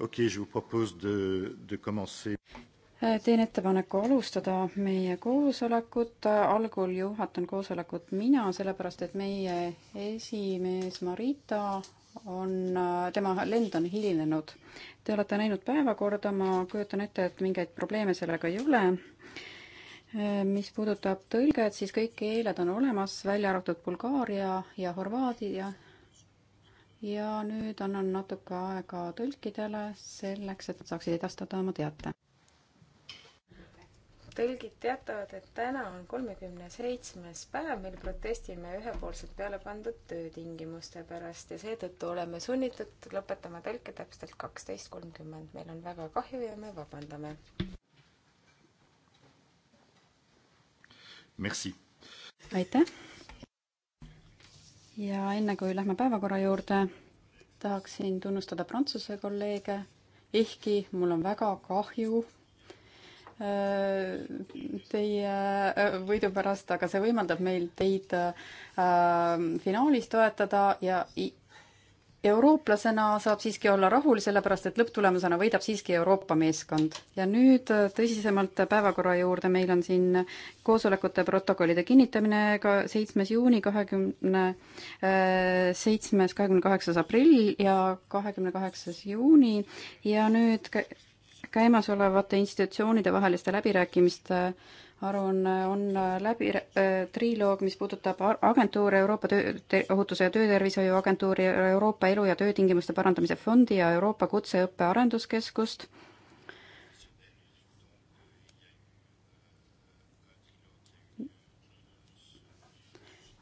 okei okay,, je vous propose de, de commencer. Eh, teen ettepaneku alustada meie koosolekut, algul juhatan koosolekut mina, sellepärast et meie esimees Marita on, eh, tema lend on hilinenud. Te olete näinud päevakorda, ma kujutan ette, et mingeid probleeme sellega ei ole. Eh, mis puudutab tõlget, siis kõik keeled on olemas, välja arvatud Bulgaaria ja Horvaatia ja nüüd annan natuke aega tõlkidele selleks, et nad saaksid edastada oma teate. tõlgid teatavad, et täna on kolmekümne seitsmes päev, mil protestime ühepoolselt peale pandud töötingimuste pärast ja seetõttu oleme sunnitud lõpetama tõlke täpselt kaksteist kolmkümmend. meil on väga kahju ja me vabandame. aitäh! ja enne kui lähme päevakorra juurde, tahaksin tunnustada Prantsuse kolleege, ehkki mul on väga kahju äh, teie äh, võidu pärast, aga see võimaldab meil teid äh, finaalis toetada ja eurooplasena saab siiski olla rahul, sellepärast et lõpptulemusena võidab siiski Euroopa meeskond. ja nüüd äh, tõsisemalt päevakorra juurde, meil on siin koosolekute protokollide kinnitamine ka seitsmes juuni, kahekümne äh, seitsmes, kahekümne kaheksas aprill ja kahekümne kaheksas juuni ja nüüd käimasolevate institutsioonide vaheliste läbirääkimiste aruanne on, on äh, läbi äh, triloog, mis puudutab agentuure, Euroopa Tööohutuse ja Töötervishoiu Agentuuri, Euroopa Elu- ja Töötingimuste Parandamise Fondi ja Euroopa Kutseõppe Arenduskeskust.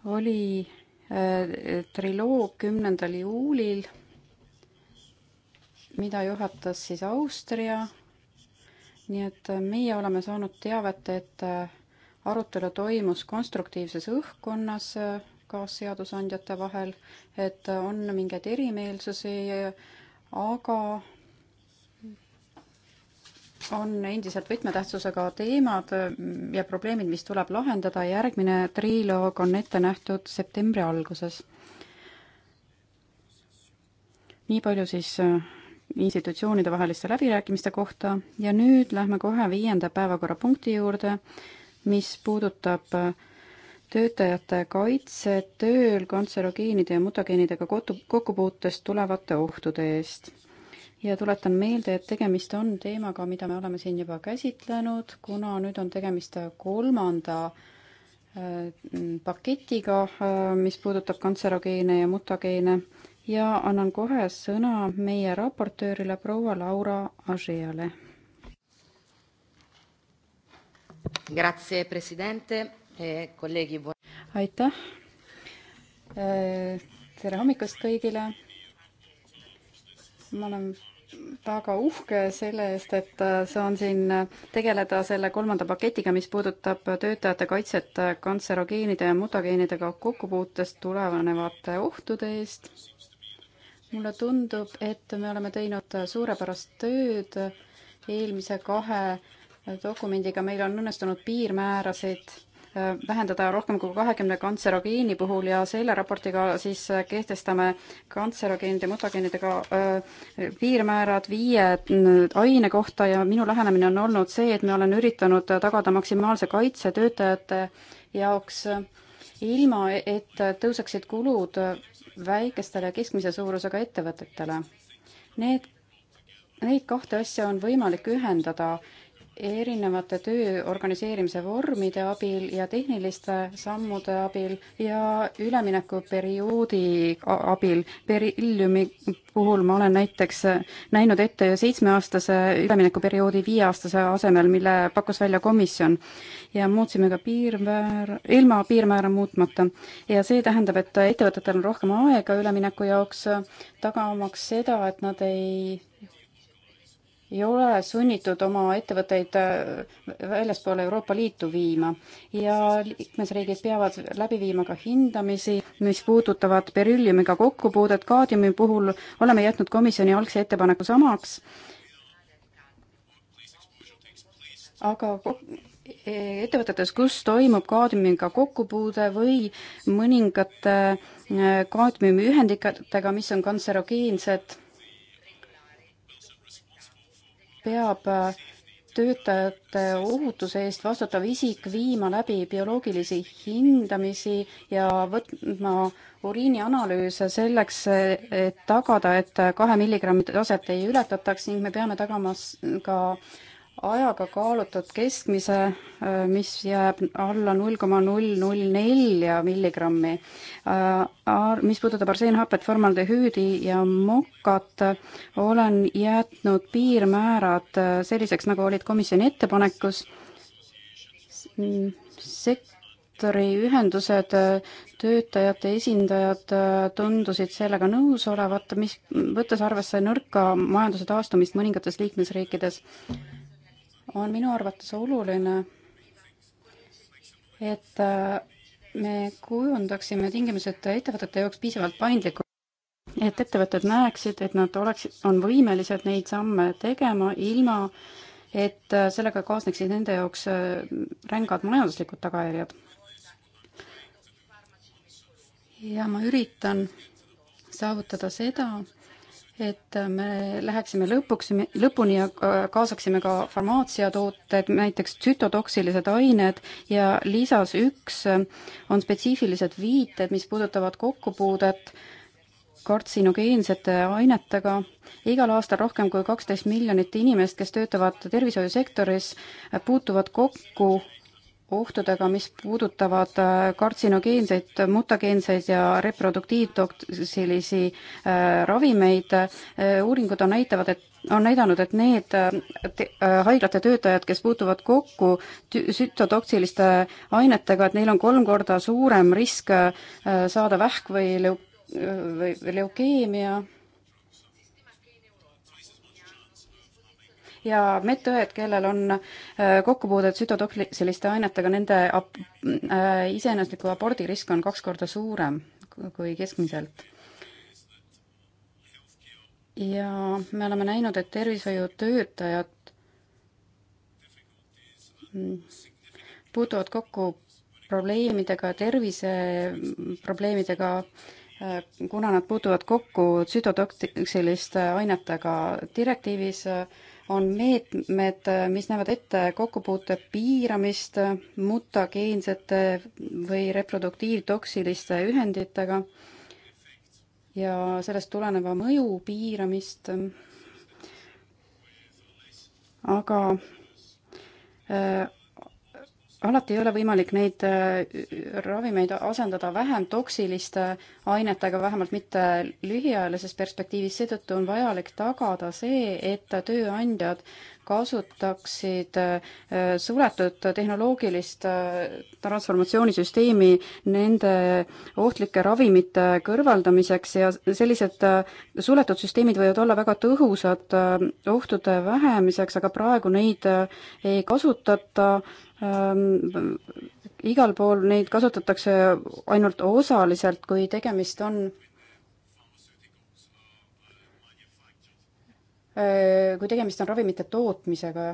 oli äh, triloog kümnendal juulil, mida juhatas siis Austria nii et äh, meie oleme saanud teavet, et äh, arutelu toimus konstruktiivses õhkkonnas äh, kaasseadusandjate vahel, et on mingeid erimeelsusi, aga on endiselt võtmetähtsusega teemad ja probleemid, mis tuleb lahendada, järgmine triloog on ette nähtud septembri alguses. nii palju siis institutsioonide vaheliste läbirääkimiste kohta ja nüüd lähme kohe viienda päevakorrapunkti juurde, mis puudutab äh, töötajate kaitse tööl kantserogeenide ja mutageenidega kokkupuutest tulevate ohtude eest. ja tuletan meelde, et tegemist on teemaga, mida me oleme siin juba käsitlenud, kuna nüüd on tegemist kolmanda äh, paketiga, äh, mis puudutab kantserogeene ja mutageene ja annan kohe sõna meie raportöörile proua Laura Ageale. Eh, aitäh. Eh, tere hommikust kõigile. ma olen väga uhke selle eest, et äh, saan siin tegeleda selle kolmanda paketiga, mis puudutab töötajate kaitset äh, kantserogeenide ja mutageenidega kokkupuutest tulenevate ohtude eest mulle tundub, et me oleme teinud suurepärast tööd eelmise kahe dokumendiga, meil on õnnestunud piirmäärasid äh, vähendada rohkem kui kahekümne kantserogeeni puhul ja selle raportiga siis äh, kehtestame kantserogeenide, mutageenidega äh, piirmäärad viie mm, aine kohta ja minu lähenemine on olnud see, et ma olen üritanud tagada maksimaalse kaitse töötajate jaoks ilma, et tõuseksid kulud väikestele ja keskmise suurusega ettevõtetele. Need, neid kahte asja on võimalik ühendada erinevate töö organiseerimise vormide abil ja tehniliste sammude abil ja üleminekuperioodi abil. Berylliumi puhul ma olen näiteks näinud ette seitsmeaastase üleminekuperioodi viieaastase asemel, mille pakkus välja komisjon. ja muutsime ka piirmäär, ilma piirmäära muutmata. ja see tähendab, et ettevõtetel on rohkem aega ülemineku jaoks, tagamaks seda, et nad ei ei ole sunnitud oma ettevõtteid äh, väljaspoole Euroopa Liitu viima ja liikmesriigid peavad läbi viima ka hindamisi, mis puudutavad berülliumiga kokkupuudet. kaadiumi puhul oleme jätnud komisjoni algse ettepaneku samaks aga. aga e- ettevõtetes, kus toimub kaadmiumiga kokkupuude või mõningate e, kaadmiumiühenditega, mis on kantserogeensed peab äh, töötajate ohutuse eest vastutav isik viima läbi bioloogilisi hindamisi ja võtma uriinianalüüse selleks, et tagada, et kahe milligrammi taset ei ületataks ning me peame tagama ka ajaga kaalutud keskmise, äh, mis jääb alla null koma null null nelja milligrammi. Äh, mis puudutab arseenhapet, formaldehüüdi ja mokat, olen jätnud piirmäärad äh, selliseks, nagu olid komisjoni ettepanekus. sektori ühendused, töötajate esindajad tundusid sellega nõus olevat, mis, võttes arvesse nõrka majanduse taastumist mõningates liikmesriikides on minu arvates oluline, et äh, me kujundaksime tingimused ettevõtete jaoks piisavalt paindlikult, et ettevõtted näeksid, et nad oleksid, on võimelised neid samme tegema ilma, et äh, sellega kaasneksid nende jaoks äh, rängad majanduslikud tagajärjed. ja ma üritan saavutada seda, et me läheksime lõpuks, lõpuni ja kaasaksime ka farmaatsiatooted, näiteks tsütotoksilised ained ja lisas üks äh, on spetsiifilised viited, mis puudutavad kokkupuudet kartsinogeensete ainetega. igal aastal rohkem kui kaksteist miljonit inimest, kes töötavad tervishoiusektoris, puutuvad kokku ohtudega, mis puudutavad äh, kartsinogeenseid, mutageenseid ja reproduktiivtoksilisi äh, ravimeid. Äh, uuringud on näitavad, et on näidanud, et need te, haiglate töötajad, kes puutuvad kokku sütotoksiliste ainetega, et neil on kolm korda suurem risk saada vähk või leu-, või leukeemia ja medõed, kellel on äh, kokkupuuded sütotoksiliste ainetega, nende ap-, äh, iseenesliku abordirisk on kaks korda suurem kui keskmiselt. ja me oleme näinud, et tervishoiutöötajad mm, puutuvad kokku probleemidega, terviseprobleemidega, äh, kuna nad puutuvad kokku tsütotoksiliste ainetega. direktiivis on meetmed, mis näevad ette kokkupuute piiramist mutageensete või reproduktiivtoksiliste ühenditega ja sellest tuleneva mõju piiramist. aga äh, alati ei ole võimalik neid äh, ravimeid asendada vähem toksiliste ainetega, vähemalt mitte lühiajalises perspektiivis, seetõttu on vajalik tagada see, et tööandjad kasutaksid äh, suletud tehnoloogilist äh, transformatsioonisüsteemi nende ohtlike ravimite kõrvaldamiseks ja sellised äh, suletud süsteemid võivad olla väga tõhusad ohtude vähemiseks, aga praegu neid ei kasutata ähm, igal pool neid kasutatakse ainult osaliselt, kui tegemist on Äh, kui tegemist on ravimite tootmisega.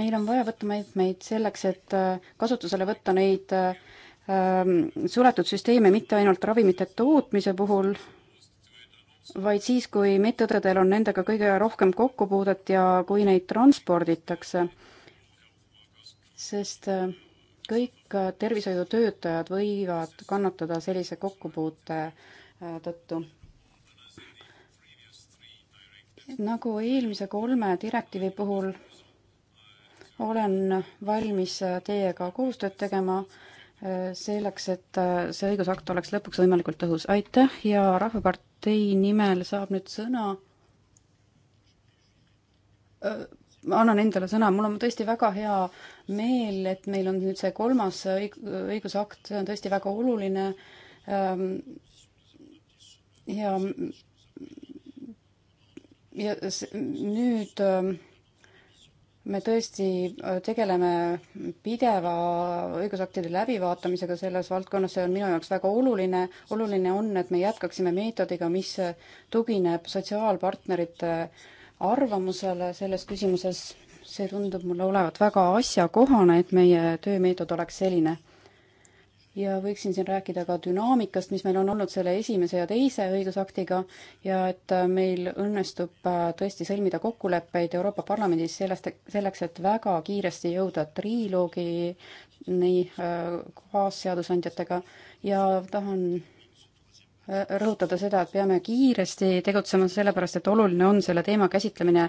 meil on vaja võtta meetmeid selleks, et äh, kasutusele võtta neid ähm, suletud süsteeme mitte ainult ravimite tootmise puhul, vaid siis, kui medõdedel on nendega kõige rohkem kokkupuudet ja kui neid transporditakse. sest äh, kõik tervishoiutöötajad võivad kannatada sellise kokkupuute tõttu nagu eelmise kolme direktiivi puhul olen valmis teiega koostööd tegema eh, selleks, et eh, see õigusakt oleks lõpuks võimalikult tõhus. aitäh ja Rahvapartei nimel saab nüüd sõna. ma eh, annan endale sõna, mul on tõesti väga hea meel, et meil on nüüd see kolmas õig-, õigusakt, see on tõesti väga oluline. Ehm, ja ja nüüd ähm, me tõesti äh, tegeleme pideva õigusaktide läbivaatamisega selles valdkonnas, see on minu jaoks väga oluline. oluline on, et me jätkaksime meetodiga, mis tugineb sotsiaalpartnerite arvamusele selles küsimuses. see tundub mulle olevat väga asjakohane, et meie töömeetod oleks selline ja võiksin siin rääkida ka dünaamikast, mis meil on olnud selle esimese ja teise õigusaktiga ja et äh, meil õnnestub äh, tõesti sõlmida kokkuleppeid Euroopa Parlamendis sellest, selleks, et väga kiiresti jõuda triloogini äh, kaasseadusandjatega ja tahan rõhutada seda, et peame kiiresti tegutsema, sellepärast et oluline on selle teema käsitlemine,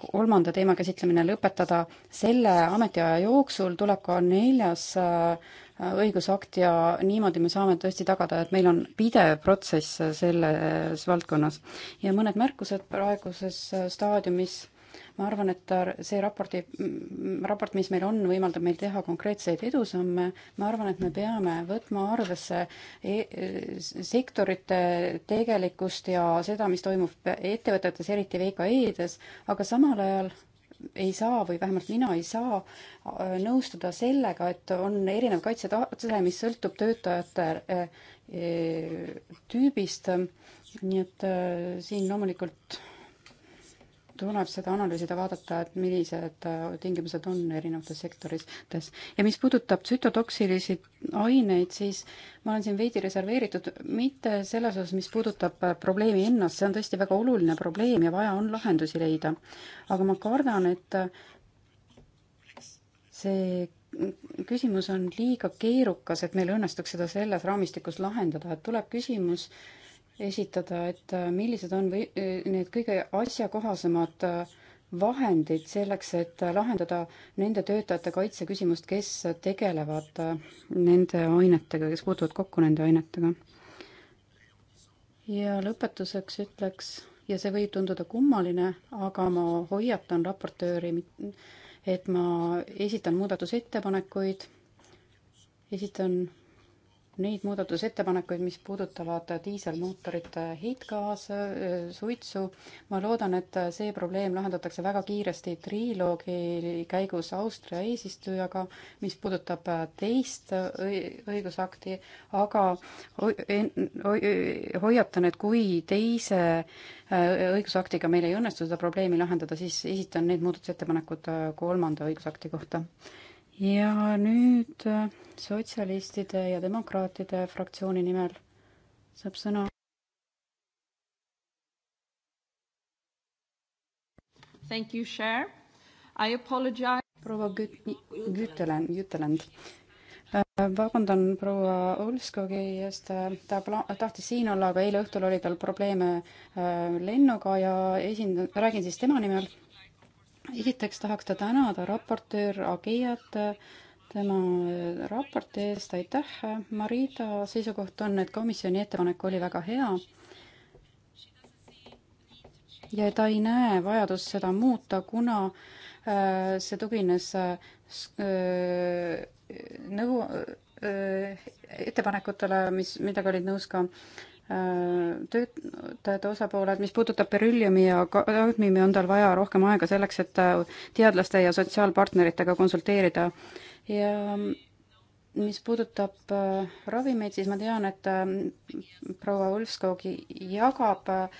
kolmanda teema käsitlemine lõpetada selle ametiaja jooksul, tuleb ka neljas äh, Äh, õigusakt ja niimoodi me saame tõesti tagada, et meil on pidev protsess äh, selles valdkonnas. ja mõned märkused praeguses äh, staadiumis ma arvan, et ta, see raporti, mm, raport, mis meil on, võimaldab meil teha konkreetseid edusamme, ma arvan, et me peame võtma arvesse e, e sektorite tegelikkust ja seda, mis toimub ettevõtetes, eriti VKE-des, aga samal ajal ei saa või vähemalt mina ei saa äh, nõustuda sellega, et on erinev kaitsetase, mis sõltub töötajate äh, äh, tüübist. nii et siin loomulikult tuleb seda analüüsida, vaadata, et millised äh, tingimused on erinevates sektorites. ja mis puudutab tsütotoksilisi aineid, siis ma olen siin veidi reserveeritud, mitte selles osas, mis puudutab äh, probleemi ennast, see on tõesti väga oluline probleem ja vaja on lahendusi leida. aga ma kardan, et äh, see küsimus on liiga keerukas, et meil õnnestuks seda selles raamistikus lahendada, et tuleb küsimus äh, esitada, et äh, millised on või äh, need kõige asjakohasemad äh, vahendid selleks, et lahendada nende töötajate kaitse küsimust, kes tegelevad nende ainetega, kes puutuvad kokku nende ainetega. ja lõpetuseks ütleks, ja see võib tunduda kummaline, aga ma hoiatan raportööri, et ma esitan muudatusettepanekuid, esitan neid muudatusettepanekuid, mis puudutavad diiselmootorite heitgaase, äh, suitsu. ma loodan, et see probleem lahendatakse väga kiiresti triloogi käigus Austria eesistujaga, mis puudutab äh, teist äh, õigusakti, aga hoiatan, et kui teise õigusaktiga meil ei õnnestu seda probleemi lahendada, siis esitan need muudatusettepanekud kolmanda õigusakti kohta ja nüüd äh, sotsialistide ja demokraatide fraktsiooni nimel saab sõna. Thank you, Cher. I apologize. proua Güt-, Gütelen, Gütelend äh, vabandan proua Ulskogi eest, ta pla-, tahtis siin olla, aga eile õhtul oli tal probleeme äh, lennuga ja esindan, räägin siis tema nimel esiteks tahaks ta tänada raportöör Ageiat tema raporti eest, aitäh. Marita seisukoht on, et komisjoni ettepanek oli väga hea. ja ta ei näe vajadust seda muuta, kuna äh, see tugines äh, nõu, äh, ettepanekutele, mis, millega olid nõus ka äh, töötajate osapooled, mis puudutab berülliumi ja kadmiumi, on tal vaja rohkem aega selleks, et äh, teadlaste ja sotsiaalpartneritega konsulteerida ja mis puudutab äh, ravimeid, siis ma tean, et äh, proua Ulfskogi jagab äh,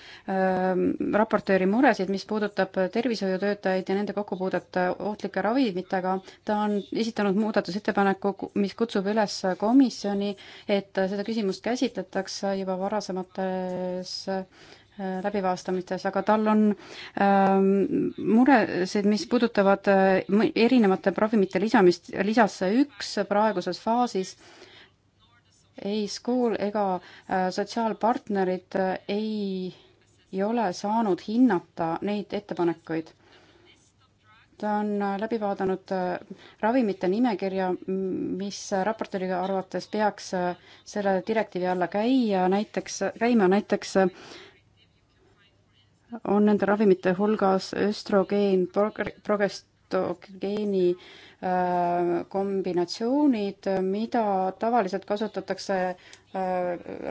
raportööri muresid, mis puudutab tervishoiutöötajaid ja nende kokkupuudet ohtlike ravimitega. ta on esitanud muudatusettepaneku, mis kutsub üles komisjoni, et seda küsimust käsitletakse juba varasemates Äh, läbivaastamistes, aga tal on ähm, muresid, mis puudutavad äh, erinevate ravimite lisamist, lisasse üks praeguses faasis ei School ega äh, sotsiaalpartnerid äh, ei, ei ole saanud hinnata neid ettepanekuid. ta on äh, läbi vaadanud äh, ravimite nimekirja, mis äh, raportööri arvates peaks äh, selle direktiivi alla käia, näiteks, käima näiteks äh, on nende ravimite hulgas östrogeen, progesterogeeni äh, kombinatsioonid, mida tavaliselt kasutatakse äh,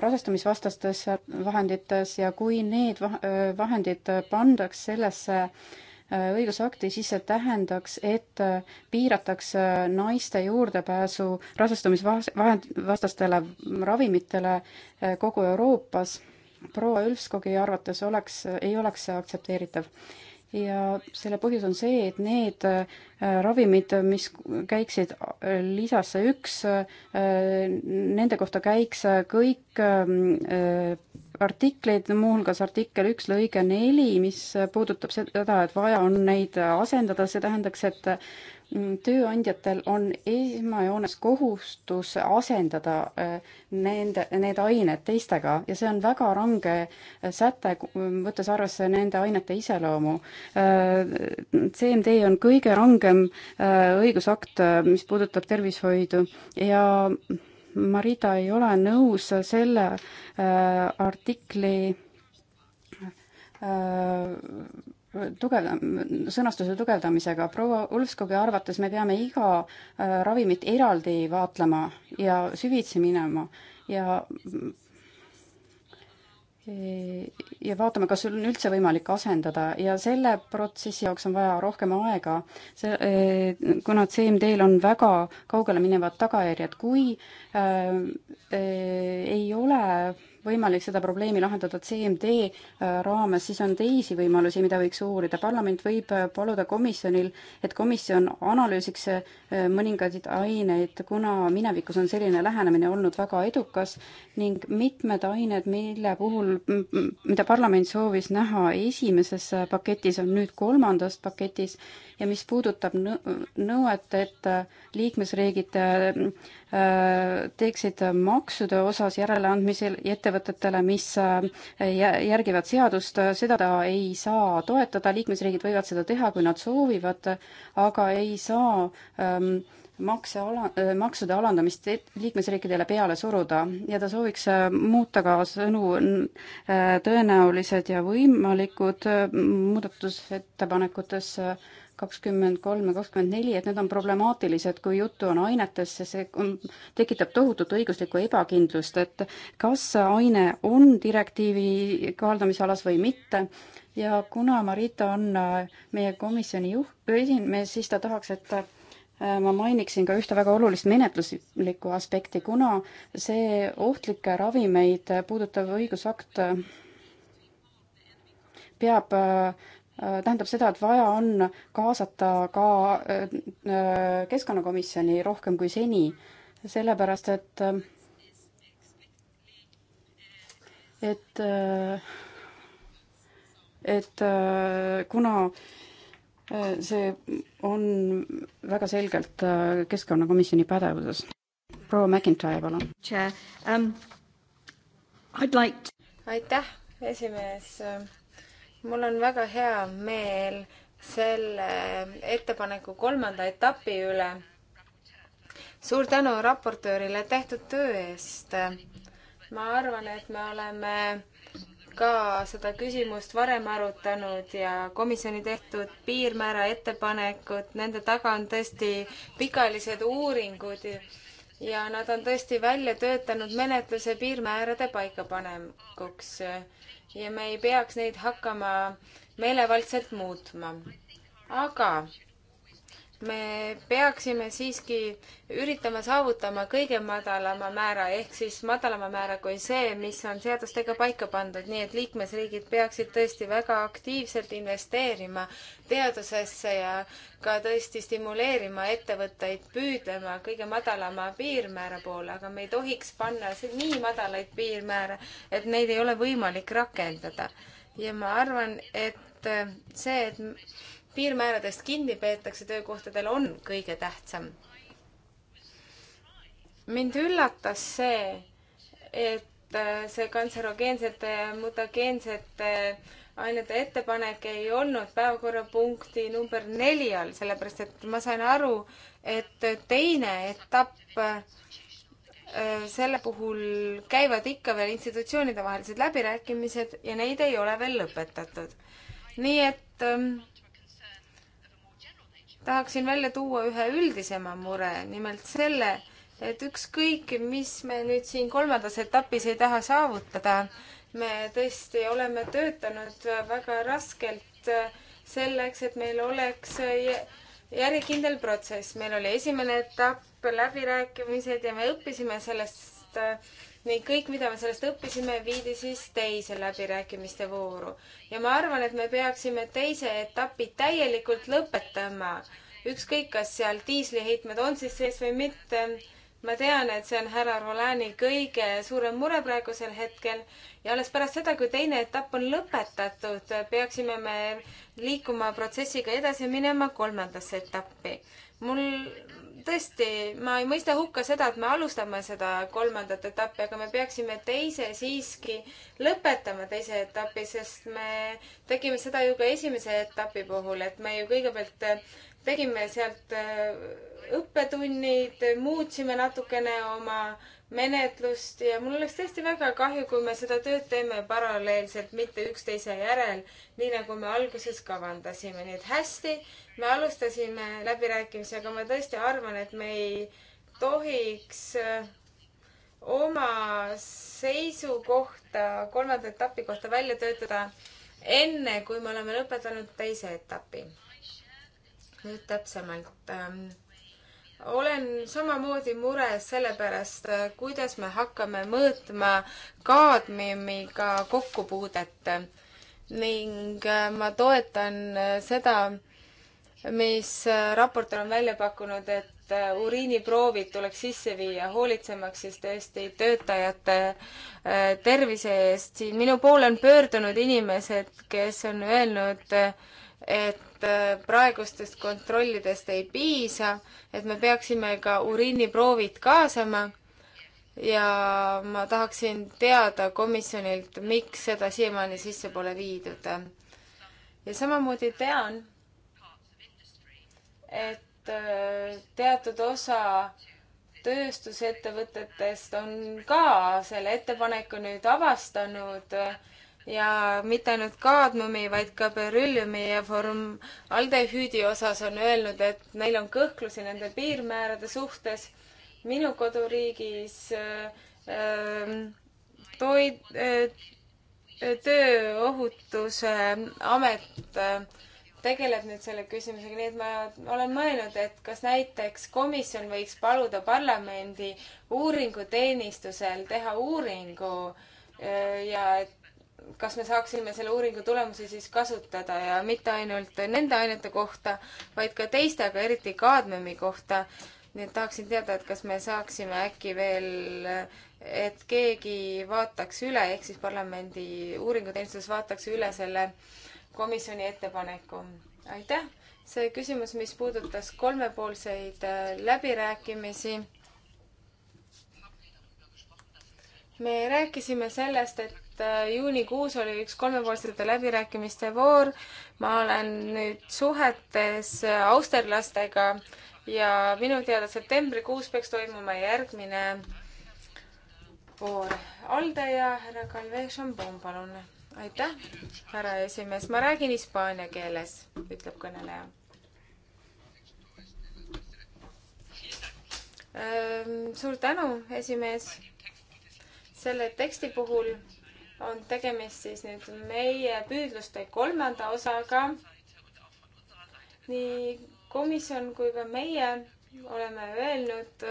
rasestumisvastastes vahendites ja kui need äh, vahendid pandaks sellesse õigusakti, siis see tähendaks, et piiratakse naiste juurdepääsu rasestumisvahend, vastastele ravimitele kogu Euroopas proua Ülfskogi arvates oleks, ei oleks see aktsepteeritav ja selle põhjus on see, et need äh, ravimid, mis käiksid äh, lisasse üks, äh, nende kohta käiks kõik ähm, artikleid, muuhulgas artikkel üks lõige neli, mis puudutab seda, et vaja on neid asendada, see tähendaks, et mm, tööandjatel on esmajoones kohustus asendada äh, nende, need ained teistega ja see on väga range äh, säte, võttes arvesse nende ainete iseloomu. Äh, CMD on kõige rangem õigusakt, mis puudutab tervishoidu ja Marita ei ole nõus selle äh, artikli äh, tugev, sõnastuse tugevdamisega. proua Ulfskogi arvates me peame iga äh, ravimit eraldi vaatlema ja süvitsi minema ja ja vaatame, kas sul on üldse võimalik asendada ja selle protsessi jaoks on vaja rohkem aega, see, eh, kuna CMD-l on väga kaugele minevad tagajärjed, kui äh, ei ole võimalik seda probleemi lahendada CMD äh, raames, siis on teisi võimalusi, mida võiks uurida. parlament võib äh, paluda komisjonil, et komisjon analüüsiks äh, mõningaid aineid, kuna minevikus on selline lähenemine olnud väga edukas ning mitmed ained, mille puhul, mida parlament soovis näha esimeses paketis, on nüüd kolmandas paketis ja mis puudutab nõuet, et liikmesriigid teeksid maksude osas järeleandmisel ja ette ettevõtetele, mis äh, järgivad seadust, äh, seda ta ei saa toetada, liikmesriigid võivad seda teha, kui nad soovivad, aga ei saa ähm, makse ala, äh, maksude alandamist liikmesriikidele peale suruda ja ta sooviks muuta ka sõnu tõenäolised ja võimalikud muudatusettepanekutes kakskümmend kolm ja kakskümmend neli, et need on problemaatilised, kui juttu on ainetest, sest see on, tekitab tohutut õiguslikku ebakindlust, et kas aine on direktiivi kohaldamisalas või mitte. ja kuna Marita on äh, meie komisjoni juht, esimees, siis ta tahaks, et äh, ma mainiksin ka ühte väga olulist menetluslikku aspekti, kuna see ohtlikke ravimeid puudutav õigusakt äh, peab äh, Äh, tähendab seda, et vaja on kaasata ka äh, äh, keskkonnakomisjoni rohkem kui seni, sellepärast et, et, et kuna see on väga selgelt keskkonnakomisjoni pädevuses. proua McIntyre, palun. Um, aitäh, esimees mul on väga hea meel selle ettepaneku kolmanda etapi üle. suur tänu raportöörile tehtud töö eest. ma arvan, et me oleme ka seda küsimust varem arutanud ja komisjoni tehtud piirmäära ettepanekud, nende taga on tõesti pikaajalised uuringud ja nad on tõesti välja töötanud menetluse piirmäärade paikapanekuks ja me ei peaks neid hakkama meelevaldselt muutma. aga me peaksime siiski üritama saavutama kõige madalama määra ehk siis madalama määra kui see, mis on seadustega paika pandud, nii et liikmesriigid peaksid tõesti väga aktiivselt investeerima teadusesse ja ka tõesti stimuleerima ettevõtteid püüdlema kõige madalama piirmäära poole, aga me ei tohiks panna nii madalaid piirmääre, et neid ei ole võimalik rakendada. ja ma arvan, et see, et piirmääradest kinni peetakse töökohtadel, on kõige tähtsam. mind üllatas see, et äh, see kantserogeensete ja mutageensete ainete ettepanek ei olnud päevakorrapunkti number neli all, sellepärast et ma sain aru, et teine etapp äh, selle puhul käivad ikka veel institutsioonide vahelised läbirääkimised ja neid ei ole veel lõpetatud. nii et ähm, tahaksin välja tuua ühe üldisema mure, nimelt selle, et ükskõik, mis me nüüd siin kolmandas etapis ei taha saavutada, me tõesti oleme töötanud väga raskelt äh, selleks, et meil oleks äh, järjekindel protsess. meil oli esimene etapp, läbirääkimised ja me õppisime sellest äh, ning kõik, mida me sellest õppisime, viidi siis teise läbirääkimiste vooru. ja ma arvan, et me peaksime teise etapi täielikult lõpetama, ükskõik, kas seal diisliheitmed on siis sees või mitte. ma tean, et see on härra Rolani kõige suurem mure praegusel hetkel ja alles pärast seda, kui teine etapp on lõpetatud, peaksime me liikuma protsessiga edasi minema kolmandasse etappi. mul tõesti, ma ei mõista hukka seda, et me alustame seda kolmandat etappi, aga me peaksime teise siiski lõpetama teise etapi, sest me tegime seda ju ka esimese etapi puhul, et me ju kõigepealt eh, tegime sealt eh, õppetunnid, muutsime natukene oma menetlust ja mul oleks tõesti väga kahju, kui me seda tööd teeme paralleelselt, mitte üksteise järel, nii nagu me alguses kavandasime. nii et hästi, me alustasime läbirääkimisi, aga ma tõesti arvan, et me ei tohiks äh, oma seisukohta kolmanda etapi kohta välja töötada enne, kui me oleme lõpetanud teise etapi. nüüd täpsemalt ähm, olen samamoodi mures selle pärast, kuidas me hakkame mõõtma kaadmiumiga kokkupuudet ning äh, ma toetan äh, seda, mis äh, raportöör on välja pakkunud, et uriiniproovid tuleks sisse viia, hoolitsemaks siis tõesti töötajate tervise eest. siin minu poole on pöördunud inimesed, kes on öelnud, et et äh, praegustest kontrollidest ei piisa, et me peaksime ka uriiniproovid kaasama ja ma tahaksin teada komisjonilt, miks seda siiamaani sisse pole viidud. ja samamoodi tean, et äh, teatud osa tööstusettevõtetest on ka selle ettepaneku nüüd avastanud ja mitte ainult kaadmiumi, vaid ka berülliumi ja formaldehüüdi osas on öelnud, et neil on kõhklusi nende piirmäärade suhtes. minu koduriigis äh, toid- äh,, tööohutuse amet äh, tegeleb nüüd selle küsimusega, nii et ma olen mõelnud, et kas näiteks komisjon võiks paluda parlamendi uuringuteenistusel teha uuringu äh, ja et kas me saaksime selle uuringu tulemusi siis kasutada ja mitte ainult nende ainete kohta, vaid ka teiste, aga eriti kaadmiumi kohta. nii et tahaksin teada, et kas me saaksime äkki veel, et keegi vaataks üle, ehk siis parlamendi uuringuteenistus vaataks üle selle komisjoni ettepaneku. aitäh, see küsimus, mis puudutas kolmepoolseid äh, läbirääkimisi. me rääkisime sellest, et et äh, juunikuus oli üks kolmepoolsete läbirääkimiste voor. ma olen nüüd suhetes äh, austerlastega ja minu teada septembrikuus peaks toimuma järgmine voor. Alde ja härra Kalve Šambon, palun. aitäh, härra esimees, ma räägin hispaania keeles, ütleb kõneleja äh, suur tänu, esimees, selle teksti puhul on tegemist siis nüüd meie püüdluste kolmanda osaga. nii komisjon kui ka meie oleme öelnud,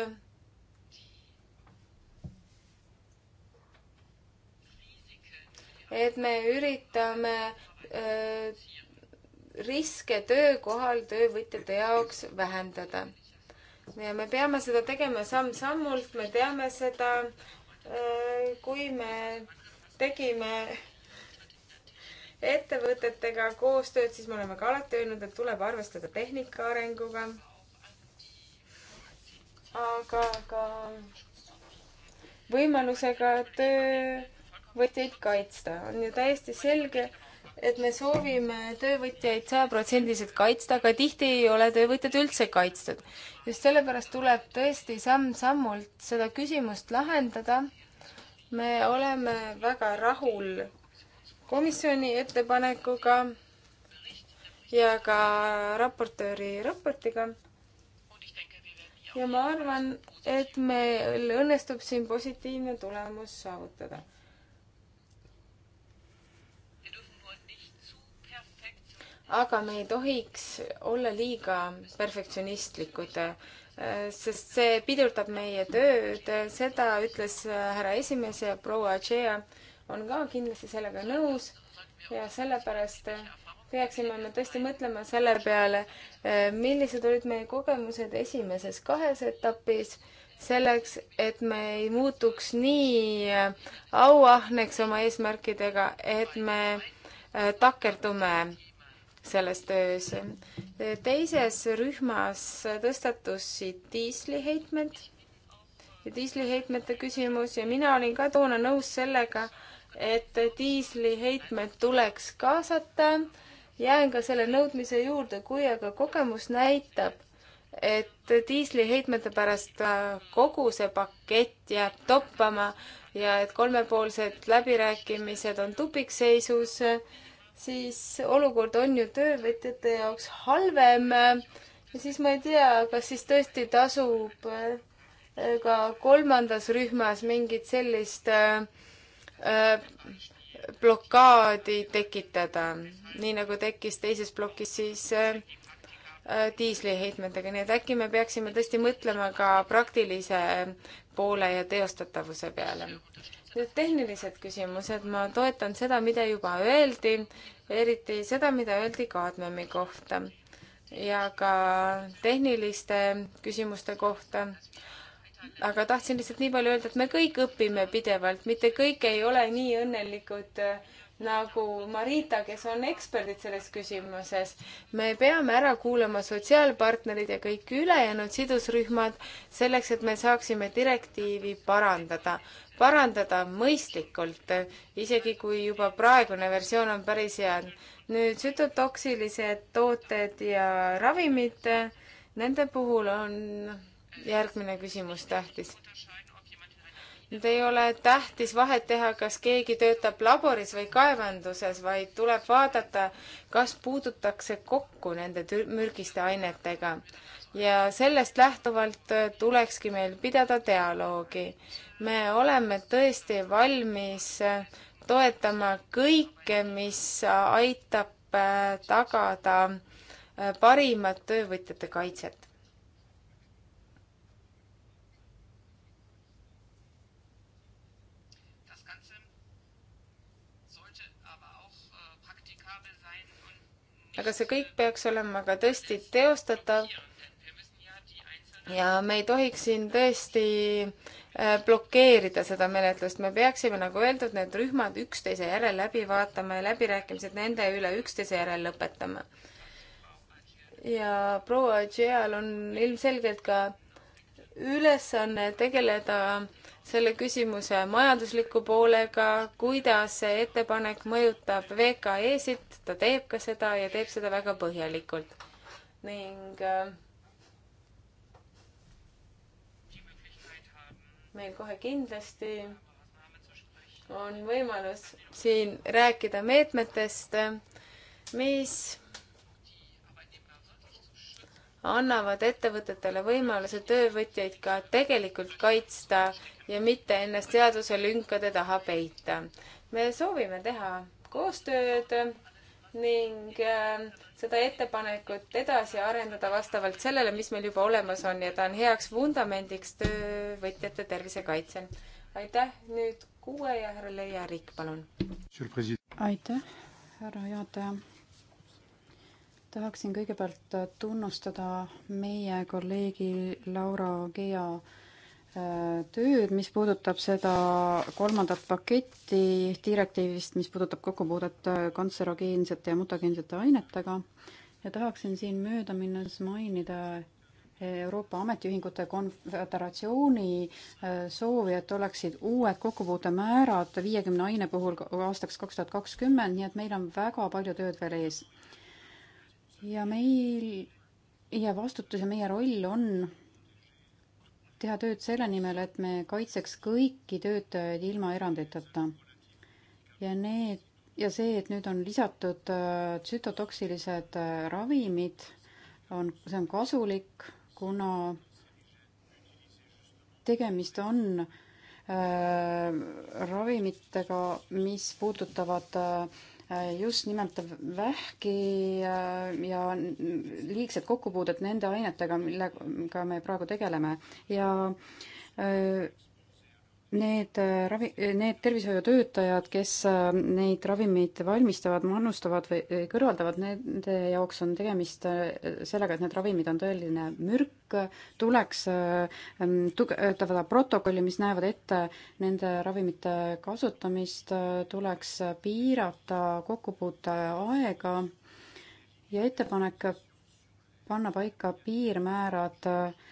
et me üritame öö, äh, riske töökohal töövõtjate jaoks vähendada. ja me peame seda tegema samm-sammult, me teame seda, äh, kui me tegime ettevõtetega koostööd, siis me oleme ka alati öelnud, et tuleb arvestada tehnika arenguga. aga ka võimalusega töövõtjaid kaitsta. on ju täiesti selge, et me soovime töövõtjaid sajaprotsendiliselt kaitsta, aga tihti ei ole töövõtjad üldse kaitstud. just sellepärast tuleb tõesti samm-sammult seda küsimust lahendada me oleme väga rahul komisjoni ettepanekuga ja ka raportööri raportiga. ja ma arvan, et meil õnnestub siin positiivne tulemus saavutada aga me ei tohiks olla liiga perfektsionistlikud sest see pidurdab meie tööd, seda ütles äh, härra esimees ja proua Adžea on ka kindlasti sellega nõus ja sellepärast äh, peaksime me tõesti mõtlema selle peale, äh, millised olid meie kogemused esimeses kahes etapis, selleks, et me ei muutuks nii auahneks oma eesmärkidega, et me takerdume selles töös. teises rühmas tõstatusid diisliheitmed ja diisliheitmete küsimus ja mina olin ka toona nõus sellega, et diisliheitmed tuleks kaasata. jään ka selle nõudmise juurde, kui aga kogemus näitab, et diisliheitmete pärast kogu see pakett jääb toppama ja et kolmepoolsed läbirääkimised on tupikseisus siis olukord on ju töövõtjate jaoks halvem ja siis ma ei tea, kas siis tõesti tasub äh, ka kolmandas rühmas mingit sellist äh, blokaadi tekitada, nii nagu tekkis teises plokis siis äh, diisliheitmetega, nii et äkki me peaksime tõesti mõtlema ka praktilise poole ja teostatavuse peale nüüd tehnilised küsimused, ma toetan seda, mida juba öeldi, eriti seda, mida öeldi Kaadmemi kohta ja ka tehniliste küsimuste kohta aga tahtsin lihtsalt nii palju öelda, et me kõik õpime pidevalt, mitte kõik ei ole nii õnnelikud äh, nagu Marita, kes on eksperdid selles küsimuses. me peame ära kuulama sotsiaalpartnerid ja kõik ülejäänud sidusrühmad selleks, et me saaksime direktiivi parandada parandada mõistlikult, isegi kui juba praegune versioon on päris hea. nüüd sütotoksilised tooted ja ravimid, nende puhul on järgmine küsimus tähtis. Nüüd ei ole tähtis vahet teha, kas keegi töötab laboris või kaevanduses, vaid tuleb vaadata, kas puudutakse kokku nende mürgiste ainetega ja sellest lähtuvalt äh, tulekski meil pidada dialoogi. me oleme tõesti valmis äh, toetama kõike, mis aitab äh, tagada parimat töövõtjate kaitset. aga see kõik peaks olema ka tõesti teostatav ja me ei tohiks siin tõesti äh, blokeerida seda menetlust, me peaksime, nagu öeldud, need rühmad üksteise järel läbi vaatama ja läbirääkimised nende üle üksteise järel lõpetama. ja proua Tšeal on ilmselgelt ka ülesanne tegeleda selle küsimuse majandusliku poolega, kuidas see ettepanek mõjutab VKE-sid, ta teeb ka seda ja teeb seda väga põhjalikult. ning äh, meil kohe kindlasti on võimalus siin rääkida meetmetest, mis annavad ettevõtetele võimaluse töövõtjaid ka tegelikult kaitsta ja mitte ennast seaduselünkade taha peita. me soovime teha koostööd ning ähm, seda ettepanekut edasi arendada vastavalt sellele, mis meil juba olemas on ja ta on heaks vundamendiks töövõtjate tervise kaitsel. aitäh, nüüd kuue ja härra Leia Rikk, palun. aitäh, härra juhataja. tahaksin kõigepealt tunnustada meie kolleegi Laura Gea tööd, mis puudutab seda kolmandat paketti direktiivist, mis puudutab kokkupuudet kantserogeensete ja mutageensete ainetega ja tahaksin siin mööda minnes mainida Euroopa Ametiühingute Konföderatsiooni äh, soovi, et oleksid uued kokkupuutemäärad viiekümne aine puhul aastaks kaks tuhat kakskümmend, nii et meil on väga palju tööd veel ees. ja meil ja vastutus ja meie roll on teha tööd selle nimel, et me kaitseks kõiki töötajaid ilma eranditeta. ja need ja see, et nüüd on lisatud äh, tsütotoksilised äh, ravimid, on, see on kasulik, kuna tegemist on äh, ravimitega, mis puudutavad äh, just nimelt vähki äh, ja liigset kokkupuudet nende ainetega, millega me praegu tegeleme ja äh, Need äh, ravi, need tervishoiutöötajad, kes äh, neid ravimeid valmistavad, manustavad või äh, kõrvaldavad, nende jaoks on tegemist sellega, et need ravimid on tõeline mürk, tuleks tugevdada protokolli, mis näevad ette nende ravimite kasutamist, tuleks piirata kokkupuuteaega ja ettepanek panna paika piirmäärad äh,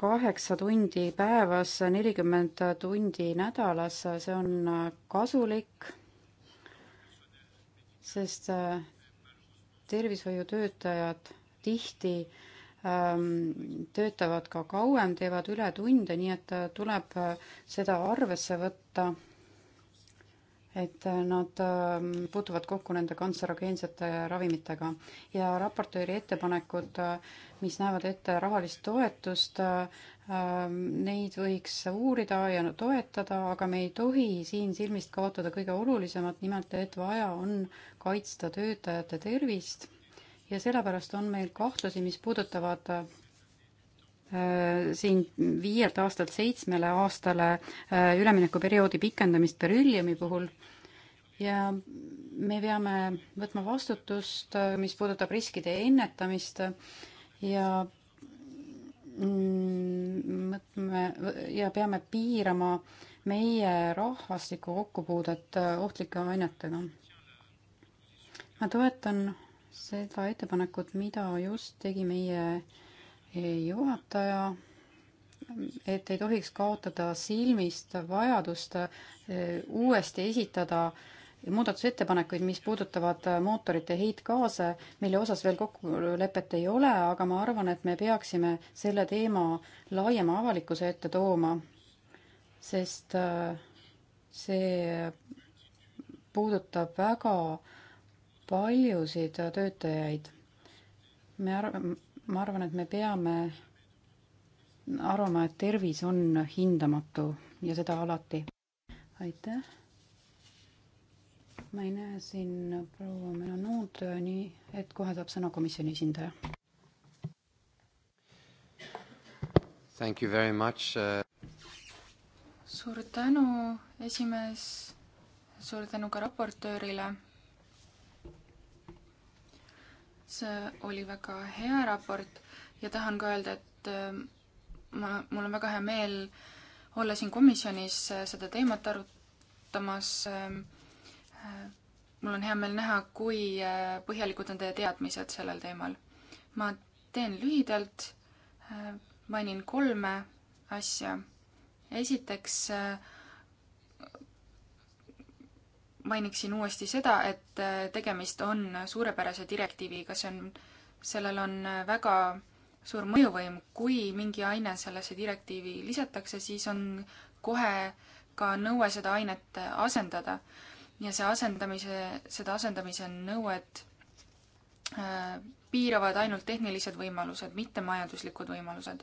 kaheksa tundi päevas, nelikümmend tundi nädalas, see on kasulik, sest äh, tervishoiutöötajad tihti ähm, töötavad ka kauem, teevad ületunde, nii et äh, tuleb äh, seda arvesse võtta et nad ähm, puutuvad kokku nende kantserogeensete ravimitega ja raportööri ettepanekud, äh, mis näevad ette rahalist toetust, äh, ähm, neid võiks uurida ja toetada, aga me ei tohi siin silmist kaotada kõige olulisemat, nimelt et vaja on kaitsta töötajate tervist ja sellepärast on meil kahtlusi, mis puudutavad äh, Äh, siin viielt aastalt seitsmele aastale äh, üleminekuperioodi pikendamist berülliumi puhul ja me peame võtma vastutust, äh, mis puudutab riskide ennetamist ja mõtleme mm, ja peame piirama meie rahvastiku kokkupuudet ohtlike ainetega. ma toetan seda ettepanekut, mida just tegi meie äh, juhataja, et ei tohiks kaotada silmist vajadust eh, uuesti esitada muudatusettepanekuid, mis puudutavad eh, mootorite heitgaase, mille osas veel kokkulepet ei ole, aga ma arvan, et me peaksime selle teema laiema avalikkuse ette tooma, sest eh, see puudutab väga paljusid töötajaid. me arvame, ma arvan, et me peame arvama, et tervis on hindamatu ja seda alati. aitäh. ma ei näe siin proua Melanood, nii et kohe saab sõna komisjoni esindaja. Thank you very much uh.... suur tänu, esimees. suur tänu ka raportöörile see äh, oli väga hea raport ja tahan ka öelda, et äh, ma, mul on väga hea meel olla siin komisjonis äh, seda teemat arutamas. mul on hea meel näha, kui põhjalikud on teie teadmised sellel teemal. ma teen lühidalt, mainin kolme asja. esiteks äh, mainiksin uuesti seda, et äh, tegemist on suurepärase direktiiviga, see on, sellel on äh, väga suur mõjuvõim, kui mingi aine sellesse direktiivi lisatakse, siis on kohe ka nõue seda ainet asendada. ja see asendamise, seda asendamise nõuet äh, piiravad ainult tehnilised võimalused, mitte majanduslikud võimalused.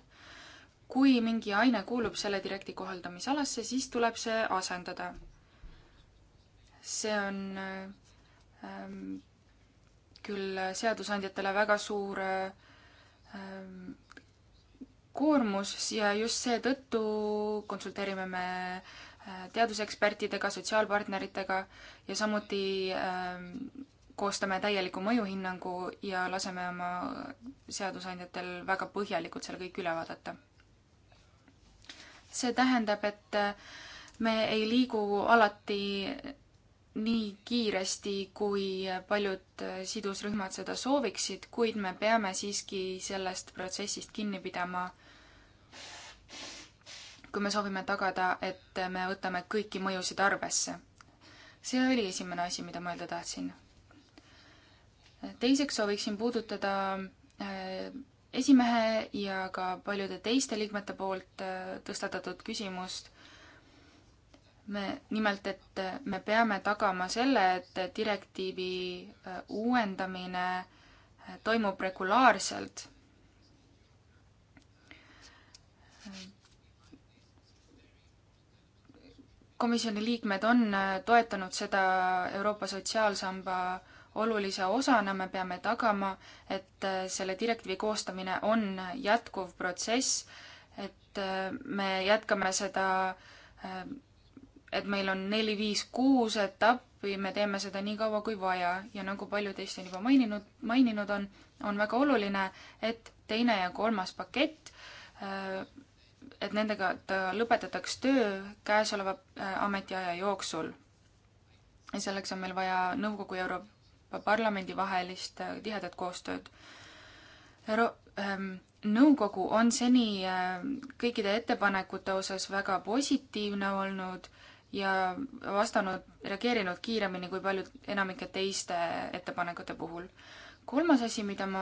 kui mingi aine kuulub selle direkti kohaldamisalasse, siis tuleb see asendada see on ähm, küll seadusandjatele väga suur ähm, koormus ja just seetõttu konsulteerime me äh, teadusekspertidega, sotsiaalpartneritega ja samuti ähm, koostame täieliku mõjuhinnangu ja laseme oma seadusandjatel väga põhjalikult selle kõik üle vaadata. see tähendab, et äh, me ei liigu alati nii kiiresti, kui paljud sidusrühmad seda sooviksid, kuid me peame siiski sellest protsessist kinni pidama, kui me soovime tagada, et me võtame kõiki mõjusid arvesse. see oli esimene asi, mida ma öelda tahtsin. teiseks sooviksin puudutada äh, esimehe ja ka paljude teiste liikmete poolt äh, tõstatatud küsimust me, nimelt, et me peame tagama selle, et direktiivi äh, uuendamine äh, toimub regulaarselt. komisjoni liikmed on äh, toetanud seda Euroopa Sotsiaalsamba olulise osana, me peame tagama, et selle direktiivi koostamine on jätkuv protsess, et me jätkame seda et meil on neli, viis, kuus etappi, me teeme seda nii kaua kui vaja ja nagu paljud teist on juba maininud, maininud on, on väga oluline, et teine ja kolmas pakett, äh, et nendega lõpetataks töö käesoleva äh, ametiaja jooksul. selleks on meil vaja Nõukogu ja Euroopa Parlamendi vahelist äh, tihedat koostööd. Euro-, ähm, nõukogu on seni kõikide ettepanekute osas väga positiivne olnud ja vastanud, reageerinud kiiremini kui paljud enamike teiste ettepanekute puhul. kolmas asi, mida ma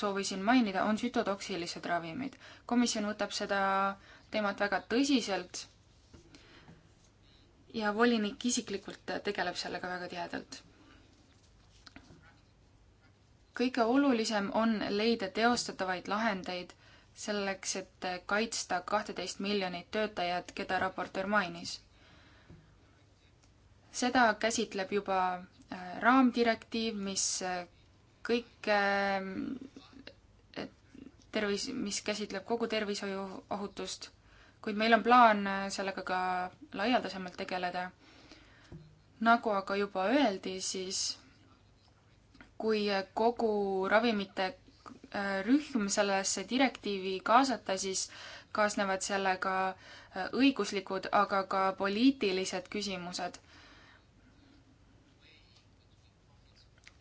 soovisin mainida, on sütotoksilised ravimid. komisjon võtab seda teemat väga tõsiselt ja volinik isiklikult tegeleb sellega väga tihedalt. kõige olulisem on leida teostatavaid lahendeid selleks, et kaitsta kahteteist miljonit töötajat, keda raportöör mainis seda käsitleb juba äh, raamdirektiiv, mis äh, kõike ähm, tervis, mis käsitleb kogu tervishoiuohutust, kuid meil on plaan äh, sellega ka laialdasemalt tegeleda. nagu aga juba öeldi, siis kui kogu ravimite rühm sellesse direktiivi kaasata, siis kaasnevad sellega õiguslikud, aga ka poliitilised küsimused.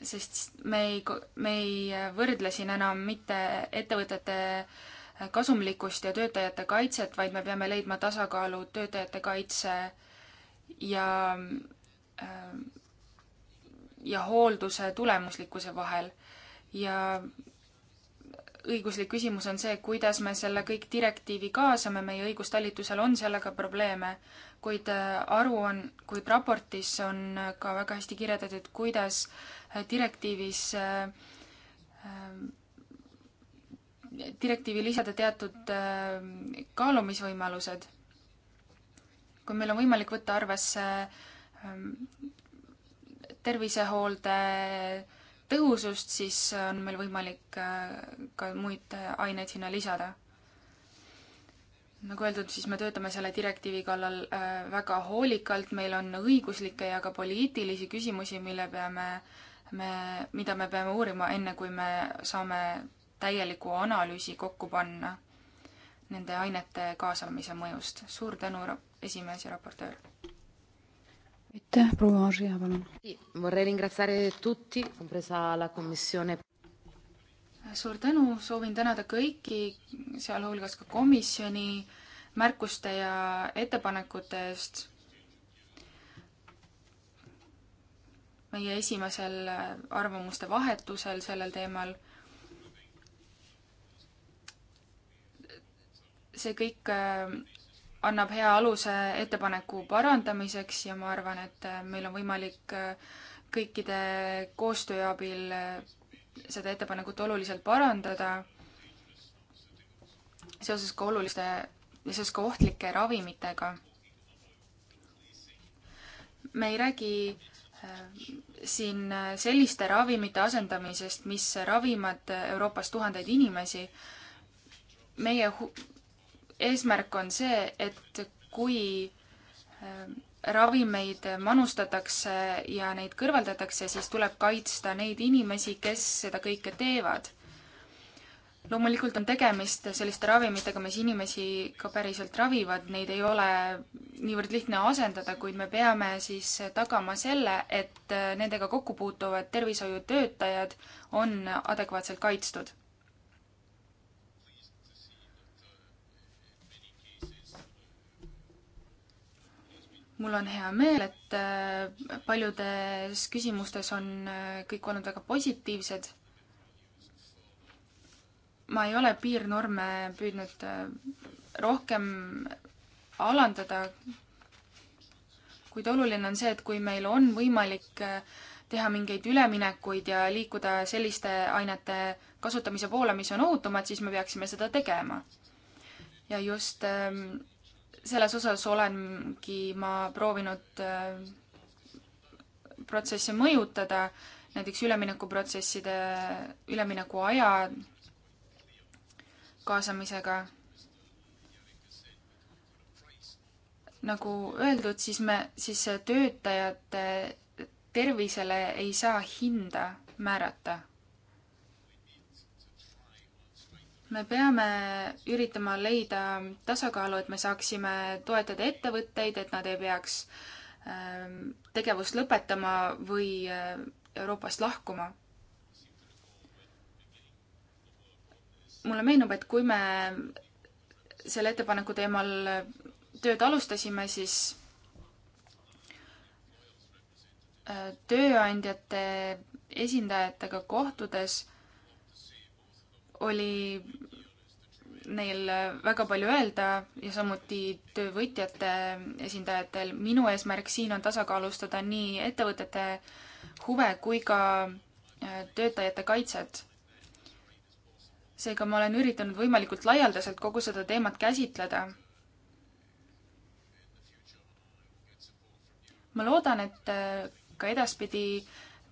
sest me ei, me ei võrdle siin enam mitte ettevõtete kasumlikkust ja töötajate kaitset, vaid me peame leidma tasakaalu töötajate kaitse ja, ja hoolduse tulemuslikkuse vahel. ja õiguslik küsimus on see, kuidas me selle kõik direktiivi kaasame, meie õigustalitusel on sellega probleeme, kuid äh, aru on, kuid raportis on ka väga hästi kirjeldatud, kuidas äh, direktiivis äh, äh, direktiivi lisada teatud äh, kaalumisvõimalused. kui meil on võimalik võtta arvesse tervisehoolde tõhusust, siis on meil võimalik ka muid aineid sinna lisada. nagu öeldud, siis me töötame selle direktiivi kallal väga hoolikalt, meil on õiguslikke ja ka poliitilisi küsimusi, mille peame äh, me, mida me peame uurima, enne kui me saame täieliku analüüsi kokku panna nende ainete kaasamise mõjust. suur tänu, esimees ja raportöör! aitäh, proua Aržia, palun! suur tänu, soovin tänada kõiki, sealhulgas ka komisjoni märkuste ja ettepanekute eest meie esimesel äh, arvamuste vahetusel sellel teemal. see kõik äh, annab hea aluse ettepaneku parandamiseks ja ma arvan, et äh, meil on võimalik kõikide koostöö abil seda ettepanekut oluliselt parandada seoses ka oluliste, seoses ka ohtlike ravimitega. me ei räägi siin selliste ravimite asendamisest, mis ravivad Euroopas tuhandeid inimesi. meie eesmärk on see, et kui ähm, ravimeid manustatakse ja neid kõrvaldatakse, siis tuleb kaitsta neid inimesi, kes seda kõike teevad loomulikult on tegemist selliste ravimitega, mis inimesi ka päriselt ravivad, neid ei ole niivõrd lihtne asendada, kuid me peame siis tagama selle, et nendega kokku puutuvad tervishoiutöötajad on adekvaatselt kaitstud. mul on hea meel, et paljudes küsimustes on kõik olnud väga positiivsed ma ei ole piirnorme püüdnud äh, rohkem alandada, kuid oluline on see, et kui meil on võimalik äh, teha mingeid üleminekuid ja liikuda selliste ainete kasutamise poole, mis on ohutumad, siis me peaksime seda tegema. ja just ähm, selles osas olengi ma proovinud äh, protsesse mõjutada, näiteks üleminekuprotsesside, ülemineku aja kaasamisega. nagu öeldud, siis me, siis töötajate tervisele ei saa hinda määrata. me peame üritama leida tasakaalu, et me saaksime toetada ettevõtteid, et nad ei peaks ähm, tegevust lõpetama või äh, Euroopast lahkuma mulle meenub, et kui me selle ettepaneku teemal tööd alustasime, siis äh, tööandjate esindajatega kohtudes oli neil väga palju öelda ja samuti töövõtjate esindajatel. minu eesmärk siin on tasakaalustada nii ettevõtete huve kui ka äh, töötajate kaitset seega ma olen üritanud võimalikult laialdaselt kogu seda teemat käsitleda. ma loodan, et äh, ka edaspidi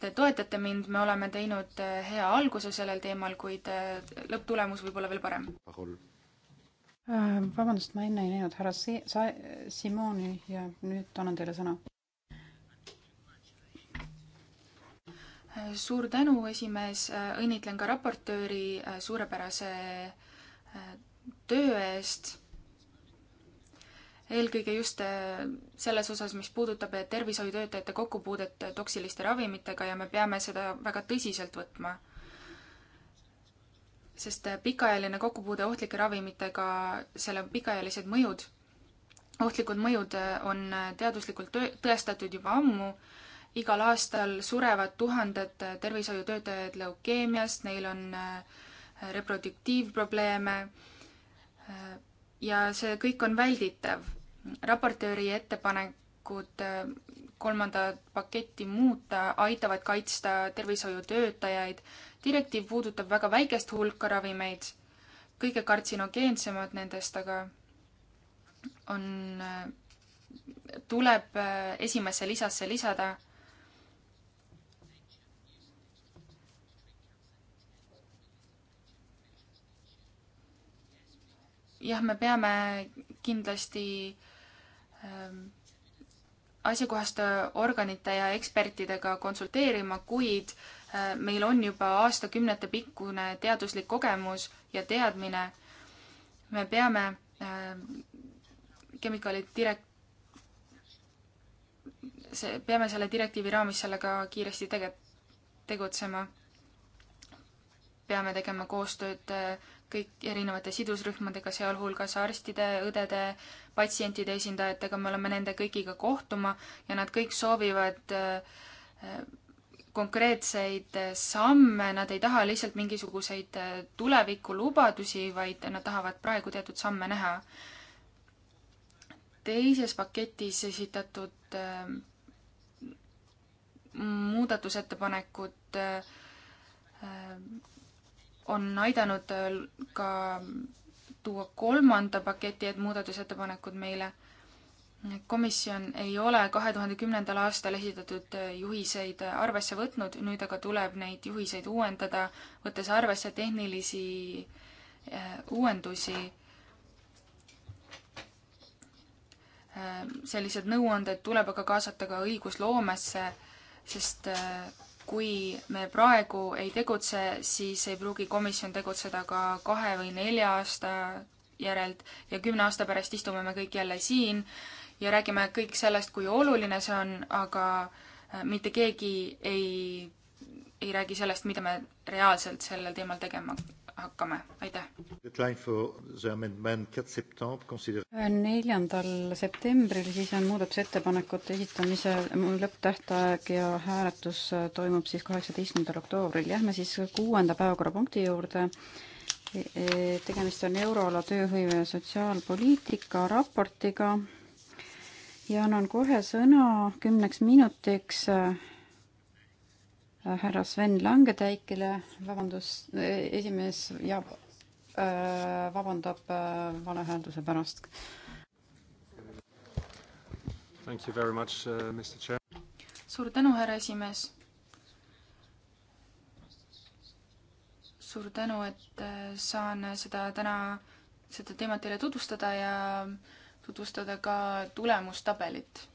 te toetate mind, me oleme teinud äh, hea alguse sellel teemal, kuid äh, lõpptulemus võib olla veel parem. vabandust, ma enne ei näinud härra Simoni ja nüüd annan teile sõna. suur tänu, esimees, õnnitlen ka raportööri äh, suurepärase äh, töö eest. eelkõige just äh, selles osas, mis puudutab tervishoiutöötajate kokkupuudet toksiliste ravimitega ja me peame seda väga tõsiselt võtma. sest pikaajaline kokkupuude ohtlike ravimitega, selle pikaajalised mõjud, ohtlikud mõjud on teaduslikult tõestatud juba ammu igal aastal surevad tuhanded tervishoiutöötajad leukeemiast, neil on äh, reproduktiivprobleeme äh, ja see kõik on välditav. raportööri ettepanekud äh, kolmanda paketti muuta aitavad kaitsta tervishoiutöötajaid. direktiiv puudutab väga väikest hulka ravimeid, kõige kartsinogeensemad nendest aga on, tuleb esimesse lisasse lisada jah, me peame kindlasti ähm, asjakohaste organite ja ekspertidega konsulteerima, kuid äh, meil on juba aastakümnete pikkune teaduslik kogemus ja teadmine. me peame ähm, kemikaali direk-, see, peame selle direktiivi raamis sellega kiiresti tege-, tegutsema. peame tegema koostööd äh, kõik erinevate sidusrühmadega, sealhulgas arstide, õdede, patsientide esindajatega, me oleme nende kõigiga kohtuma ja nad kõik soovivad äh, äh, konkreetseid äh, samme, nad ei taha lihtsalt mingisuguseid tulevikulubadusi, vaid nad tahavad praegu teatud samme näha. teises paketis esitatud muudatusettepanekud on aidanud äh, ka tuua kolmanda paketi et muudatusettepanekud meile. komisjon ei ole kahe tuhande kümnendal aastal esitatud äh, juhiseid äh, arvesse võtnud, nüüd aga tuleb neid juhiseid uuendada, võttes arvesse tehnilisi uuendusi sellised nõuanded tuleb aga kaasata ka õigusloomesse, sest kui me praegu ei tegutse, siis ei pruugi komisjon tegutseda ka kahe või nelja aasta järelt ja kümne aasta pärast istume me kõik jälle siin ja räägime kõik sellest, kui oluline see on, aga äh, mitte keegi ei, ei räägi sellest, mida me reaalselt sellel teemal tegema hakkame, aitäh. neljandal septembril siis on muudatusettepanekute esitamise lõpptähtaeg ja hääletus toimub siis kaheksateistkümnendal oktoobril. Lähme siis kuuenda päevakorrapunkti juurde. tegemist on euroala tööhõive ja sotsiaalpoliitika raportiga ja annan kohe sõna kümneks minutiks Äh, härra Sven Langetäikile, vabandust, äh, esimees ja äh, vabandab valehäälduse pärast. Uh, suur tänu, härra esimees. suur tänu, et saan seda täna, seda teemat teile tutvustada ja tutvustada ka tulemustabelit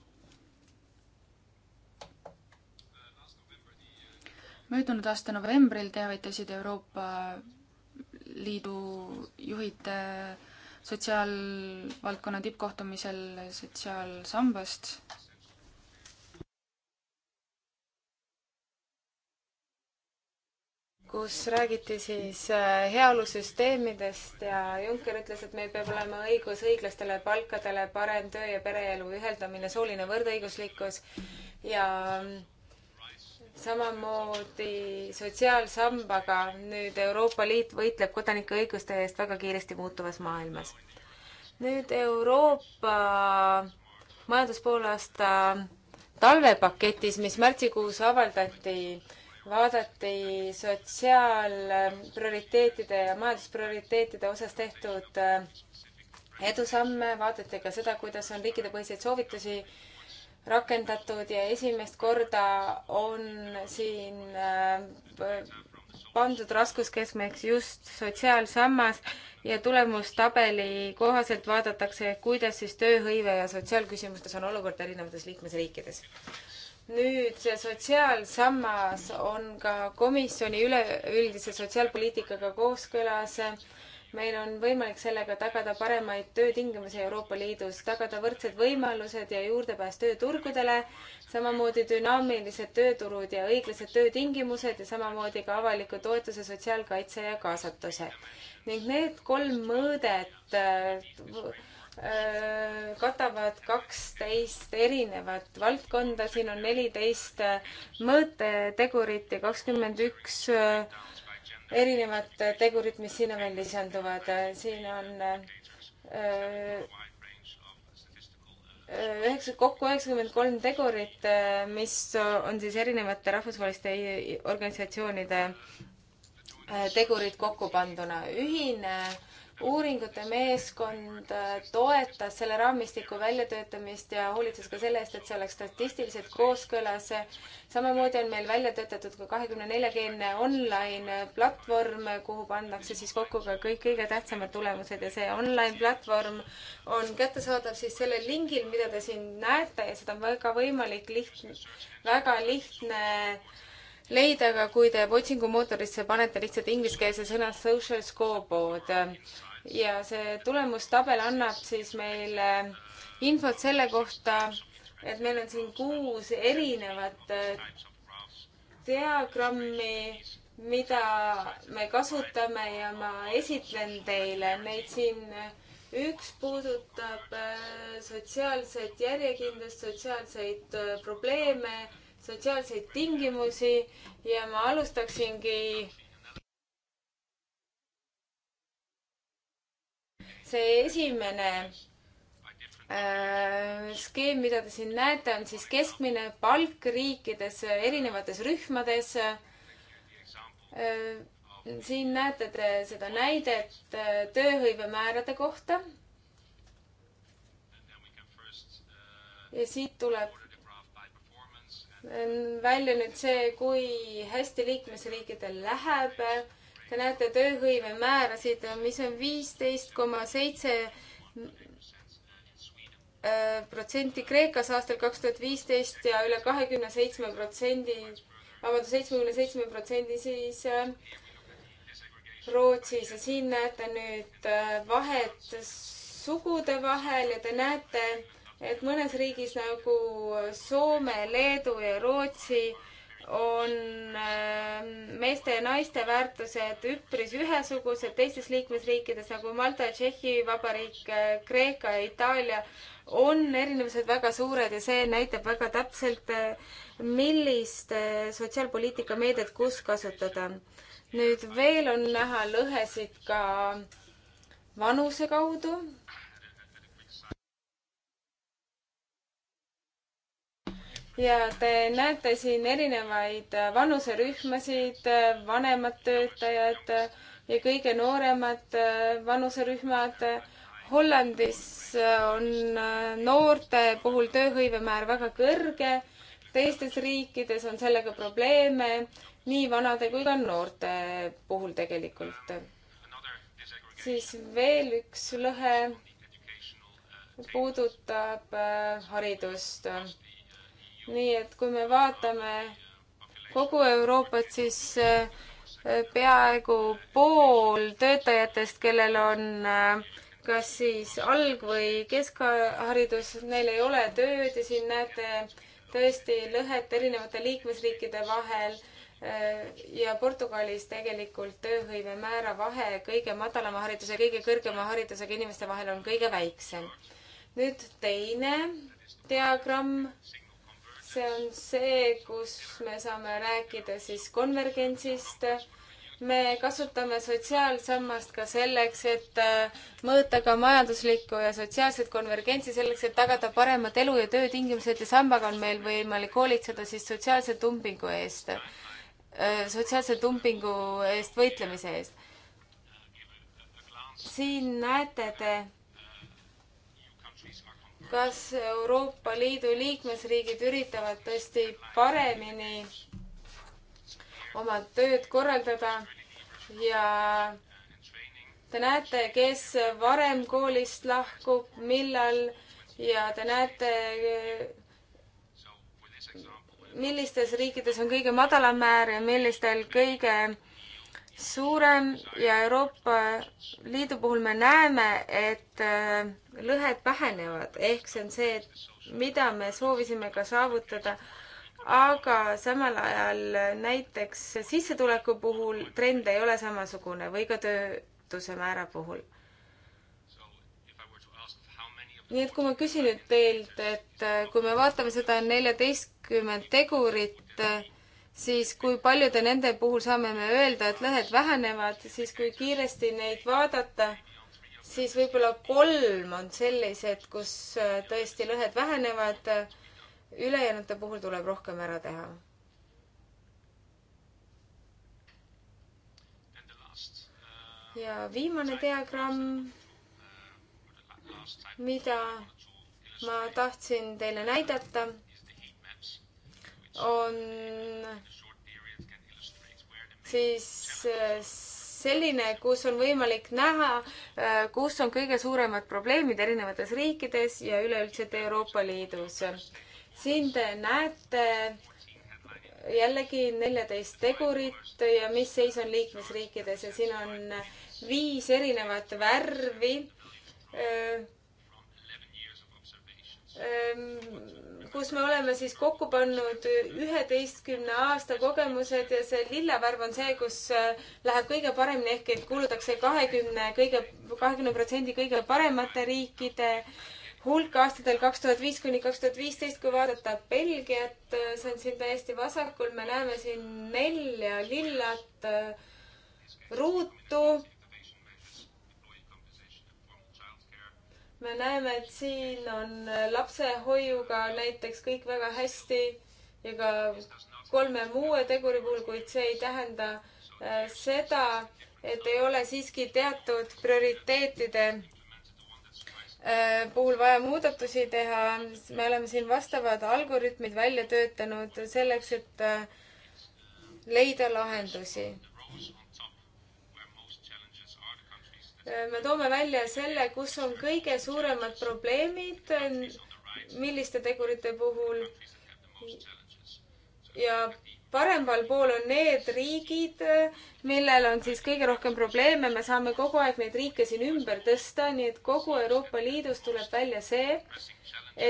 möödunud aasta novembril teavitasid Euroopa Liidu juhid eh, sotsiaalvaldkonna tippkohtumisel sotsiaalsambast. kus räägiti siis eh, heaolusüsteemidest ja Juncker ütles, et meil peab olema õigus õiglastele palkadele, parem töö ja pereelu ühildamine, sooline võrdõiguslikkus ja mm, samamoodi sotsiaalsambaga nüüd Euroopa Liit võitleb kodanikuõiguste eest väga kiiresti muutuvas maailmas. nüüd Euroopa majanduspoolaasta talvepaketis, mis märtsikuus avaldati, vaadati sotsiaalprioriteetide ja majandusprioriteetide osas tehtud äh, edusamme, vaadati ka seda, kuidas on riikidepõhiseid soovitusi äh, rakendatud ja esimest korda on siin äh, pandud raskuskeskmeks just sotsiaalsammas ja tulemustabeli kohaselt vaadatakse, kuidas siis tööhõive ja sotsiaalküsimustes on olukord erinevates liikmesriikides. nüüd see sotsiaalsammas on ka komisjoni üleüldise sotsiaalpoliitikaga kooskõlas meil on võimalik sellega tagada paremaid töötingimusi Euroopa Liidus, tagada võrdsed võimalused ja juurdepääs tööturgudele, samamoodi dünaamilised tööturud ja õiglased töötingimused ja samamoodi ka avaliku toetuse, sotsiaalkaitse ja kaasatuse. ning need kolm mõõdet äh, äh, katavad kaksteist erinevat valdkonda, siin on neliteist mõõtetegurit ja kakskümmend üks äh, erinevad tegurid, mis sinna veel lisanduvad. siin on äh, äh, üheksa, kokku üheksakümmend kolm tegurit, äh, mis on siis erinevate rahvusvaheliste organisatsioonide tegurid kokku panduna. ühine äh, uuringute meeskond äh, toetas selle raamistiku väljatöötamist ja hoolitses ka selle eest, et see oleks statistiliselt kooskõlas. samamoodi on meil välja töötatud ka kahekümne neljakeelne online platvorm, kuhu pannakse siis kokku ka kõik kõige tähtsamad tulemused ja see online platvorm on kättesaadav siis sellel lingil, mida te siin näete ja seda on väga võimalik lihtne, väga lihtne äh, leida, aga kui te otsingumootorisse panete lihtsalt ingliskeelse sõna social scoreboard äh, ja see tulemustabel annab siis meile infot selle kohta, et meil on siin kuus erinevat äh, diagrammi, mida me kasutame ja ma esitlen teile neid siin. Äh, üks puudutab sotsiaalset järjekindlust, sotsiaalseid probleeme sotsiaalseid tingimusi ja ma alustaksingi see esimene äh, skeem, mida te siin näete, on siis keskmine palk riikides äh, erinevates rühmades. Äh, siin näete te seda näidet tööhõivemäärade kohta. ja siit tuleb välja nüüd see, kui hästi liikmesriikidel läheb. Te näete tööhõive määrasid, mis on viisteist koma seitse äh, protsenti Kreekas aastal kaks tuhat viisteist ja üle kahekümne seitsme protsendi, vabandust, seitsmekümne seitsme protsendi siis äh, Rootsis ja siin näete nüüd äh, vahet sugude vahel ja te näete, et mõnes riigis nagu Soome, Leedu ja Rootsi on ähm, meeste ja naiste väärtused üpris ühesugused, teistes liikmesriikides nagu Malta, Tšehhi Vabariik, äh, Kreeka ja Itaalia on erinevused väga suured ja see näitab väga täpselt, äh, millist äh, sotsiaalpoliitika meedet kus kasutada. nüüd veel on näha lõhesid ka vanuse kaudu ja te näete siin erinevaid vanuserühmasid, vanemad töötajad ja kõige nooremad vanuserühmad. Hollandis on noorte puhul tööhõivemäär väga kõrge, teistes riikides on sellega probleeme nii vanade kui ka noorte puhul tegelikult. siis veel üks lõhe puudutab äh, haridust nii et kui me vaatame kogu Euroopat, siis äh, peaaegu pool töötajatest, kellel on äh, kas siis alg- või keskharidus, neil ei ole tööd ja siin näete tõesti lõhet erinevate liikmesriikide vahel äh, ja Portugalis tegelikult tööhõive määra vahe kõige madalama hariduse, kõige kõrgema haridusega inimeste vahel on kõige väiksem. nüüd teine diagramm see on see, kus me saame rääkida siis konvergentsist. me kasutame sotsiaalsammast ka selleks, et äh, mõõta ka majanduslikku ja sotsiaalset konvergentsi, selleks, et tagada paremad elu ja töötingimused ja sambaga on meil võimalik hoolitseda siis sotsiaalse dumpingu eest, äh, sotsiaalse dumpingu eest võitlemise eest. siin näete te kas Euroopa Liidu liikmesriigid üritavad tõesti paremini oma tööd korraldada ja te näete, kes varem koolist lahkub, millal ja te näete, millistes riikides on kõige madalam määr ja millistel kõige suurem ja Euroopa Liidu puhul me näeme, et äh, lõhed vähenevad, ehk see on see, mida me soovisime ka saavutada, aga samal ajal näiteks sissetuleku puhul trend ei ole samasugune või ka töötuse määra puhul. nii et kui ma küsin nüüd teilt, et äh, kui me vaatame seda neljateistkümmet tegurit, äh, siis kui paljude nende puhul saame me öelda, et lõhed vähenevad, siis kui kiiresti neid vaadata siis võib-olla kolm on sellised, kus äh, tõesti lõhed vähenevad. ülejäänute puhul tuleb rohkem ära teha. ja viimane diagramm, mida ma tahtsin teile näidata, on siis äh, selline, kus on võimalik näha, äh, kus on kõige suuremad probleemid erinevates riikides ja üleüldiselt Euroopa Liidus. siin te näete jällegi neljateist tegurit ja mis seis on liikmesriikides ja siin on viis erinevat värvi äh, ähm, kus me oleme siis kokku pannud üheteistkümne aasta kogemused ja see lilla värv on see, kus äh, läheb kõige paremini ehk et kuulutakse kahekümne kõige, kahekümne protsendi kõige paremate riikide hulk aastatel kaks tuhat viis kuni kaks tuhat viisteist, kui vaadata Belgiat, äh, see on siin täiesti vasakul, me näeme siin nelja lillat äh, ruutu me näeme, et siin on lapsehoiuga näiteks kõik väga hästi ja ka kolme muu teguri puhul, kuid see ei tähenda äh, seda, et ei ole siiski teatud prioriteetide äh, puhul vaja muudatusi teha. me oleme siin vastavad algoritmid välja töötanud selleks, et äh, leida lahendusi me toome välja selle, kus on kõige suuremad probleemid, milliste tegurite puhul. ja paremal pool on need riigid, millel on siis kõige rohkem probleeme, me saame kogu aeg neid riike siin ümber tõsta, nii et kogu Euroopa Liidus tuleb välja see,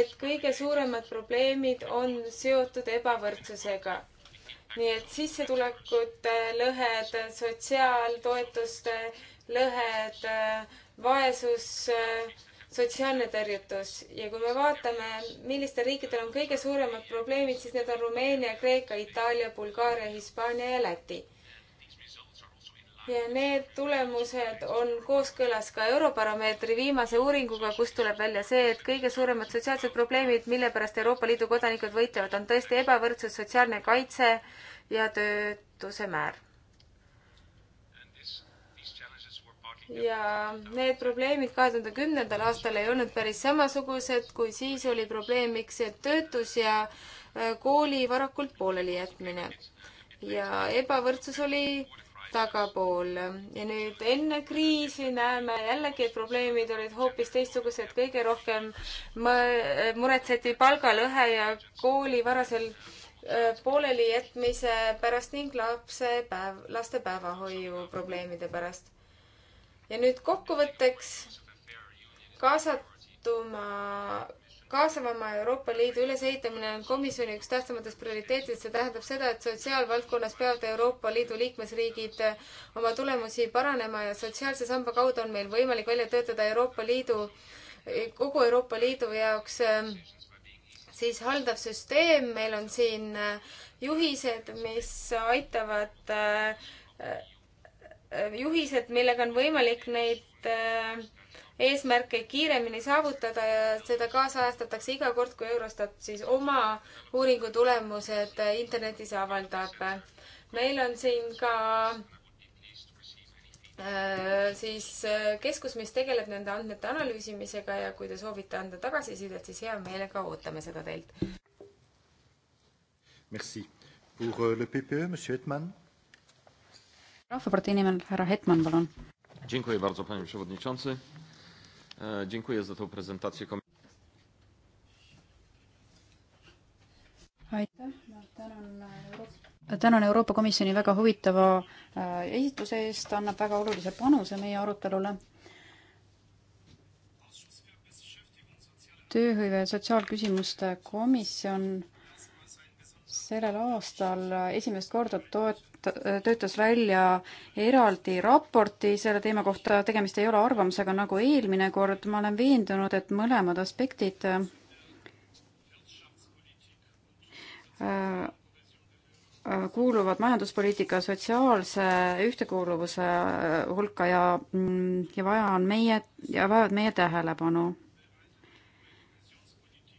et kõige suuremad probleemid on seotud ebavõrdsusega. nii et sissetulekute lõhed, sotsiaaltoetuste lõhed, vaesus, sotsiaalne tõrjutus ja kui me vaatame, millistel riikidel on kõige suuremad probleemid, siis need on Rumeenia, Kreeka, Itaalia, Bulgaaria, Hispaania ja Läti. ja need tulemused on kooskõlas ka Eurobaromeetri viimase uuringuga, kus tuleb välja see, et kõige suuremad sotsiaalsed probleemid, mille pärast Euroopa Liidu kodanikud võitlevad, on tõesti ebavõrdsus, sotsiaalne kaitse ja töötuse määr ja need probleemid kahe tuhande kümnendal aastal ei olnud päris samasugused, kui siis oli probleemiks töötus ja äh, kooli varakult pooleli jätmine. ja ebavõrdsus oli tagapool ja nüüd enne kriisi näeme jällegi, et probleemid olid hoopis teistsugused, kõige rohkem muretseti palgalõhe ja kooli varasel äh, pooleli jätmise pärast ning lapse päev, laste päevahoiu probleemide pärast ja nüüd kokkuvõtteks kaasatuma, kaasavama Euroopa Liidu ülesehitamine on komisjoni üks tähtsamatest prioriteetidest, see tähendab seda, et sotsiaalvaldkonnas peavad Euroopa Liidu liikmesriigid oma tulemusi paranema ja sotsiaalse samba kaudu on meil võimalik välja töötada Euroopa Liidu, kogu Euroopa Liidu jaoks ähm, siis haldav süsteem, meil on siin äh, juhised, mis aitavad äh, Äh, juhised, millega on võimalik neid äh, eesmärke kiiremini saavutada ja seda kaasajastatakse iga kord, kui Eurostat siis oma uuringu tulemused äh, internetis avaldab. meil on siin ka siis keskus, mis tegeleb nende andmete analüüsimisega ja kui te soovite anda tagasisidet, siis hea meelega ootame seda teilt. Merci. Pour euh, le PPE, monsieur Hetman rahvapartei nimel härra Hetman, palun. Dziękuję bardzo, panie przewodniczący. E, dziękuję za tą prezentację. aitäh, ma tänan Euroopa, tänan Euroopa Komisjoni väga huvitava e, esitluse eest, annab väga olulise panuse meie arutelule. tööhõive ja sotsiaalküsimuste komisjon sellel aastal esimest korda toet-, töötas välja eraldi raporti selle teema kohta, tegemist ei ole arvamusega nagu eelmine kord, ma olen veendunud, et mõlemad aspektid äh, äh, kuuluvad majanduspoliitika sotsiaalse ühtekuuluvuse hulka ja, mm, ja vaja on meie, ja vajavad meie tähelepanu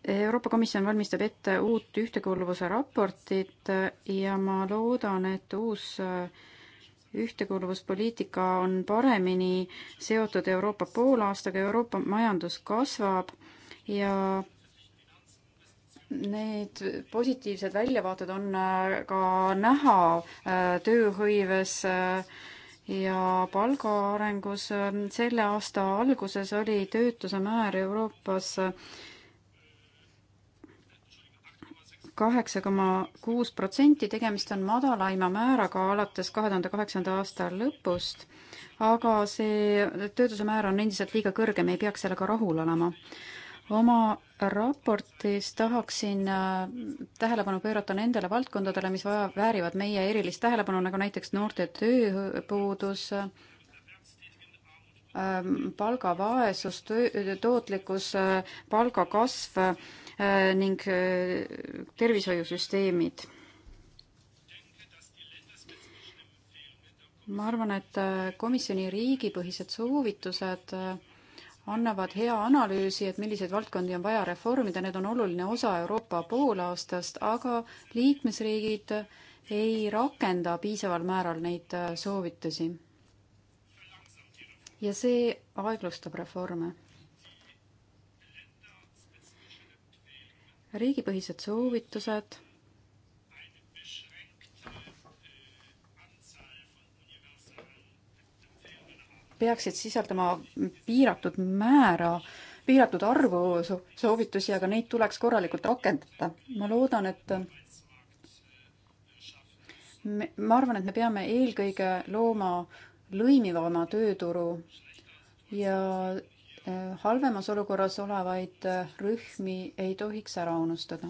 Euroopa Komisjon valmistab ette uut ühtekuuluvuse raportit ja ma loodan, et uus äh, ühtekuuluvuspoliitika on paremini seotud Euroopa poolaastaga, Euroopa majandus kasvab ja need positiivsed väljavaated on äh, ka näha äh, tööhõives ja palgaarengus. selle aasta alguses oli töötuse määr Euroopas kaheksa koma kuus protsenti, tegemist on madalaima määraga alates kahe tuhande kaheksanda aasta lõpust, aga see töötuse määr on endiselt liiga kõrge, me ei peaks sellega rahul olema. oma raportis tahaksin äh, tähelepanu pöörata nendele valdkondadele, mis vaja, väärivad meie erilist tähelepanu, nagu näiteks noorte tööpuudus, ähm, palgavaesus, töö, tootlikkus, äh, palgakasv, Äh, ning äh, tervishoiusüsteemid. ma arvan, et äh, komisjoni riigipõhised soovitused annavad hea analüüsi, et milliseid valdkondi on vaja reformida, need on oluline osa Euroopa poolaastast, aga liikmesriigid ei rakenda piisaval määral neid soovitusi. ja see aeglustab reforme riigipõhised soovitused peaksid sisaldama piiratud määra, piiratud arvu soovitusi, aga neid tuleks korralikult rakendada. ma loodan, et me, ma arvan, et me peame eelkõige looma lõimivama tööturu ja Äh, halvemas olukorras olevaid äh, rühmi ei tohiks ära unustada.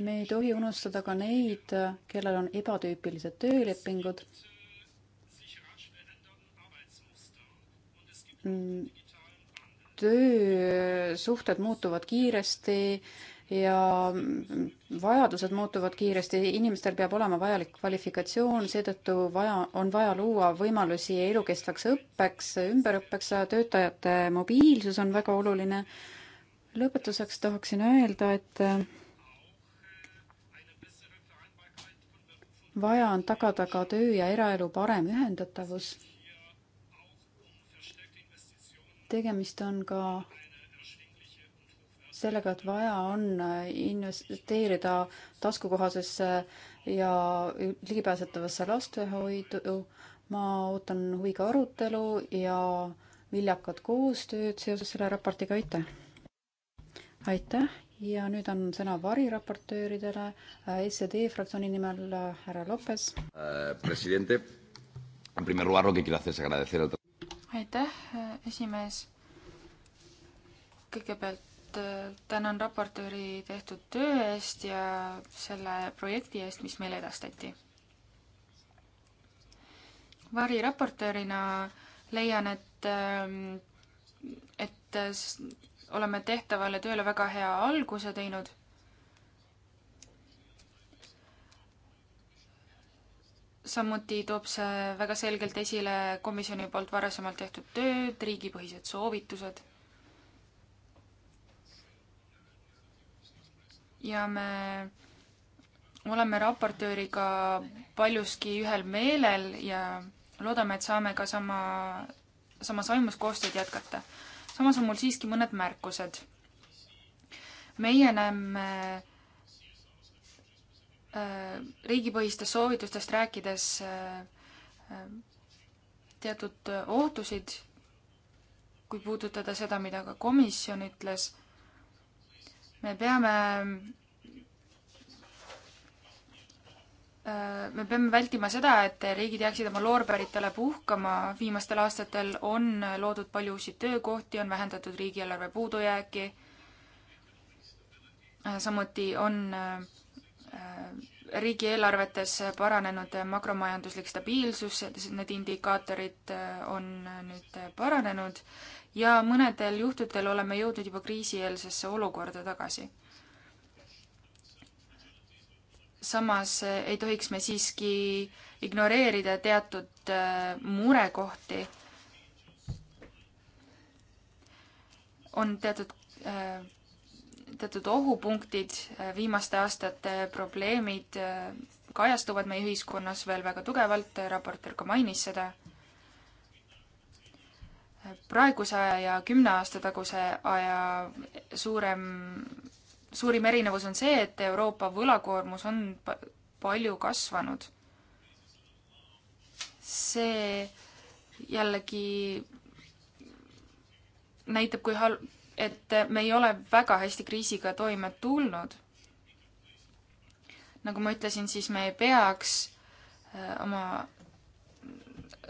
me ei tohi unustada ka neid, äh, kellel on ebatüüpilised töölepingud. Mm, töösuhted muutuvad kiiresti ja vajadused muutuvad kiiresti, inimestel peab olema vajalik kvalifikatsioon, seetõttu vaja, on vaja luua võimalusi elukestvaks õppeks, ümberõppeks, töötajate mobiilsus on väga oluline. lõpetuseks tahaksin öelda, et vaja on tagada ka töö ja eraelu parem ühendatavus. tegemist on ka sellega, et vaja on äh, investeerida taskukohasesse ja ligipääsetavasse lastehoidu. ma ootan huviga arutelu ja viljakat koostööd seoses selle raportiga, aitäh! aitäh ja nüüd on sõna variraportööridele äh, SED fraktsiooni nimel äh, härra Lopes. aitäh, esimees. kõigepealt Äh, tänan raportööri tehtud töö eest ja selle projekti eest, mis meile edastati. variraportöörina leian, et, ähm, et äh, oleme tehtavale tööle väga hea alguse teinud. samuti toob see väga selgelt esile komisjoni poolt varasemalt tehtud tööd, riigipõhised soovitused ja me oleme raportööriga paljuski ühel meelel ja loodame, et saame ka sama, samas vaimus koostööd jätkata. samas on mul siiski mõned märkused. meie näeme äh, riigipõhistest soovitustest rääkides äh, äh teatud ohtusid, kui puudutada seda, mida ka komisjon ütles me peame me peame vältima seda, et riigid jääksid oma loorberitele puhkama. viimastel aastatel on loodud palju uusi töökohti, on vähendatud riigieelarve puudujääki. samuti on äh, riigieelarvetes paranenud makromajanduslik stabiilsus, need indikaatorid äh, on nüüd paranenud ja mõnedel juhtudel oleme jõudnud juba kriisieelsesse olukorda tagasi. samas ei tohiks me siiski ignoreerida teatud äh, murekohti. on teatud, äh, teatud ohupunktid, äh, viimaste aastate probleemid kajastuvad meie ühiskonnas veel väga tugevalt, raportöör ka mainis seda praeguse aja ja kümne aasta taguse aja suurem, suurim erinevus on see, et Euroopa võlakoormus on palju kasvanud. see jällegi näitab, kui hal-, et me ei ole väga hästi kriisiga toime tulnud. nagu ma ütlesin, siis me ei peaks äh, oma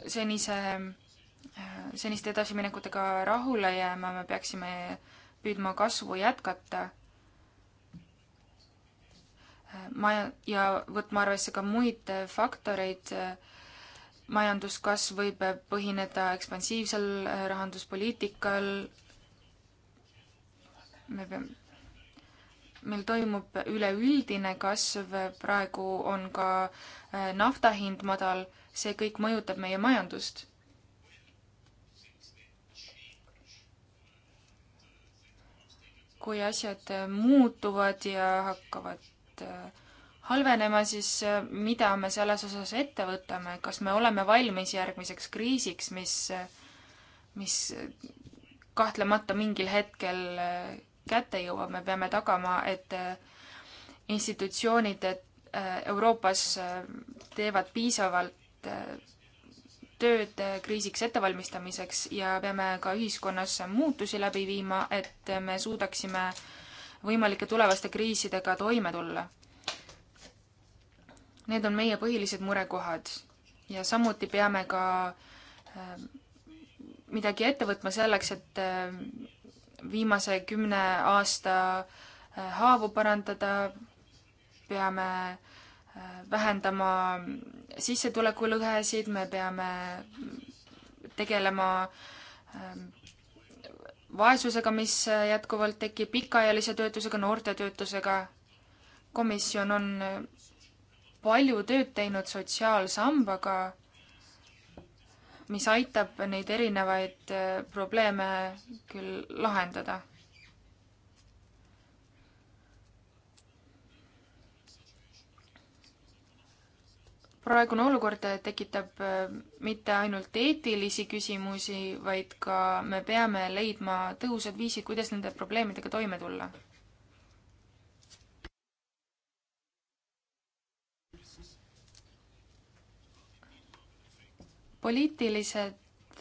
senise seniste edasiminekutega rahule jääma, me peaksime püüdma kasvu jätkata. ma ja võtma arvesse ka muid faktoreid. majanduskasv võib põhineda ekspansiivsel rahanduspoliitikal. me peame, meil toimub üleüldine kasv, praegu on ka eh, nafta hind madal, see kõik mõjutab meie majandust kui asjad äh, muutuvad ja hakkavad äh, halvenema, siis äh, mida me selles osas ette võtame, kas me oleme valmis järgmiseks kriisiks, mis, mis kahtlemata mingil hetkel kätte jõuab, me peame tagama, et institutsioonid Euroopas teevad piisavalt tööd äh, kriisiks ettevalmistamiseks ja peame ka ühiskonnas muutusi läbi viima, et me suudaksime võimalike tulevaste kriisidega toime tulla. Need on meie põhilised murekohad ja samuti peame ka ähm, midagi ette võtma selleks, et ähm, viimase kümne aasta äh, haavu parandada, peame vähendama sissetulekulõhesid, me peame tegelema ähm, vaesusega, mis jätkuvalt tekib, pikaajalise töötusega, noorte töötusega. komisjon on äh, palju tööd teinud sotsiaalsambaga, mis aitab neid erinevaid äh, probleeme küll lahendada. praegune olukord tekitab äh, mitte ainult eetilisi küsimusi, vaid ka me peame leidma tõhusad viisid, kuidas nende probleemidega toime tulla. poliitilised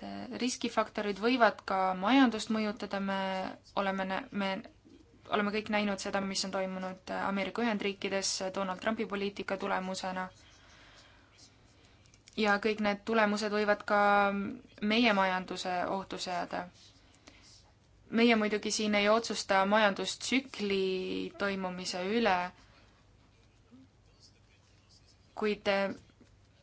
äh, riskifaktorid võivad ka majandust mõjutada, me oleme, me oleme kõik näinud seda, mis on toimunud äh, Ameerika Ühendriikides Donald Trumpi poliitika tulemusena ja kõik need tulemused võivad ka meie majanduse ohtu seada. meie muidugi siin ei otsusta majandustsükli toimumise üle, kuid eh,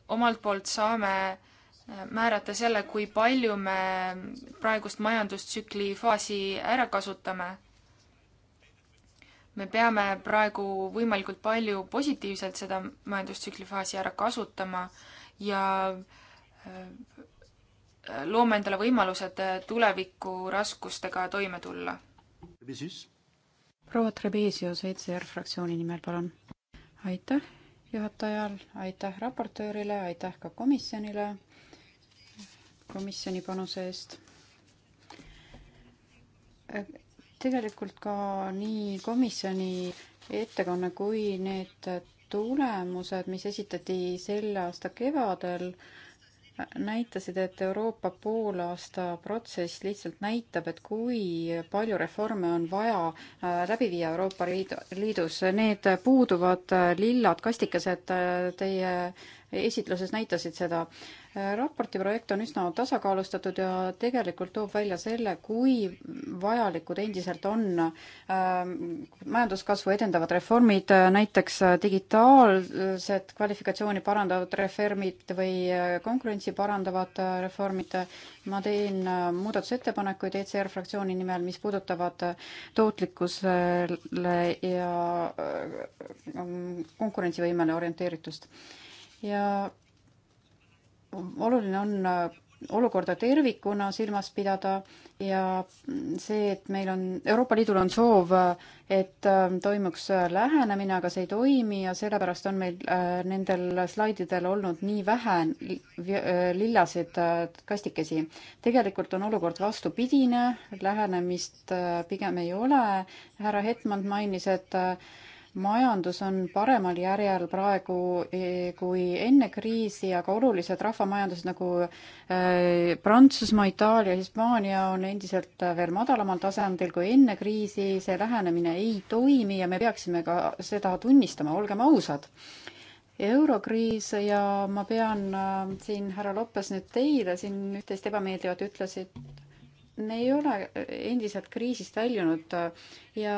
omalt poolt saame eh, määrata selle, kui palju me praegust majandustsükli faasi ära kasutame. me peame praegu võimalikult palju positiivselt seda majandustsükli faasi ära kasutama ja äh, loome endale võimalused äh, tuleviku raskustega toime tulla. proua Trebesius ECR fraktsiooni nimel, palun. aitäh juhatajal, aitäh raportöörile, aitäh ka komisjonile komisjoni panuse eest äh, tegelikult ka nii komisjoni ettekanne kui need tulemused, mis esitati selle aasta kevadel, näitasid, et Euroopa poolaasta protsess lihtsalt näitab, et kui palju reforme on vaja äh, läbi viia Euroopa Liidus. Need puuduvad lillad kastikesed äh, teie esitluses näitasid seda Äh, raporti projekt on üsna tasakaalustatud ja tegelikult toob välja selle, kui vajalikud endiselt on ähm, majanduskasvu edendavad reformid, äh, näiteks äh, digitaalsed kvalifikatsiooni parandavad reformid või konkurentsi parandavad reformid. ma teen muudatusettepanekuid ECR fraktsiooni nimel, mis puudutavad tootlikkusele ja mm, konkurentsivõimele orienteeritust ja oluline on äh, olukorda tervikuna silmas pidada ja see, et meil on, Euroopa Liidul on soov, äh, et äh, toimuks lähenemine, aga see ei toimi ja sellepärast on meil nendel slaididel olnud nii vähe lillasid kastikesi. tegelikult on olukord vastupidine, lähenemist pigem ei ole. härra Hetman mainis, et majandus on paremal järjel praegu e, kui enne kriisi, aga olulised rahvamajandused nagu e, Prantsusmaa, Itaalia, Hispaania on endiselt veel madalamal tasandil kui enne kriisi, see lähenemine ei toimi ja me peaksime ka seda tunnistama, olgem ausad. eurokriis ja ma pean äh, siin, härra Loppes, nüüd teile siin üht-teist ebameeldivat ütlesid me ei ole endiselt kriisist väljunud äh, ja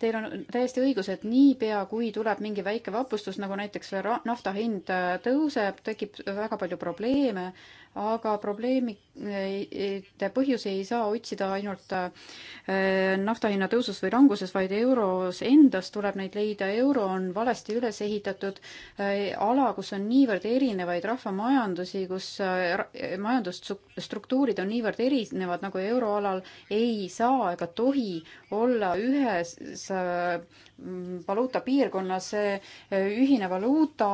teil on täiesti õigus, et niipea, kui tuleb mingi väike vapustus, nagu näiteks nafta hind äh, tõuseb, tekib väga palju probleeme aga probleemide põhjusi ei saa otsida ainult äh, nafta hinna tõusus või languses, vaid euros endas tuleb neid leida, euro on valesti üles ehitatud äh, ala, kus on niivõrd erinevaid rahvamajandusi, kus äh, majandusstruktuurid on niivõrd erinevad, nagu euroalal ei saa ega tohi olla ühes Mm, valuuta piirkonnas, see eh, ühine valuuta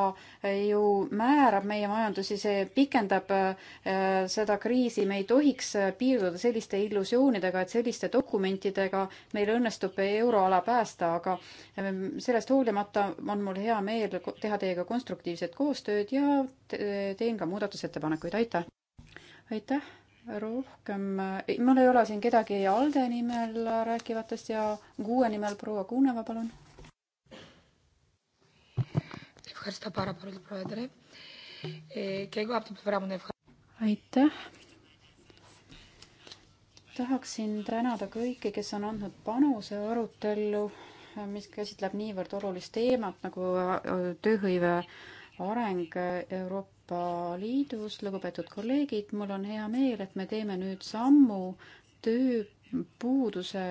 eh, ju määrab meie majandusi, see pikendab eh, seda kriisi, me ei tohiks piirduda selliste illusioonidega, et selliste dokumentidega meil õnnestub euroala päästa, aga sellest hoolimata on mul hea meel teha teiega konstruktiivset koostööd ja teen ka muudatusettepanekuid, aitäh! aitäh! rohkem, mul ei ole siin kedagi ALDE nimel rääkivatest ja GUE nimel proua Kuneva, palun. aitäh. tahaksin tänada kõiki, kes on andnud panuse arutellu, mis käsitleb niivõrd olulist teemat nagu äh, tööhõive areng Euroopa Euroopa Liidust, lugupeetud kolleegid, mul on hea meel, et me teeme nüüd sammu tööpuuduse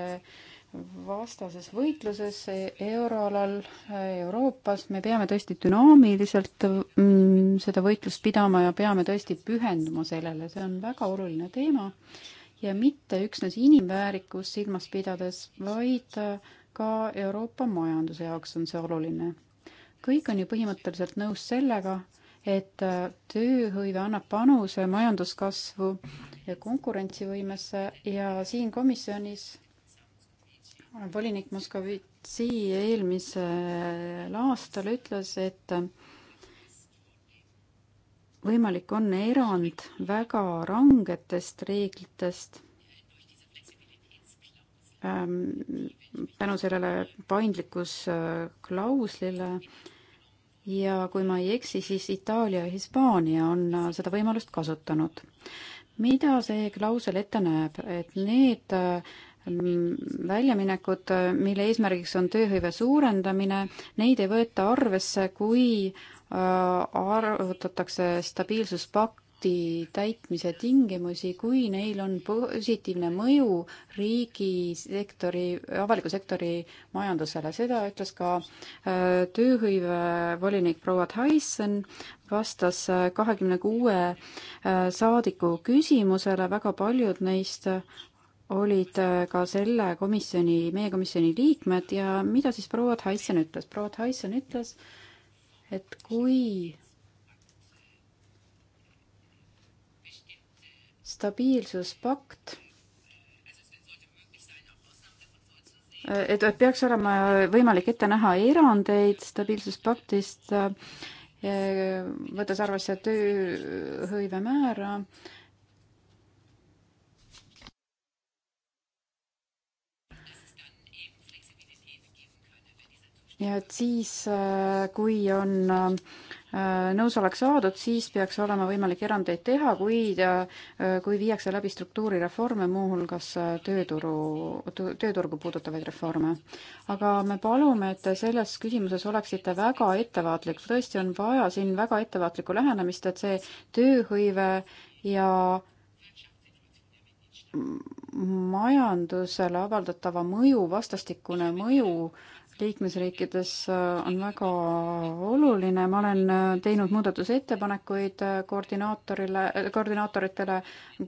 vastases võitluses euroalal Euroopas, me peame tõesti dünaamiliselt mm, seda võitlust pidama ja peame tõesti pühenduma sellele, see on väga oluline teema ja mitte üksnes inimväärikust silmas pidades, vaid ka Euroopa majanduse jaoks on see oluline. kõik on ju põhimõtteliselt nõus sellega, et äh, tööhõive annab panuse majanduskasvu ja konkurentsivõimesse ja siin komisjonis volinik Moskovitsi eelmisel aastal ütles, et äh, võimalik on erand väga rangetest reeglitest ähm, tänu sellele paindlikkusklauslile äh, ja kui ma ei eksi, siis Itaalia ja Hispaania on äh, seda võimalust kasutanud. mida see klausel ette näeb, et need äh, väljaminekud, äh, mille eesmärgiks on tööhõive suurendamine, neid ei võeta arvesse, kui arvutatakse stabiilsuspak-, akti täitmise tingimusi, kui neil on positiivne mõju riigisektori, avaliku sektori majandusele. seda ütles ka äh, tööhõivevolinik proua Tyson, vastas äh, kahekümne kuue äh, saadiku küsimusele, väga paljud neist olid ka selle komisjoni, meie komisjoni liikmed ja mida siis proua Tyson ütles? proua Tyson ütles, et kui stabiilsuspakt et, et peaks olema võimalik ette näha erandeid stabiilsuspaktist, võttes arvesse tööhõive määra. ja et siis, äh, kui on äh, Äh, nõusolek saadud, siis peaks olema võimalik erandeid teha, kuid äh, kui viiakse läbi struktuurireforme, muuhulgas äh, tööturu, tööturgu puudutavaid reforme. aga me palume, et te selles küsimuses oleksite väga ettevaatlik, tõesti on vaja siin väga ettevaatlikku lähenemist, et see tööhõive ja majandusele avaldatava mõju vastastikune mõju äh, liikmesriikides äh, on väga oluline, ma olen äh, teinud muudatusettepanekuid äh, koordinaatorile, koordinaatoritele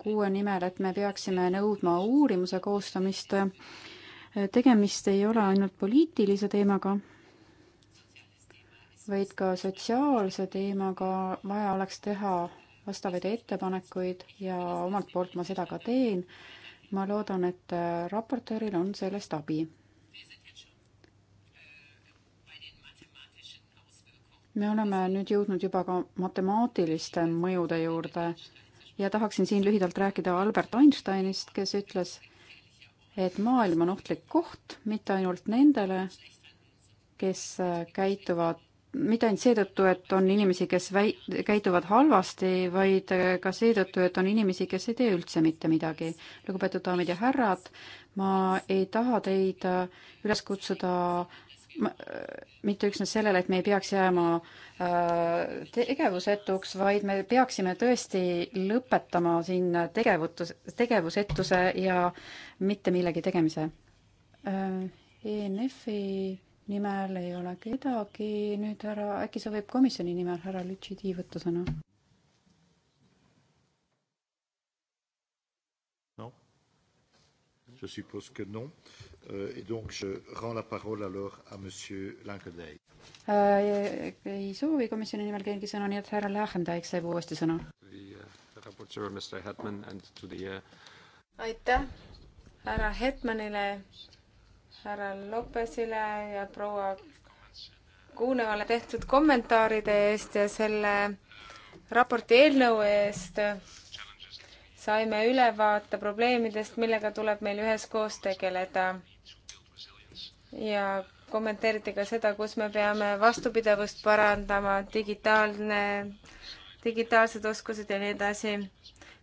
kuue nimel, et me peaksime nõudma uurimuse koostamist. tegemist ei ole ainult poliitilise teemaga, vaid ka sotsiaalse teemaga, vaja oleks teha vastavaid ettepanekuid ja omalt poolt ma seda ka teen. ma loodan, et raportööril on sellest abi me oleme nüüd jõudnud juba ka matemaatiliste mõjude juurde ja tahaksin siin lühidalt rääkida Albert Einsteinist, kes ütles, et maailm on ohtlik koht mitte ainult nendele, kes äh, käituvad mitte ainult seetõttu, et on inimesi, kes väi-, käituvad halvasti, vaid äh, ka seetõttu, et on inimesi, kes ei tee üldse mitte midagi. lugupeetud daamid ja härrad, ma ei taha teid äh, üles kutsuda äh, Äh, mitte üksnes sellele, et me ei peaks jääma äh, tegevusetuks, vaid me peaksime tõesti lõpetama siin tegevutus, tegevusetuse ja mitte millegi tegemise. Äh, ENF-i nimel ei ole kedagi, nüüd härra, äkki soovib komisjoni nimel härra Lütši tiivuta sõna? noh, je suppose que non Euh, et donc je rends la parole alors à monsieur Langendijk. Äh, ei soovi komisjoni nimel keegi sõna, nii et härra Langendijk saab uuesti sõna. Uh, uh, aitäh härra Hetmanile, härra Lopesile ja proua Kuunevale tehtud kommentaaride eest ja selle raporti eelnõu eest saime ülevaate probleemidest, millega tuleb meil üheskoos tegeleda ja kommenteeriti ka seda, kus me peame vastupidavust parandama, digitaalne, digitaalsed oskused ja nii edasi.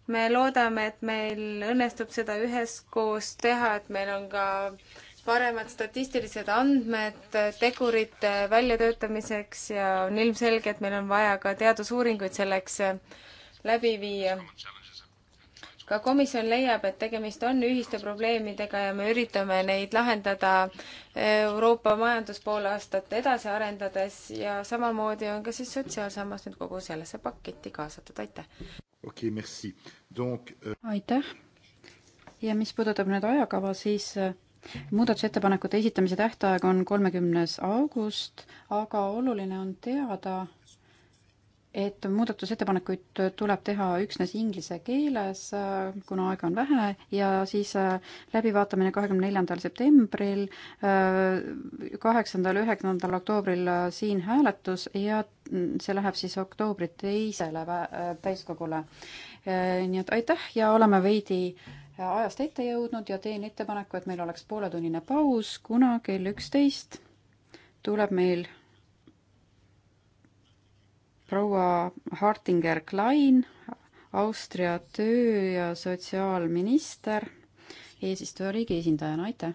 me loodame, et meil õnnestub seda üheskoos teha, et meil on ka paremad statistilised andmed tegurite väljatöötamiseks ja on ilmselge, et meil on vaja ka teadusuuringuid selleks läbi viia ka komisjon leiab, et tegemist on ühiste probleemidega ja me üritame neid lahendada Euroopa majandus pool aastat edasi arendades ja samamoodi on ka siis sotsiaalsammas nüüd kogu sellesse paketti kaasatud, aitäh. okei okay,, merci. Donc euh.... aitäh. ja mis puudutab nüüd ajakava, siis äh, muudatusettepanekute esitamise tähtaeg on kolmekümnes august, aga oluline on teada, et muudatusettepanekuid tuleb teha üksnes inglise keeles, kuna aega on vähe ja siis äh, läbivaatamine kahekümne neljandal septembril, äh, kaheksandal, üheksandal oktoobril äh, siin hääletus ja mm, see läheb siis oktoobri teisele täiskogule. nii et aitäh ja oleme veidi ajast ette jõudnud ja teen ettepaneku, et meil oleks pooletunnine paus, kuna kell üksteist tuleb meil proua Hartinger Klein, Austria töö- ja sotsiaalminister, eesistujariigi esindajana, aitäh!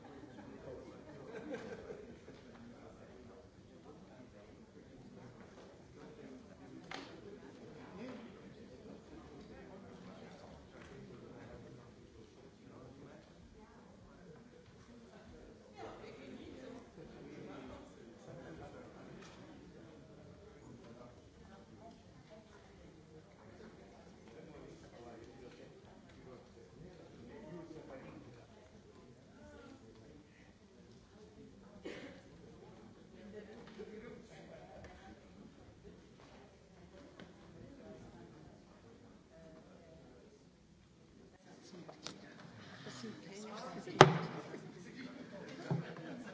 okei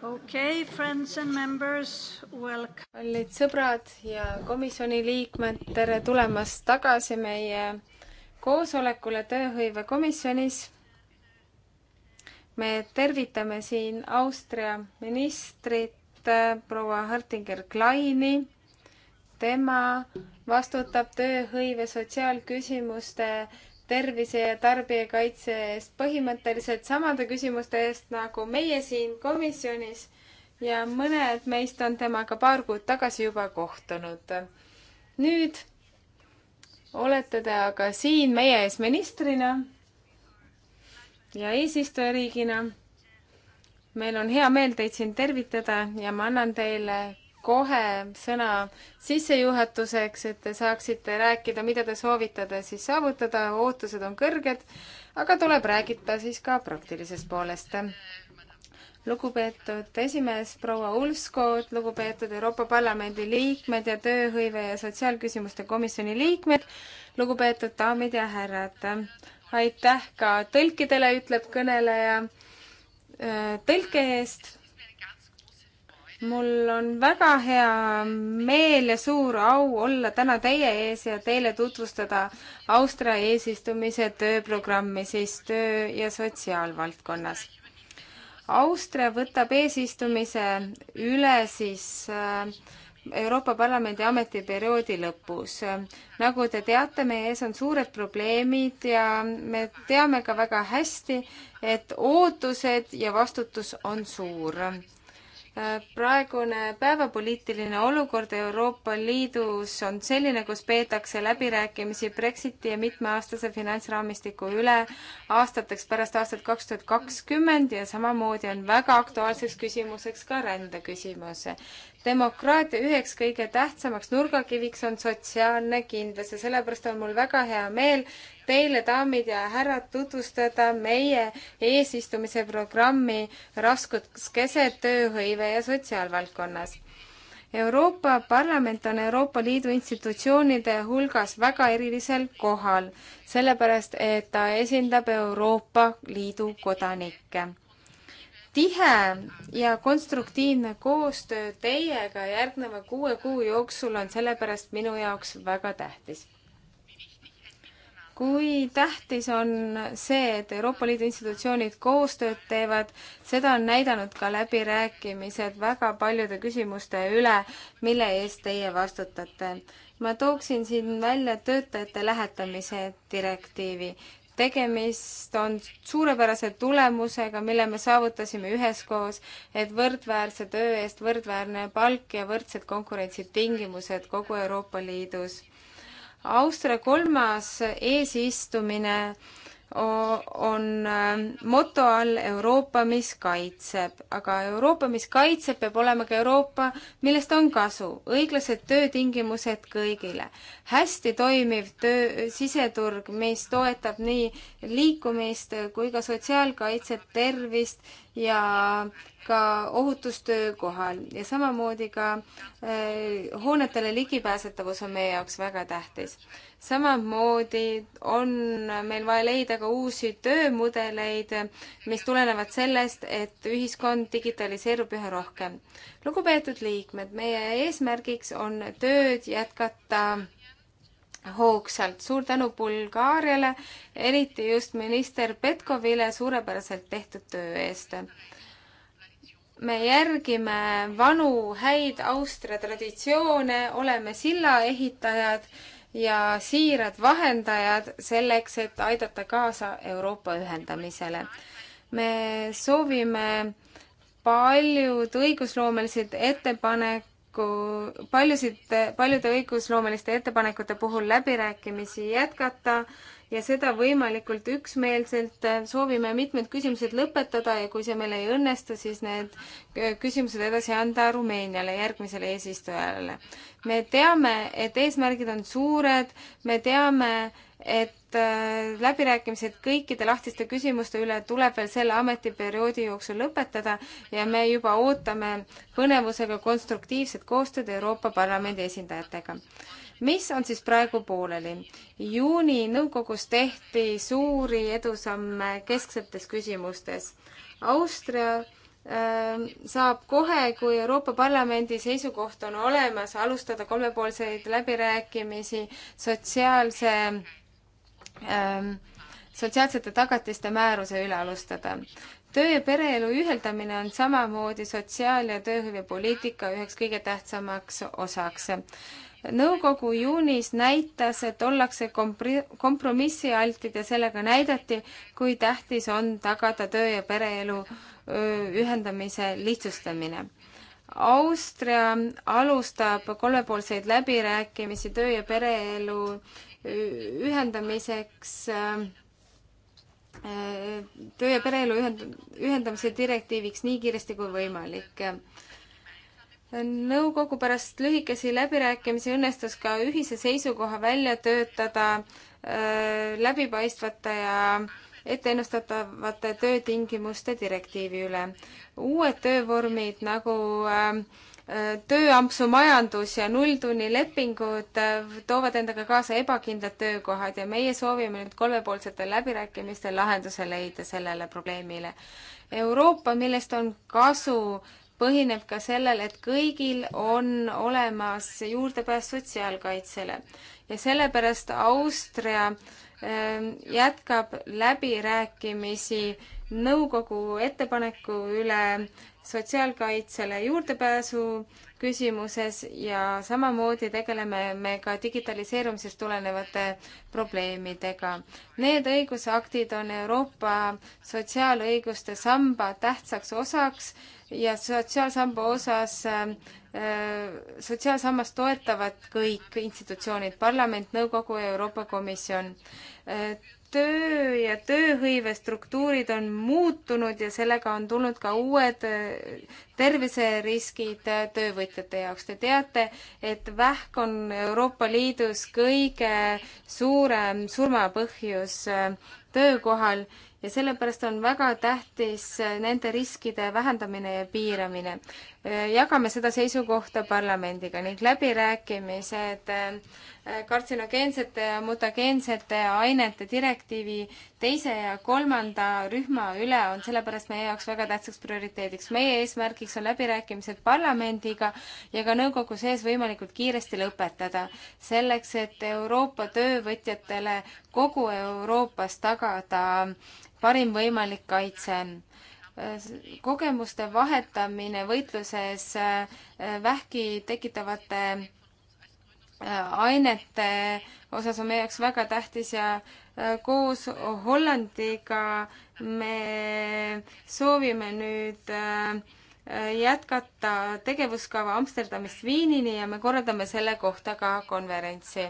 okay,, friends and members, welcome. kallid sõbrad ja komisjoni liikmed, tere tulemast tagasi meie koosolekule tööhõivekomisjonis. me tervitame siin Austria ministrit äh, proua Hartinger Kleini. tema vastutab tööhõive sotsiaalküsimuste tervise ja tarbijakaitse eest põhimõtteliselt samade küsimuste eest nagu meie siin komisjonis ja mõned meist on temaga paar kuud tagasi juba kohtunud. nüüd olete te aga siin meie ees ministrina ja eesistujariigina. meil on hea meel teid siin tervitada ja ma annan teile kohe sõna sissejuhatuseks, et te saaksite rääkida, mida te soovitate siis saavutada, ootused on kõrged, aga tuleb rääkida siis ka praktilisest poolest. lugupeetud esimees proua Ulskog, lugupeetud Euroopa Parlamendi liikmed ja tööhõive ja sotsiaalküsimuste komisjoni liikmed, lugupeetud daamid ja härrad. aitäh ka tõlkidele, ütleb kõneleja tõlke eest mul on väga hea meel ja suur au olla täna teie ees ja teile tutvustada Austria eesistumise tööprogrammi siis töö- ja sotsiaalvaldkonnas. Austria võtab eesistumise üle siis äh, Euroopa Parlamendi ametiperioodi lõpus. nagu te teate, meie ees on suured probleemid ja me teame ka väga hästi, et ootused ja vastutus on suur praegune päevapoliitiline olukord Euroopa Liidus on selline, kus peetakse läbirääkimisi Brexiti ja mitmeaastase finantsraamistiku üle aastateks pärast aastat kaks tuhat kakskümmend ja samamoodi on väga aktuaalseks küsimuseks ka rändeküsimus demokraatia üheks kõige tähtsamaks nurgakiviks on sotsiaalne kindlus ja sellepärast on mul väga hea meel teile, daamid ja härrad, tutvustada meie eesistumise programmi raskuskesed tööhõive ja sotsiaalvaldkonnas. Euroopa Parlament on Euroopa Liidu institutsioonide hulgas väga erilisel kohal, sellepärast et ta esindab Euroopa Liidu kodanikke tihe ja konstruktiivne koostöö teiega järgneva kuue kuu jooksul on sellepärast minu jaoks väga tähtis. kui tähtis on see, et Euroopa Liidu institutsioonid koostööd teevad, seda on näidanud ka läbirääkimised väga paljude küsimuste üle, mille eest teie vastutate ma tooksin siin välja töötajate lähetamise direktiivi tegemist on suurepärase tulemusega, mille me saavutasime üheskoos, et võrdväärse töö eest võrdväärne palk ja võrdsed konkurentsitingimused kogu Euroopa Liidus. Austria kolmas eesistumine äh, on äh, moto all Euroopa, mis kaitseb, aga Euroopa, mis kaitseb, peab olema ka Euroopa, millest on kasu. õiglased töötingimused kõigile, hästi toimiv töö, siseturg, mis toetab nii liikumist kui ka sotsiaalkaitset, tervist ja ka ohutus töökohal ja samamoodi ka äh, hoonetele ligipääsetavus on meie jaoks väga tähtis. samamoodi on meil vaja leida ka uusi töömudeleid, mis tulenevad sellest, et ühiskond digitaliseerub üha rohkem. lugupeetud liikmed, meie eesmärgiks on tööd jätkata hoogsalt. suur tänu Bulgaariale, eriti just minister Petkovile suurepäraselt tehtud töö eest. me järgime vanu häid Austria traditsioone, oleme sillaehitajad ja siirad vahendajad selleks, et aidata kaasa Euroopa ühendamisele. me soovime paljud õigusloomelised ettepanekud ettepaneku, paljusid, paljude õigusloomeliste ettepanekute puhul läbirääkimisi jätkata ja seda võimalikult üksmeelselt. soovime mitmed küsimused lõpetada ja kui see meil ei õnnestu, siis need küsimused edasi anda Rumeeniale, järgmisele eesistujale. me teame, et eesmärgid on suured, me teame, et äh, läbirääkimised kõikide lahtiste küsimuste üle tuleb veel selle ametiperioodi jooksul lõpetada ja me juba ootame põnevusega konstruktiivset koostööd Euroopa Parlamendi esindajatega mis on siis praegu pooleli? juuni nõukogus tehti suuri edusamme kesksetes küsimustes. Austria äh, saab kohe, kui Euroopa Parlamendi seisukoht on olemas, alustada kolmepoolseid läbirääkimisi sotsiaalse Ähm, sotsiaalsete tagatiste määruse üle alustada. töö ja pereelu ühildamine on samamoodi sotsiaal- ja tööhõivepoliitika üheks kõige tähtsamaks osaks. nõukogu juunis näitas, et ollakse kompri-, kompromissialtid ja sellega näidati, kui tähtis on tagada töö ja pereelu ühendamise lihtsustamine Austria alustab kolmepoolseid läbirääkimisi töö ja pereelu ühendamiseks töö- ja pereelu ühend-, ühendamise direktiiviks nii kiiresti kui võimalik. nõukogu pärast lühikesi läbirääkimisi õnnestus ka ühise seisukoha välja töötada äh, läbipaistvate ja etteennustatavate töötingimuste direktiivi üle. uued töövormid nagu äh, tööampsu majandus ja nulltunnilepingud äh, toovad endaga kaasa ebakindlad töökohad ja meie soovime nüüd kolmepoolsetel läbirääkimistel lahenduse leida sellele probleemile. Euroopa, millest on kasu, põhineb ka sellel, et kõigil on olemas juurdepääs sotsiaalkaitsele ja sellepärast Austria ähm, jätkab läbirääkimisi nõukogu ettepaneku üle sotsiaalkaitsele juurdepääsu küsimuses ja samamoodi tegeleme me ka digitaliseerumisest tulenevate probleemidega. Need õigusaktid on Euroopa sotsiaalõiguste samba tähtsaks osaks ja sotsiaalsamba osas äh, sotsiaalsammast toetavad kõik institutsioonid, parlament, nõukogu ja Euroopa Komisjon äh, töö ja tööhõive struktuurid on muutunud ja sellega on tulnud ka uued äh, terviseriskid äh, töövõtjate jaoks. Te teate, et vähk on Euroopa Liidus kõige suurem surmapõhjus äh, töökohal ja sellepärast on väga tähtis äh, nende riskide vähendamine ja piiramine. Äh, jagame seda seisukohta parlamendiga ning läbirääkimised äh, kartsinogeensete ja mutageensete ainete direktiivi teise ja kolmanda rühma üle on sellepärast meie jaoks väga tähtsaks prioriteediks. meie eesmärgiks on läbirääkimised parlamendiga ja ka nõukogu sees võimalikult kiiresti lõpetada, selleks et Euroopa töövõtjatele kogu Euroopas tagada parim võimalik kaitse. kogemuste vahetamine võitluses äh, vähki tekitavate äh, ainete osas on meie jaoks väga tähtis ja äh, koos Hollandiga me soovime nüüd äh, Äh, jätkata tegevuskava Amsterdamist Viinini ja me korraldame selle kohta ka konverentsi.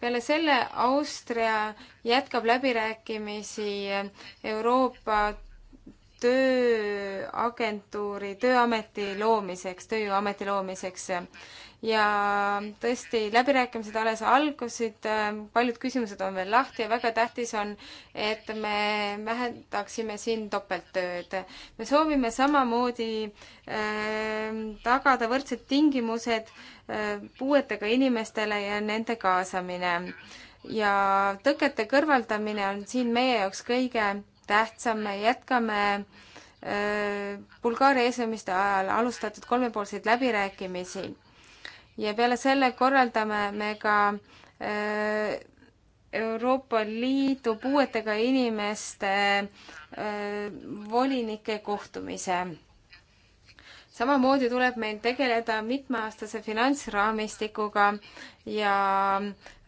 peale selle Austria jätkab läbirääkimisi Euroopa tööagentuuri, tööameti loomiseks, tööjõuameti loomiseks ja tõesti, läbirääkimised alles algusid, äh, paljud küsimused on veel lahti ja väga tähtis on, et me vähendaksime siin topelttööd. me soovime samamoodi äh, tagada võrdsed tingimused äh, puuetega inimestele ja nende kaasamine. ja tõkete kõrvaldamine on siin meie jaoks kõige tähtsam, me jätkame äh, Bulgaaria eesistumiste ajal alustatud kolmepoolseid läbirääkimisi ja peale selle korraldame me ka äh, Euroopa Liidu puuetega inimeste äh, volinike kohtumise. samamoodi tuleb meil tegeleda mitmeaastase finantsraamistikuga ja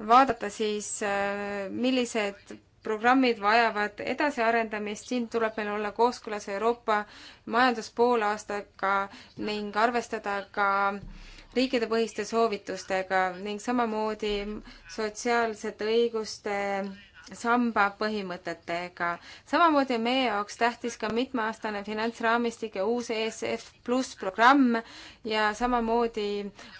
vaadata siis, äh, millised programmid vajavad edasiarendamist, siin tuleb meil olla kooskõlas Euroopa majanduspoolaastaga ning arvestada ka äh, riikidepõhiste soovitustega ning samamoodi sotsiaalsete õiguste samba põhimõtetega. samamoodi on meie jaoks tähtis ka mitmeaastane finantsraamistik ja uus ESF pluss programm ja samamoodi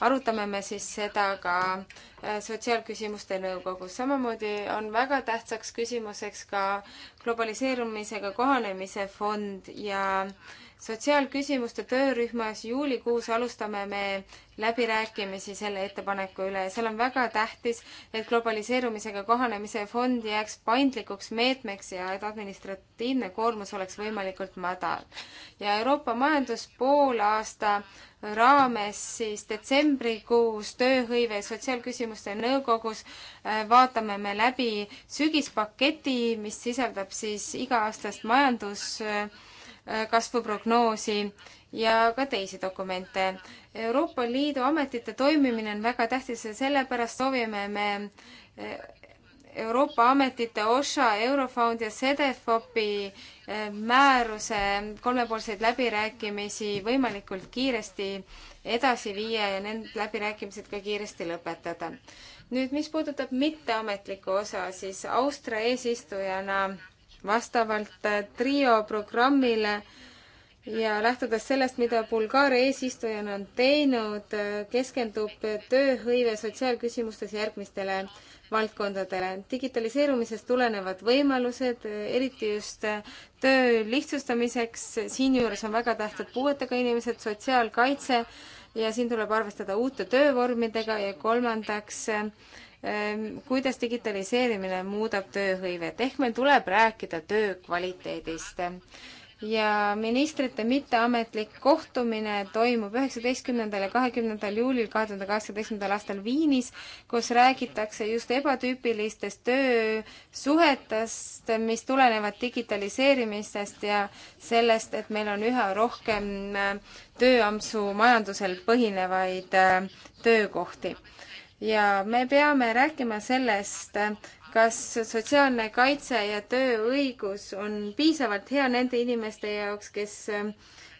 arutame me siis seda ka äh, sotsiaalküsimuste nõukogus. samamoodi on väga tähtsaks küsimuseks ka globaliseerumisega kohanemise fond ja äh, sotsiaalküsimuste töörühmas juulikuus alustame me läbirääkimisi selle ettepaneku üle ja seal on väga tähtis, et globaliseerumisega kohanemise fond jääks paindlikuks meetmeks ja et administratiivne koormus oleks võimalikult madal. ja Euroopa majandus poolaasta raames siis detsembrikuus tööhõive sotsiaalküsimuste nõukogus äh, vaatame me läbi sügispaketi, mis sisaldab siis iga-aastast majandus äh, Äh, kasvuprognoosi ja ka teisi dokumente. Euroopa Liidu ametite toimimine on väga tähtis ja sellepärast soovime me äh, Euroopa ametite OSHA, Eurofond ja CEDEFOPi äh, määruse kolmepoolseid läbirääkimisi võimalikult kiiresti edasi viia ja need läbirääkimised ka kiiresti lõpetada. nüüd, mis puudutab mitteametlikku osa, siis Austria eesistujana vastavalt trio programmile ja lähtudes sellest, mida Bulgaaria eesistujana on teinud, keskendub tööhõive sotsiaalküsimustes järgmistele valdkondadele. digitaliseerumisest tulenevad võimalused, eriti just töö lihtsustamiseks, siinjuures on väga tähtsad puuetega inimesed, sotsiaalkaitse ja siin tuleb arvestada uute töövormidega ja kolmandaks Ehm, kuidas digitaliseerimine muudab tööhõivet, ehk meil tuleb rääkida töö kvaliteedist ja ministrite mitteametlik kohtumine toimub üheksateistkümnendal ja kahekümnendal juulil kahe tuhande kaheksateistkümnendal aastal Viinis, kus räägitakse just ebatüüpilistest töösuhetest, mis tulenevad digitaliseerimisest ja sellest, et meil on üha rohkem äh, tööampsu majandusel põhinevaid äh, töökohti ja me peame rääkima sellest, kas sotsiaalne kaitse ja tööõigus on piisavalt hea nende inimeste jaoks, kes äh,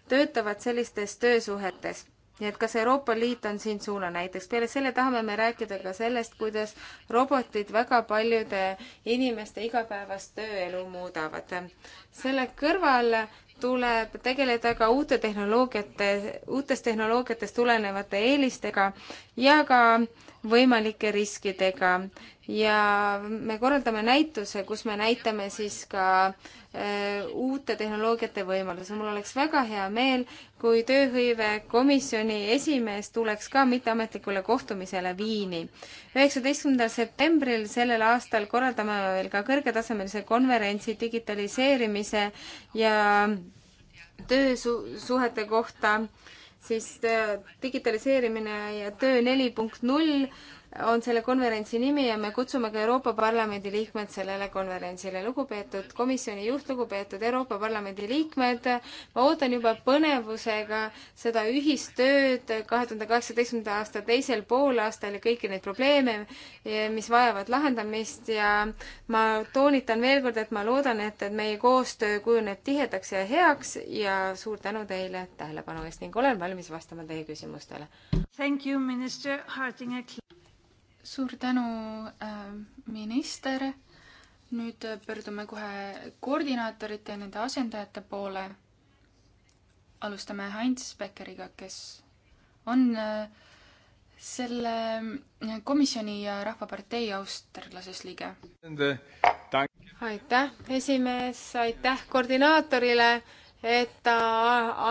töötavad sellistes töösuhetes. nii et kas Euroopa Liit on siin suunanäiteks. peale selle tahame me rääkida ka sellest, kuidas robotid väga paljude inimeste igapäevast tööelu muudavad. selle kõrval tuleb tegeleda ka uute tehnoloogiate, uutest tehnoloogiatest tulenevate eelistega ja ka võimalike riskidega ja me korraldame näituse, kus me näitame siis ka äh, uute tehnoloogiate võimalusi. mul oleks väga hea meel, kui tööhõivekomisjoni esimees tuleks ka mitteametlikule kohtumisele Viini. üheksateistkümnendal septembril sellel aastal korraldame veel ka kõrgetasemelise konverentsi digitaliseerimise ja töösuhete kohta äh, siis äh, digitaliseerimine ja töö neli punkt null on selle konverentsi nimi ja me kutsume ka Euroopa Parlamendi liikmed sellele konverentsile. lugupeetud komisjoni juht, lugupeetud Euroopa Parlamendi liikmed, ma ootan juba põnevusega seda ühistööd kahe tuhande kaheksateistkümnenda aasta teisel poolaastal ja kõiki neid probleeme, eh, mis vajavad lahendamist ja ma toonitan veel kord, et ma loodan, et, et meie koostöö kujuneb tihedaks ja heaks ja suur tänu teile tähelepanu eest ning olen valmis vastama teie küsimustele. Thank you, minister Hartinger suur tänu, äh, minister. nüüd pöördume kohe koordinaatorite ja nende asendajate poole. alustame Heinz Beckeriga, kes on äh, selle äh, komisjoni ja Rahvapartei austerlasest liige. aitäh, esimees, aitäh koordinaatorile, et ta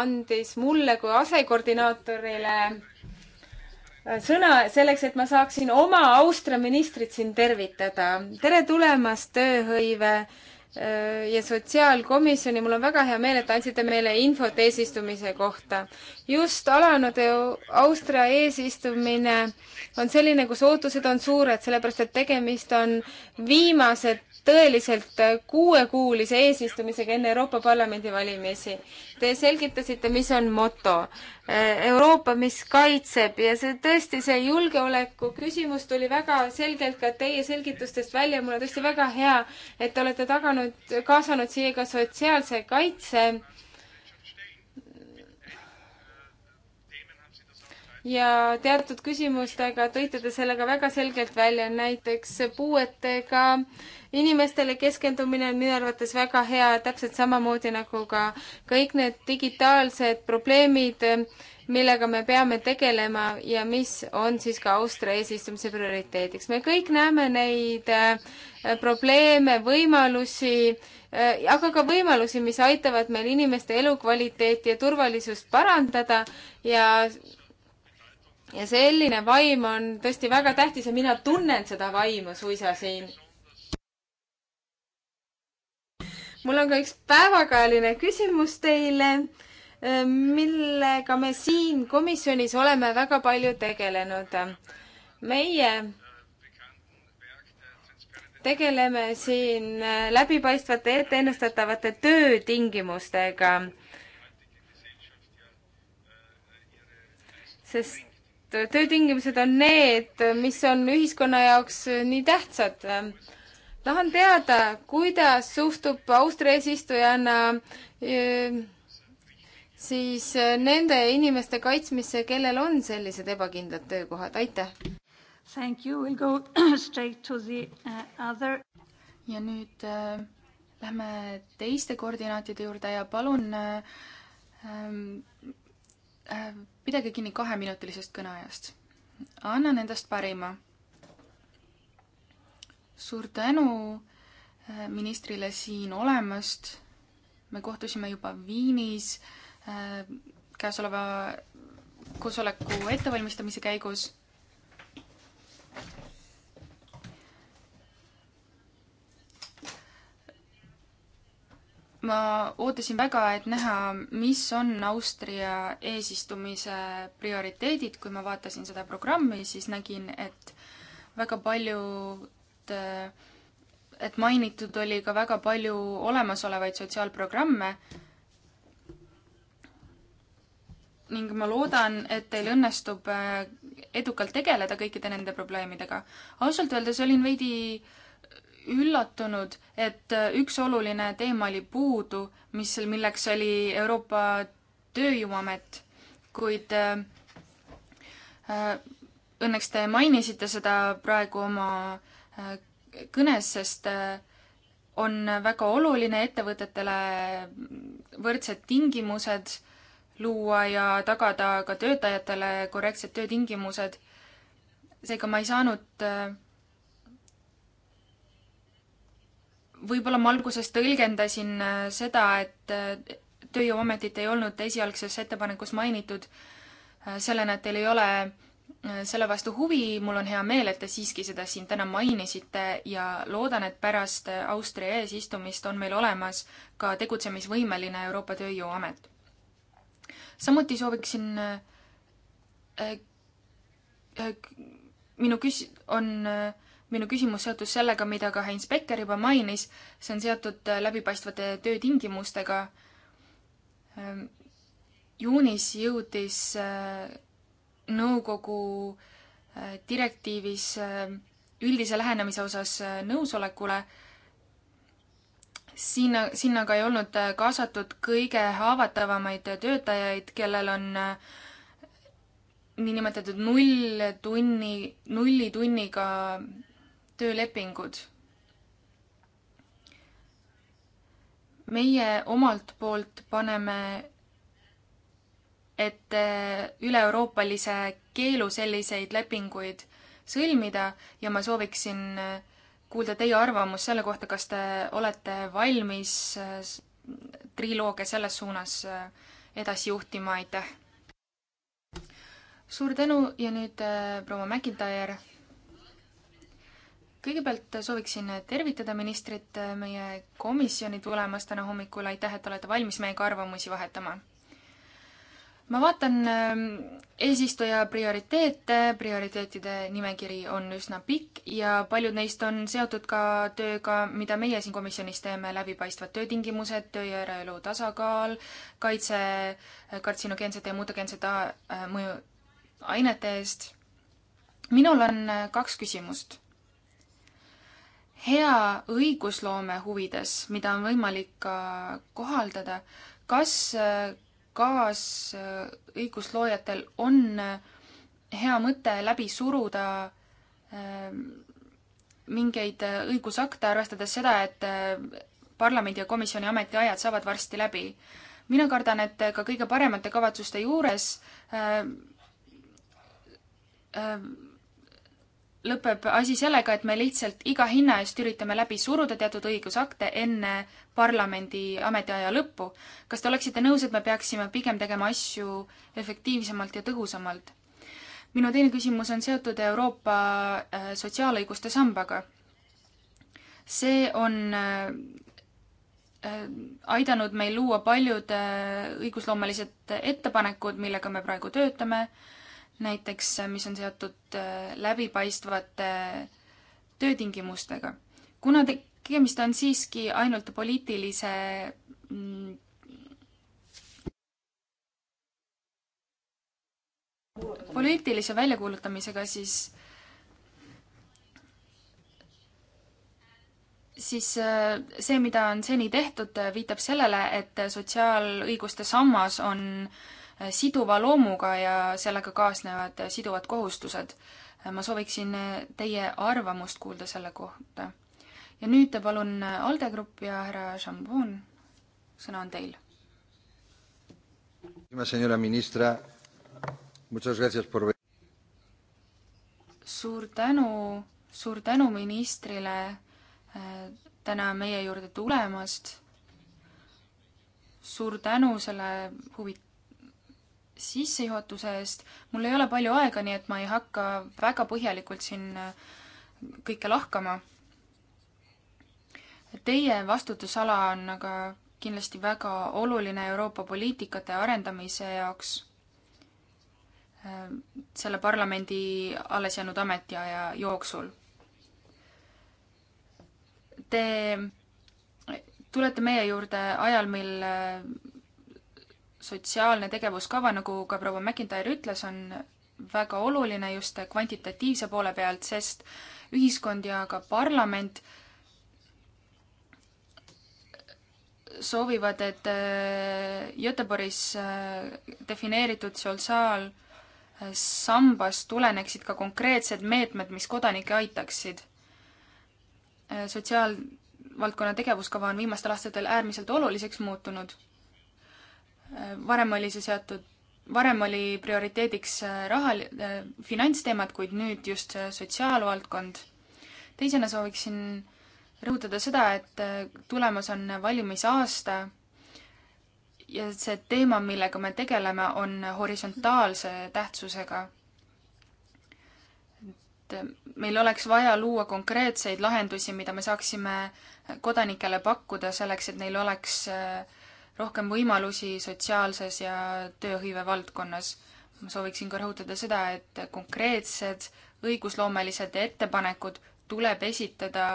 andis mulle kui asekoordinaatorile sõna selleks, et ma saaksin oma Austria ministrit siin tervitada. tere tulemast, tööhõive äh, ja sotsiaalkomisjoni, mul on väga hea meel, et andsite meile infot eesistumise kohta. just alanud Austria eesistumine on selline, kus ootused on suured, sellepärast et tegemist on viimase tõeliselt äh, kuuekuulise eesistumisega enne Euroopa Parlamendi valimisi. Te selgitasite, mis on moto. Äh, Euroopa, mis kaitseb ja see tõesti, see julgeoleku küsimus tuli väga selgelt ka teie selgitustest välja. mul on tõesti väga hea, et te olete taganud, kaasanud siia ka sotsiaalse kaitse. ja teatud küsimustega tõite te selle ka väga selgelt välja, näiteks puuetega äh, inimestele keskendumine on minu arvates väga hea, täpselt samamoodi nagu ka kõik need digitaalsed probleemid, millega me peame tegelema ja mis on siis ka Austria eesistumise prioriteediks. me kõik näeme neid äh, probleeme, võimalusi, äh, aga ka võimalusi, mis aitavad meil inimeste elukvaliteeti ja turvalisust parandada ja ja selline vaim on tõesti väga tähtis ja mina tunnen seda vaimu suisa siin mul on ka üks päevakajaline küsimus teile, e, millega me siin komisjonis oleme väga palju tegelenud. meie tegeleme siin läbipaistvate etteennustatavate töötingimustega. sest töötingimused on need, mis on ühiskonna jaoks nii tähtsad tahan teada, kuidas suhtub Austria eesistujana e, siis e, nende inimeste kaitsmisse, kellel on sellised ebakindlad töökohad, aitäh! Thank you, we'll go straight to the e, other. ja nüüd äh, lähme teiste koordinaatide juurde ja palun äh, äh, pidage kinni kaheminutilisest kõneajast. annan endast parima suur tänu äh, ministrile siin olemast. me kohtusime juba Viinis äh, käesoleva koosoleku ettevalmistamise käigus. ma ootasin väga, et näha, mis on Austria eesistumise prioriteedid, kui ma vaatasin seda programmi, siis nägin, et väga palju Äh, et mainitud oli ka väga palju olemasolevaid sotsiaalprogramme ning ma loodan, et teil õnnestub äh, edukalt tegeleda kõikide nende probleemidega. ausalt öeldes olin veidi üllatunud, et äh, üks oluline teema oli puudu, mis, milleks oli Euroopa Tööjõuamet, kuid äh, õnneks te mainisite seda praegu oma äh, kõnes, sest äh, on väga oluline ettevõtetele võrdsed tingimused luua ja tagada ka töötajatele korrektsed töötingimused. seega ma ei saanud äh, võib-olla ma alguses tõlgendasin äh, seda, et tööjõuametit ei olnud esialgses ettepanekus mainitud sellena, et teil ei ole Äh, selle vastu huvi, mul on hea meel, et te siiski seda siin täna mainisite ja loodan, et pärast äh, Austria eesistumist on meil olemas ka tegutsemisvõimeline Euroopa Tööjõuamet. samuti sooviksin äh, äh, minu küs-, on äh, minu küsimus seotud sellega, mida ka Heinz Becker juba mainis, see on seotud äh, läbipaistvate töötingimustega. juunis jõudis nõukogu äh, direktiivis äh, üldise lähenemise osas äh, nõusolekule, sinna, sinna ka ei olnud kaasatud kõige haavatavamaid töötajaid, kellel on niinimetatud nulltunni, nullitunniga töölepingud meie omalt poolt paneme et äh, üle-euroopalise keelu selliseid lepinguid sõlmida ja ma sooviksin äh, kuulda teie arvamust selle kohta, kas te olete valmis äh, triloogia selles suunas edasi juhtima, aitäh! suur tänu ja nüüd proua McIntyre. kõigepealt sooviksin tervitada ministrit meie komisjoni tulemast täna hommikul, aitäh, et olete valmis meiega arvamusi vahetama ma vaatan ähm, eesistuja prioriteete, prioriteetide nimekiri on üsna pikk ja paljud neist on seotud ka tööga, mida meie siin komisjonis teeme, läbipaistvad töötingimused, töö ja eraelu tasakaal, kaitse äh, kartsinogeensete ja mutageensete äh, mõju ainete eest. minul on äh, kaks küsimust. hea õigusloome huvides, mida on võimalik ka kohaldada, kas kaasõigusloojatel äh, on äh, hea mõte läbi suruda ähm, mingeid äh, õigusakte, arvestades seda, et parlamendi ja komisjoni ametiajad saavad varsti läbi. mina kardan, et ka kõige paremate kavatsuste juures äh, äh, lõpeb asi sellega, et me lihtsalt iga hinna eest üritame läbi suruda teatud õigusakte enne parlamendi ametiaja lõppu. kas te oleksite nõus, et me peaksime pigem tegema asju efektiivsemalt ja tõhusamalt? minu teine küsimus on seotud Euroopa äh, sotsiaalõiguste sambaga. see on äh, aidanud meil luua paljud äh, õigusloomelised ettepanekud, millega me praegu töötame näiteks mis on seotud äh, läbipaistvate äh, töötingimustega. kuna tegemist on siiski ainult poliitilise mm, poliitilise väljakuulutamisega, siis siis äh, see, mida on seni tehtud, viitab sellele, et sotsiaalõiguste sammas on äh, siduva loomuga ja sellega kaasnevad siduvad kohustused. ma sooviksin teie arvamust kuulda selle kohta. ja nüüd palun ALDE Grupp ja härra Šambon, sõna on teil. suur tänu, suur tänu ministrile äh, täna meie juurde tulemast. suur tänu selle huvitava sissejuhatuse eest. mul ei ole palju aega, nii et ma ei hakka väga põhjalikult siin äh, kõike lahkama. Teie vastutusala on aga kindlasti väga oluline Euroopa poliitikate arendamise jaoks äh, selle parlamendi alles jäänud ametiaja jooksul. Te tulete meie juurde ajal, mil äh, sotsiaalne tegevuskava, nagu ka proua McIntyre ütles, on väga oluline just kvantitatiivse poole pealt, sest ühiskond ja ka parlament soovivad, et äh, Göteborgis äh, defineeritud sotsiaalsambast tuleneksid ka konkreetsed meetmed, mis kodanikke aitaksid. Äh, sotsiaalvaldkonna tegevuskava on viimastel aastatel äärmiselt oluliseks muutunud varem oli see seotud, varem oli prioriteediks äh, raha, äh, finantsteemad, kuid nüüd just sotsiaalvaldkond. teisena sooviksin rõhutada seda, et äh, tulemas on valimisaasta ja see teema, millega me tegeleme, on horisontaalse tähtsusega. et meil oleks vaja luua konkreetseid lahendusi, mida me saaksime kodanikele pakkuda selleks, et neil oleks äh, rohkem võimalusi sotsiaalses ja tööhõive valdkonnas. ma sooviksin ka rõhutada seda, et konkreetsed õigusloomelised ettepanekud tuleb esitada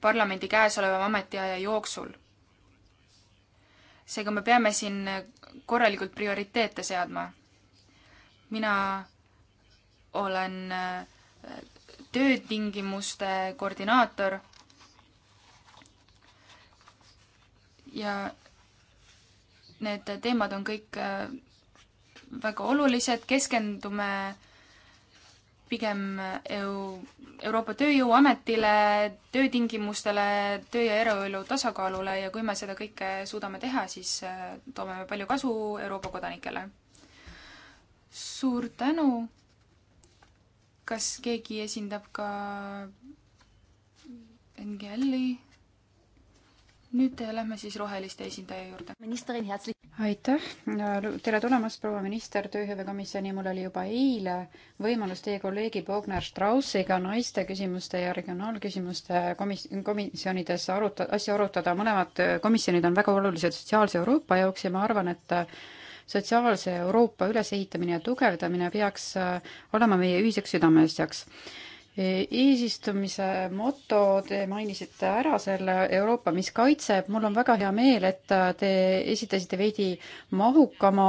parlamendi käesoleva ametiaja jooksul. seega me peame siin korralikult prioriteete seadma. mina olen töötingimuste koordinaator ja need teemad on kõik äh, väga olulised, keskendume pigem äh, EU, Euroopa Tööjõuametile, töötingimustele, töö ja eraelu tasakaalule ja kui me seda kõike suudame teha, siis äh, toome me palju kasu Euroopa kodanikele. suur tänu. kas keegi esindab ka NGL-i? nüüd lähme siis roheliste esindaja juurde. ministril head aitäh, tere tulemast, proua minister, tööhõivekomisjoni, mul oli juba eile võimalus teie kolleegi Bogner Straussiga naiste küsimuste ja regionaalküsimuste komis-, komisjonides aruta-, asja arutada, mõlemad komisjonid on väga olulised sotsiaalse Euroopa jaoks ja ma arvan, et sotsiaalse Euroopa ülesehitamine ja tugevdamine peaks olema meie ühiseks südameasjaks E, eesistumise moto, te mainisite ära selle Euroopa, mis kaitseb, mul on väga hea meel, et te esitasite veidi mahukama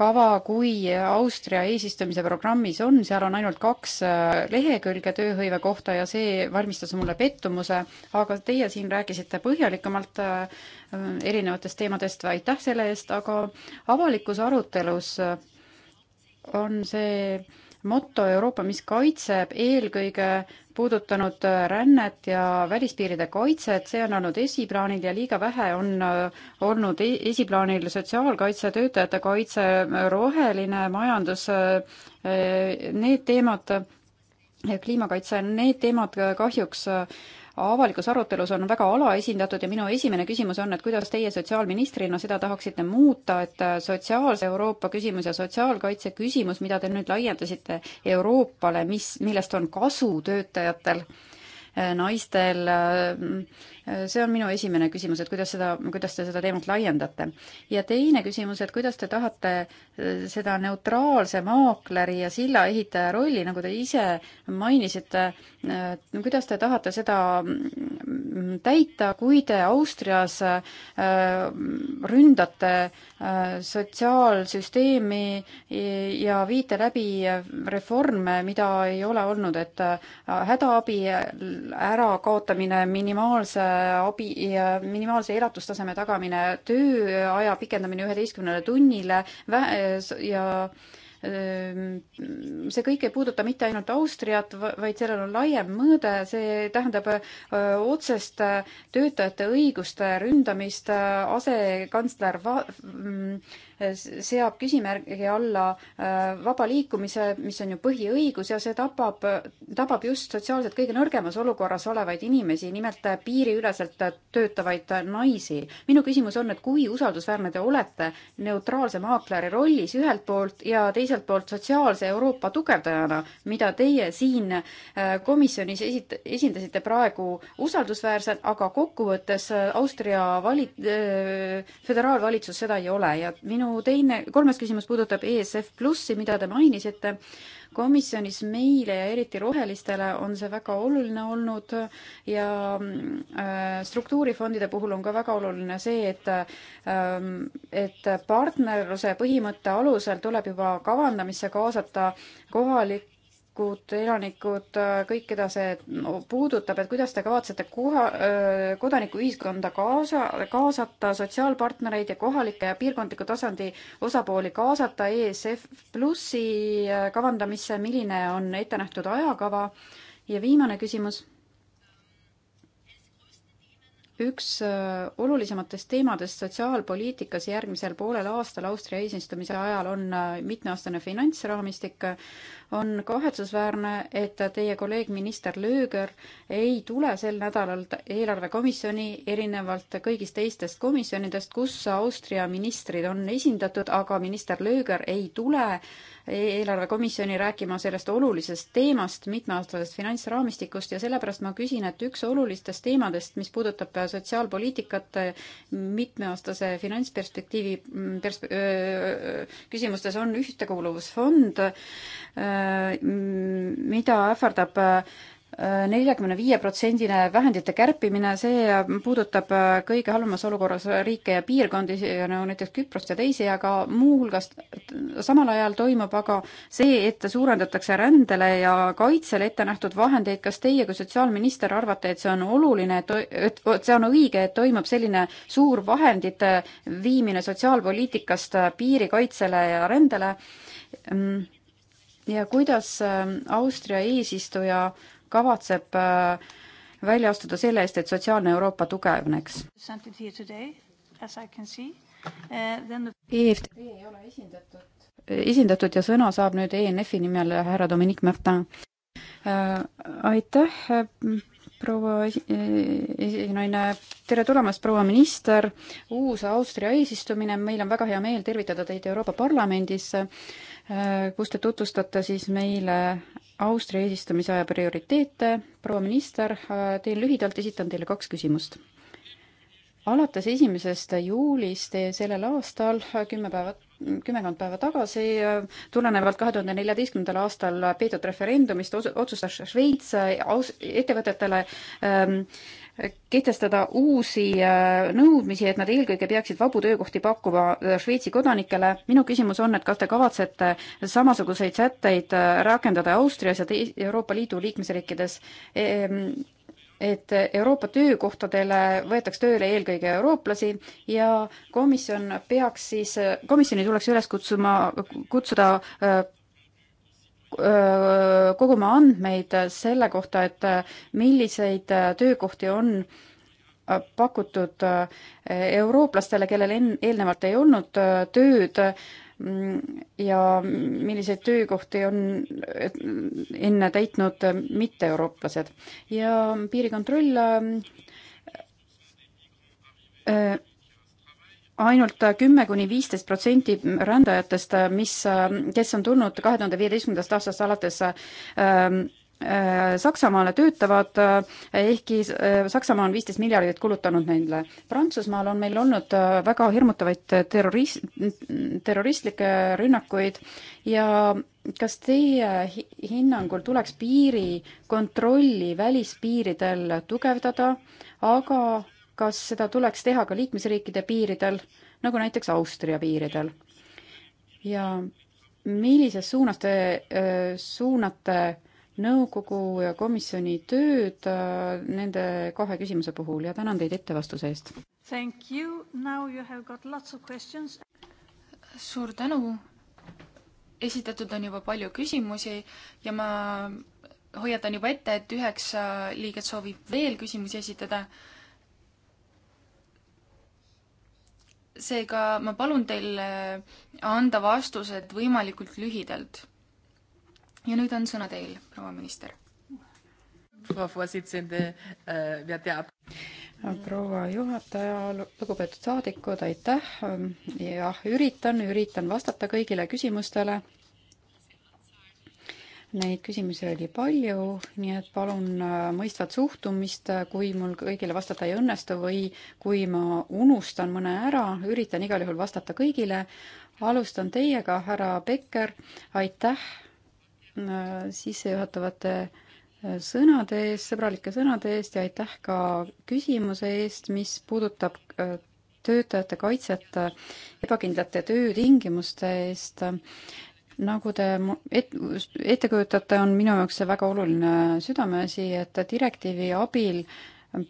kava, kui Austria eesistumise programmis on, seal on ainult kaks äh, lehekülge tööhõive kohta ja see valmistas mulle pettumuse, aga teie siin rääkisite põhjalikumalt äh, erinevatest teemadest, aitäh selle eest, aga avalikus arutelus äh, on see moto Euroopa, mis kaitseb eelkõige puudutanud äh, rännet ja välispiiride kaitset, see on olnud esiplaanil ja liiga vähe on äh, olnud e-, esiplaanil sotsiaalkaitse, töötajate kaitse, roheline majandus, äh, need teemad, kliimakaitse, need teemad kahjuks äh, avalikus arutelus on väga alaesindatud ja minu esimene küsimus on, et kuidas teie sotsiaalministrina seda tahaksite muuta, et äh, sotsiaalse Euroopa küsimus ja sotsiaalkaitse küsimus, mida te nüüd laiendasite Euroopale, mis, millest on kasu töötajatel, äh, naistel, äh, see on minu esimene küsimus, et kuidas seda, kuidas te seda teemat laiendate. ja teine küsimus, et kuidas te tahate äh, seda neutraalse maakleri ja sillaehitaja rolli, nagu te ise mainisite, äh, kuidas te tahate seda mm, täita, kui te Austrias äh, ründate sotsiaalsüsteemi ja viite läbi reforme, mida ei ole olnud, et hädaabi ärakaotamine, minimaalse Äh, abi ja minimaalse elatustaseme tagamine, tööaja pikendamine üheteistkümnele tunnile ja ähm, see kõik ei puuduta mitte ainult Austriat, vaid sellel on laiem mõõde, see tähendab äh, otsest töötajate õiguste ründamist, äh, asekantsler Va-, mm, seab küsimärgi alla äh, vaba liikumise, mis on ju põhiõigus ja see tapab, tabab just sotsiaalselt kõige nõrgemas olukorras olevaid inimesi, nimelt piiriüleselt töötavaid naisi. minu küsimus on, et kui usaldusväärne te olete neutraalse maakleri rollis ühelt poolt ja teiselt poolt sotsiaalse Euroopa tugevdajana, mida teie siin äh, komisjonis esit-, esindasite praegu usaldusväärselt, aga kokkuvõttes Austria vali-, äh, föderaalvalitsus seda ei ole ja minu minu teine, kolmas küsimus puudutab ESF Plussi, mida te mainisite. komisjonis meile ja eriti rohelistele on see väga oluline olnud ja äh, struktuurifondide puhul on ka väga oluline see, et ähm, et partnerluse põhimõtte alusel tuleb juba kavandamisse kaasata kohalik kodanikud, elanikud, äh, kõik, keda see no, puudutab, et kuidas te kavatsete koha, äh, kodanikuühiskonda kaasa, kaasata, sotsiaalpartnereid ja kohalikke ja piirkondliku tasandi osapooli kaasata ESF Plussi äh, kavandamisse, milline on ette nähtud ajakava? ja viimane küsimus üks äh, olulisematest teemadest sotsiaalpoliitikas järgmisel poolel aastal Austria eesistumise ajal on äh, mitmeaastane finantsraamistik. on kahetsusväärne, et teie kolleeg minister Lööger ei tule sel nädalal eelarvekomisjoni, erinevalt kõigist teistest komisjonidest, kus Austria ministrid on esindatud, aga minister Lööger ei tule eelarvekomisjoni rääkima sellest olulisest teemast, mitmeaastasest finantsraamistikust ja sellepärast ma küsin, et üks olulistest teemadest, mis puudutab sotsiaalpoliitikat mitmeaastase finantsperspektiivi mm, pers-, küsimustes, on ühtekuuluvusfond, mida ähvardab neljakümne viie protsendine vähendite kärpimine, see puudutab äh, kõige halvemas olukorras riike ja piirkondi, nagu näiteks Küprost ja teisi, aga muuhulgas samal ajal toimub aga see, et suurendatakse rändele ja kaitsele ette nähtud vahendeid. kas teie kui sotsiaalminister arvate, et see on oluline, et see on õige, et toimub selline suur vahendite viimine sotsiaalpoliitikast äh, piirikaitsele ja rändele? Mm. ja kuidas äh, Austria eesistuja äh, kavatseb äh, välja astuda selle eest, et sotsiaalne Euroopa tugevneks? EFT eh, e e ei ole esindatud. esindatud ja sõna saab nüüd ENF-i nimel härra Dominique Martin. Äh, aitäh, proua e-, esinaine, tere tulemast, proua minister, uus Austria eesistumine, meil on väga hea meel tervitada teid Euroopa Parlamendis Äh, kus te tutvustate siis meile Austria eesistumise aja prioriteete. proua minister, äh, teen lühidalt, esitan teile kaks küsimust. alates esimesest juulist sellel aastal, äh, kümme päeva, kümmekond päeva tagasi, tulenevalt kahe tuhande neljateistkümnendal aastal peetud referendumist otsustas Šveits ettevõtetele ähm, kehtestada uusi äh, nõudmisi, et nad eelkõige peaksid vabu töökohti pakkuma äh, Šveitsi kodanikele. minu küsimus on, et kas te kavatsete samasuguseid sätteid äh, rakendada Austrias ja Euroopa Liidu liikmesriikides? Ehm, et Euroopa töökohtadele võetaks tööle eelkõige eurooplasi ja komisjon peaks siis, komisjoni tuleks üles kutsuma, kutsuda koguma andmeid selle kohta, et milliseid töökohti on pakutud eurooplastele, kellel enn-, eelnevalt ei olnud tööd ja milliseid töökohti on enne täitnud mitteeurooplased. ja piirikontroll ainult kümme kuni viisteist protsenti rändajatest, mis, kes on tulnud kahe tuhande viieteistkümnendast aastast alates ähm, äh, Saksamaale töötavad, äh, ehkki äh, Saksamaa on viisteist miljardit kulutanud neile. Prantsusmaal on meil olnud väga hirmutavaid terroris-, terroristlikke rünnakuid ja kas teie hinnangul tuleks piirikontrolli välispiiridel tugevdada, aga kas seda tuleks teha ka liikmesriikide piiridel, nagu näiteks Austria piiridel? ja millises suunas te suunate nõukogu ja komisjoni tööd nende kahe küsimuse puhul ja tänan teid ette vastuse eest. suur tänu. esitatud on juba palju küsimusi ja ma hoiatan juba ette, et üheksa liiget soovib veel küsimusi esitada seega ma palun teil äh, anda vastused võimalikult lühidalt. ja nüüd on sõna teil, proua minister. Äh, äh, proua juhataja, lugupeetud saadikud, aitäh. Ähm, jah, üritan, üritan vastata kõigile küsimustele Neid küsimusi oli palju, nii et palun äh, mõistvat suhtumist, äh, kui mul kõigile vastata ei õnnestu või kui ma unustan mõne ära, üritan igal juhul vastata kõigile. alustan teiega, härra Becker, aitäh äh, sissejuhatavate sõnade eest, sõbralike sõnade eest ja aitäh ka küsimuse eest, mis puudutab töötajate kaitset ebakindlate töötingimuste eest nagu te et, ette kujutate, on minu jaoks see väga oluline südameasi, et direktiivi abil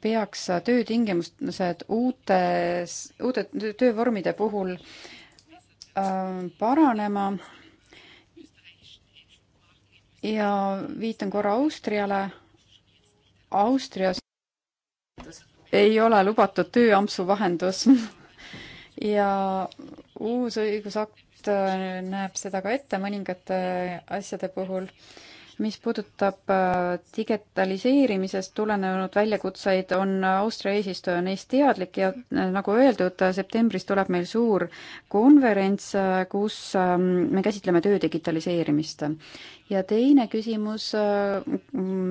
peaks töötingimused uutes, uute töövormide puhul äh, paranema. ja viitan korra Austriale. Austrias ei ole lubatud tööampsu vahendus ja uus õigusakt Äh, näeb seda ka ette mõningate äh, asjade puhul mis puudutab äh, digitaliseerimisest tulenenud väljakutseid, on Austria eesistuja neist teadlik ja nagu öeldud, septembris tuleb meil suur konverents, kus ähm, me käsitleme töö digitaliseerimist ja teine küsimus äh,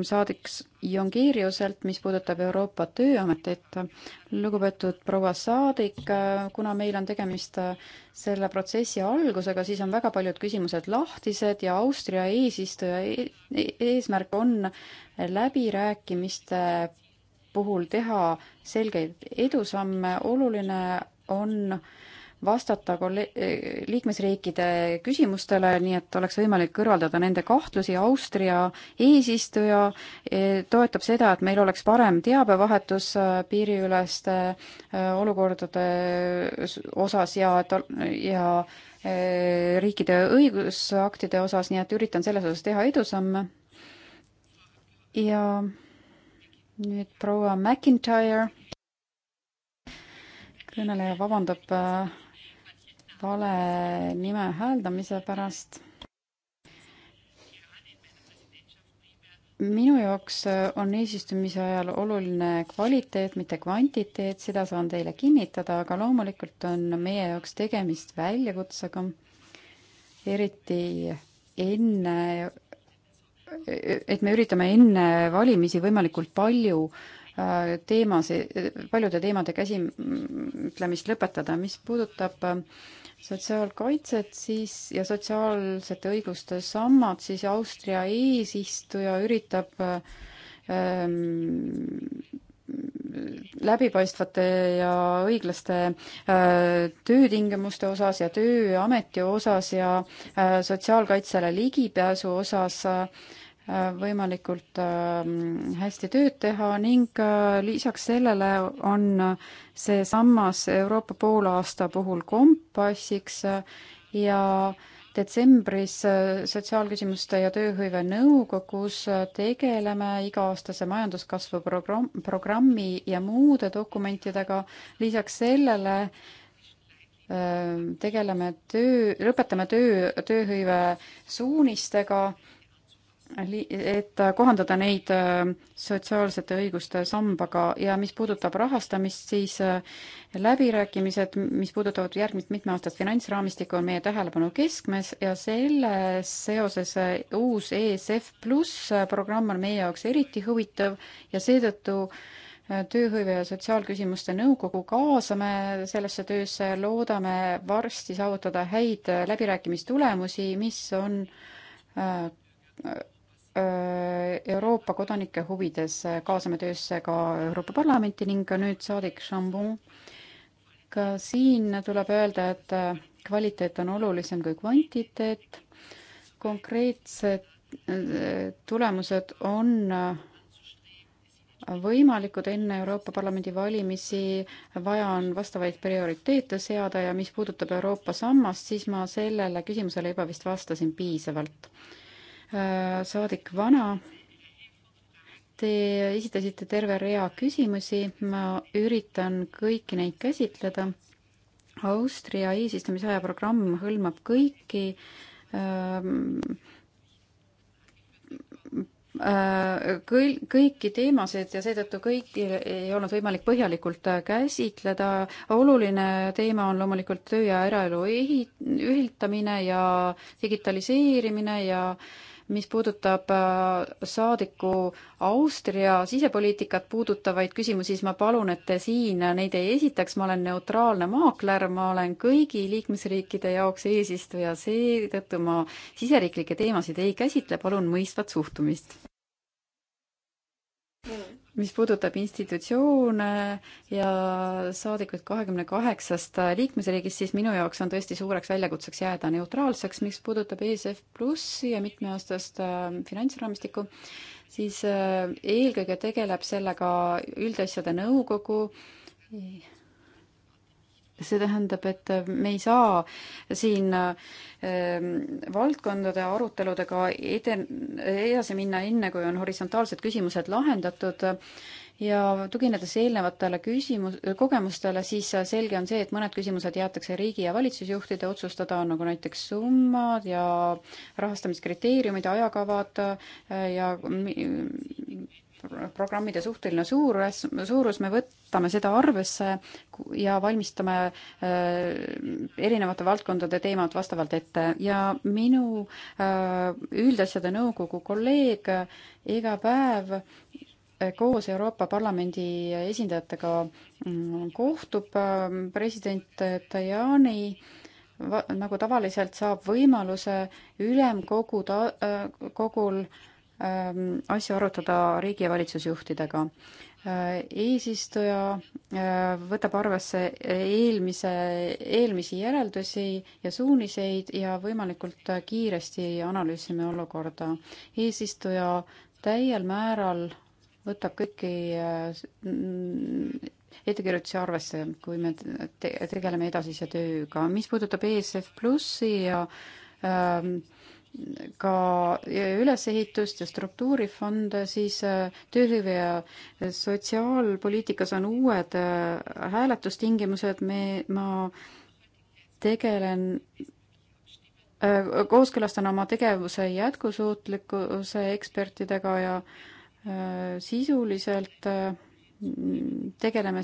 saadiks Jongeeriuselt, mis puudutab Euroopa Tööametit. lugupeetud proua saadik, äh, kuna meil on tegemist äh, selle protsessi algusega, siis on väga paljud küsimused lahtised ja Austria eesistuja e-, e-, eesmärk on läbirääkimiste puhul teha selgeid edusamme, oluline on äh, vastata kolle-, liikmesriikide küsimustele, nii et oleks võimalik kõrvaldada nende kahtlusi, Austria eesistuja e, toetab seda, et meil oleks parem teabevahetus äh, piiriüleste äh, olukordade osas ja, ja äh, riikide õigusaktide osas, nii et üritan selles osas teha edusamme. ja nüüd proua McIntyre kõneleja vabandab äh, vale nime hääldamise pärast. minu jaoks on eesistumise ajal oluline kvaliteet, mitte kvantiteet, seda saan teile kinnitada, aga loomulikult on meie jaoks tegemist väljakutsega, eriti enne et me üritame enne valimisi võimalikult palju äh, teemasi, paljude teemade käsitlemist lõpetada, mis puudutab äh, sotsiaalkaitset, siis ja sotsiaalsete õiguste sammad, siis Austria eesistuja üritab ähm, läbipaistvate ja õiglaste äh, töötingimuste osas ja tööameti osas ja äh, sotsiaalkaitsele ligipääsu osas äh, Äh, võimalikult ähm, hästi tööd teha ning äh, lisaks sellele on äh, see sammas Euroopa poolaasta puhul kompassiks ja detsembris Sotsiaalküsimuste ja Tööhõive Nõukogus tegeleme iga-aastase majanduskasvu programmi ja muude dokumentidega. lisaks sellele tegeleme töö, lõpetame töö, tööhõive suunistega et äh, kohandada neid äh, sotsiaalsete õiguste sambaga ja mis puudutab rahastamist, siis äh, läbirääkimised, mis puudutavad järgmist mitmeaastast finantsraamistikku, on meie tähelepanu keskmes ja selles seoses uus ESF pluss programm on meie jaoks eriti huvitav ja seetõttu tööhõive ja sotsiaalküsimuste nõukogu kaasame sellesse töösse, loodame varsti saavutada häid läbirääkimistulemusi, mis on Äh, Euroopa kodanike huvides äh, kaasame töösse ka Euroopa Parlamenti ning ka nüüd saadik Chambon. ka siin tuleb öelda, et äh, kvaliteet on olulisem kui kvantiteet. konkreetsed tulemused on võimalikud enne Euroopa Parlamendi valimisi, vaja on vastavaid prioriteete seada ja mis puudutab Euroopa sammast, siis ma sellele küsimusele juba vist vastasin piisavalt Äh, saadik Vana. Te esitasite terve rea küsimusi, ma üritan kõiki neid käsitleda. Austria eesistumisaja programm hõlmab kõiki ähm, äh, kõik, kõiki teemasid ja seetõttu kõiki ei olnud võimalik põhjalikult äh, käsitleda. oluline teema on loomulikult töö ja eraelu ühitamine ja digitaliseerimine ja äh, mis puudutab äh, saadiku Austria sisepoliitikat puudutavaid küsimusi, siis ma palun, et te siin neid ei esitaks, ma olen neutraalne maakler, ma olen kõigi liikmesriikide jaoks eesistuja, seetõttu ma siseriiklikke teemasid ei käsitle, palun mõistvat suhtumist mis puudutab institutsioone ja saadikuid kahekümne kaheksast liikmesriigist, siis minu jaoks on tõesti suureks väljakutseks jääda neutraalseks, mis puudutab ESF Plussi ja mitmeaastast äh, finantsraamistikku, siis äh, eelkõige tegeleb sellega üldasjade nõukogu see tähendab, et me ei saa siin ähm, valdkondade aruteludega eden-, edasi minna enne, kui on horisontaalsed küsimused lahendatud ja tuginedes eelnevatele küsimus, kogemustele, siis selge on see, et mõned küsimused jäetakse riigi ja valitsusjuhtide otsustada, nagu näiteks summad ja rahastamiskriteeriumid, ajakavad äh, ja programmide suhteline suurus, suurus, me võtame seda arvesse ja valmistame äh, erinevate valdkondade teemad vastavalt ette ja minu äh, üldasjade nõukogu kolleeg äh, iga päev koos Euroopa Parlamendi esindajatega mm, kohtub president Tajani nagu tavaliselt saab võimaluse ülemkogu ta-, kogul äh, Ähm, asju arutada riigi- ja valitsusjuhtidega. Äh, eesistuja äh, võtab arvesse eelmise, eelmisi järeldusi ja suuniseid ja võimalikult kiiresti analüüsime olukorda. eesistuja täiel määral võtab kõiki äh, ettekirjutusi arvesse, kui me tegeleme edasise tööga. mis puudutab ESF Plussi ja ähm, ka ülesehitust ja struktuurifonde, siis äh, tööhõive ja äh, sotsiaalpoliitikas on uued äh, hääletustingimused, me, ma tegelen kooskõlastan oma tegevuse jätkusuutlikkuse ekspertidega ja sisuliselt äh, tegeleme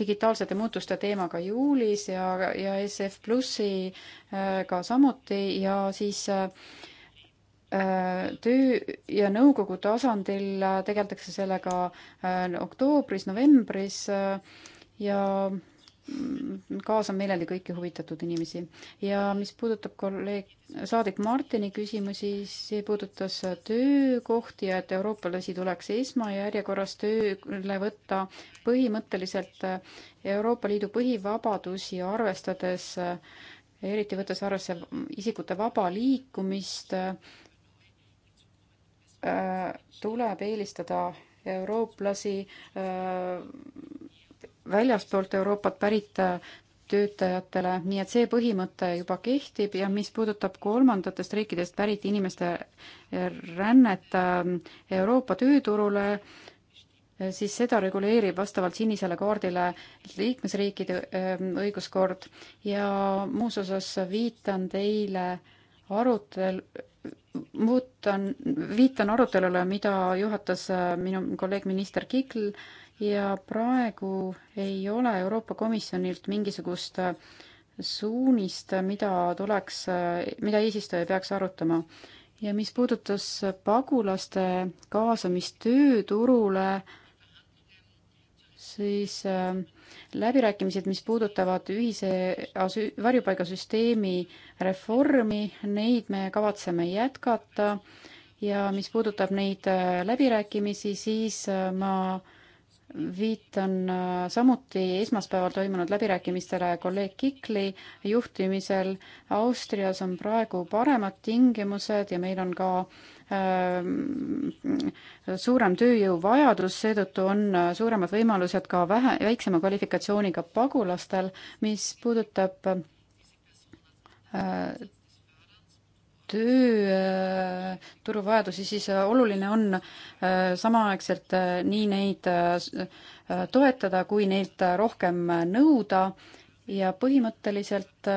digitaalsete muutuste teemaga juulis ja, ja SF Plussiga äh, samuti ja siis äh, äh, töö ja nõukogu tasandil tegeldakse sellega oktoobris-novembris ja kaasan meeleldi kõiki huvitatud inimesi. ja mis puudutab kolleeg, saadik Martini küsimusi, see puudutas töökohti ja et eurooplasi tuleks esmajärjekorras tööle võtta põhimõtteliselt Euroopa Liidu põhivabadusi arvestades, eriti võttes arvesse isikute vaba liikumist, äh, tuleb eelistada eurooplasi äh, väljaspoolt Euroopat pärit äh, töötajatele, nii et see põhimõte juba kehtib ja mis puudutab kolmandatest riikidest pärit inimeste äh, rännet äh, Euroopa tööturule, siis seda reguleerib vastavalt sinisele kaardile liikmesriikide õiguskord ja muus osas viitan teile arutel-, muutan, viitan arutelule, mida juhatas minu kolleeg minister Kikl ja praegu ei ole Euroopa Komisjonilt mingisugust äh, suunist, mida tuleks, äh, mida eesistuja peaks arutama. ja mis puudutas pagulaste kaasamist tööturule, siis äh, läbirääkimised, mis puudutavad ühise asü-, varjupaigasüsteemi reformi, neid me kavatseme jätkata ja mis puudutab neid läbirääkimisi, siis ma äh, viitan äh, samuti esmaspäeval toimunud läbirääkimistele kolleeg Kikli juhtimisel. Austrias on praegu paremad tingimused ja meil on ka äh, suurem tööjõuvajadus, seetõttu on äh, suuremad võimalused ka vähe, väiksema kvalifikatsiooniga pagulastel, mis puudutab äh, tööturu äh, vajadusi, siis äh, oluline on äh, samaaegselt nii neid toetada kui neilt rohkem nõuda ja põhimõtteliselt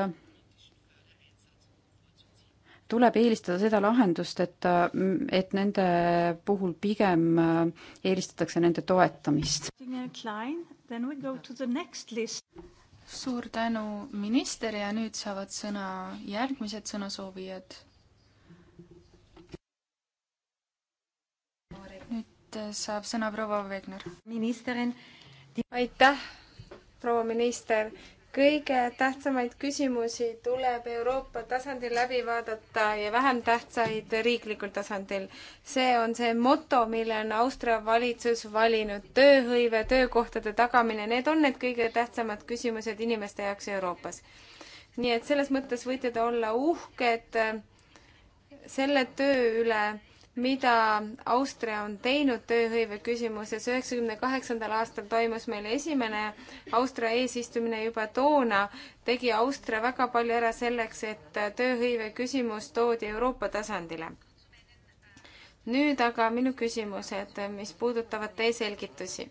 tuleb eelistada seda lahendust, et, et nende puhul pigem eelistatakse nende toetamist. suur tänu, minister, ja nüüd saavad sõna järgmised sõnasoovijad nüüd saab sõna proua Vegner. ministerin. aitäh, proua minister. kõige tähtsamaid küsimusi tuleb Euroopa tasandil läbi vaadata ja vähem tähtsaid riiklikul tasandil. see on see moto, mille on Austria valitsus valinud. tööhõive, töökohtade tagamine, need on need kõige tähtsamad küsimused inimeste jaoks Euroopas. nii et selles mõttes võite te olla uhked selle töö üle mida Austria on teinud tööhõive küsimuses. üheksakümne kaheksandal aastal toimus meil esimene Austria eesistumine juba toona, tegi Austria väga palju ära selleks, et tööhõive küsimus toodi Euroopa tasandile. nüüd aga minu küsimused, mis puudutavad teie selgitusi.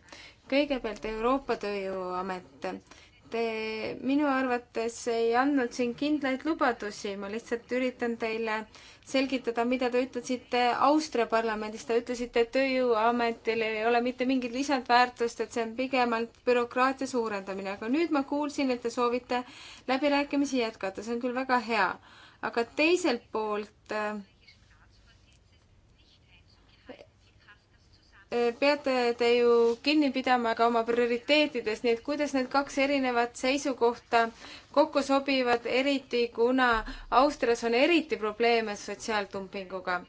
kõigepealt Euroopa Tööjõuamet te minu arvates ei andnud siin kindlaid lubadusi, ma lihtsalt üritan teile selgitada, mida te ütlesite Austria parlamendis, te ütlesite, et Tööjõuametil ei ole mitte mingit lisandväärtust, et see on pigemalt bürokraatia suurendamine, aga nüüd ma kuulsin, et te soovite läbirääkimisi jätkata, see on küll väga hea. aga teiselt poolt äh, peate te ju kinni pidama ka oma prioriteetidest, nii et kuidas need kaks erinevat seisukohta kokku sobivad, eriti kuna Austrias on eriti probleeme sotsiaaldumpinguga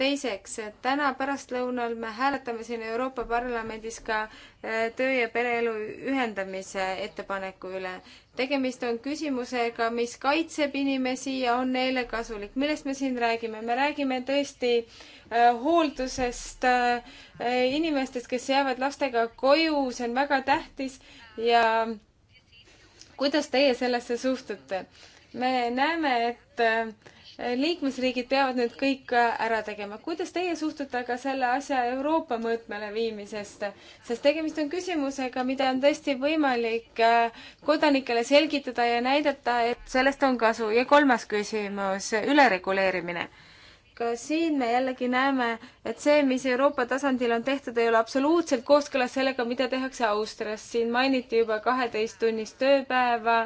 teiseks, täna pärastlõunal me hääletame siin Euroopa Parlamendis ka äh, töö ja pereelu ühendamise ettepaneku üle. tegemist on küsimusega, mis kaitseb inimesi ja on neile kasulik. millest me siin räägime? me räägime tõesti äh, hooldusest äh,, inimestest, kes jäävad lastega koju, see on väga tähtis ja kuidas teie sellesse suhtute? me näeme, et äh, liikmesriigid peavad nüüd kõik äh, ära tegema. kuidas teie suhtute aga selle asja Euroopa mõõtmele viimisest? sest tegemist on küsimusega, mida on tõesti võimalik äh, kodanikele selgitada ja näidata, et sellest on kasu. ja kolmas küsimus, ülereguleerimine. ka siin me jällegi näeme, et see, mis Euroopa tasandil on tehtud, ei ole absoluutselt kooskõlas sellega, mida tehakse Austrias. siin mainiti juba kaheteisttunnist tööpäeva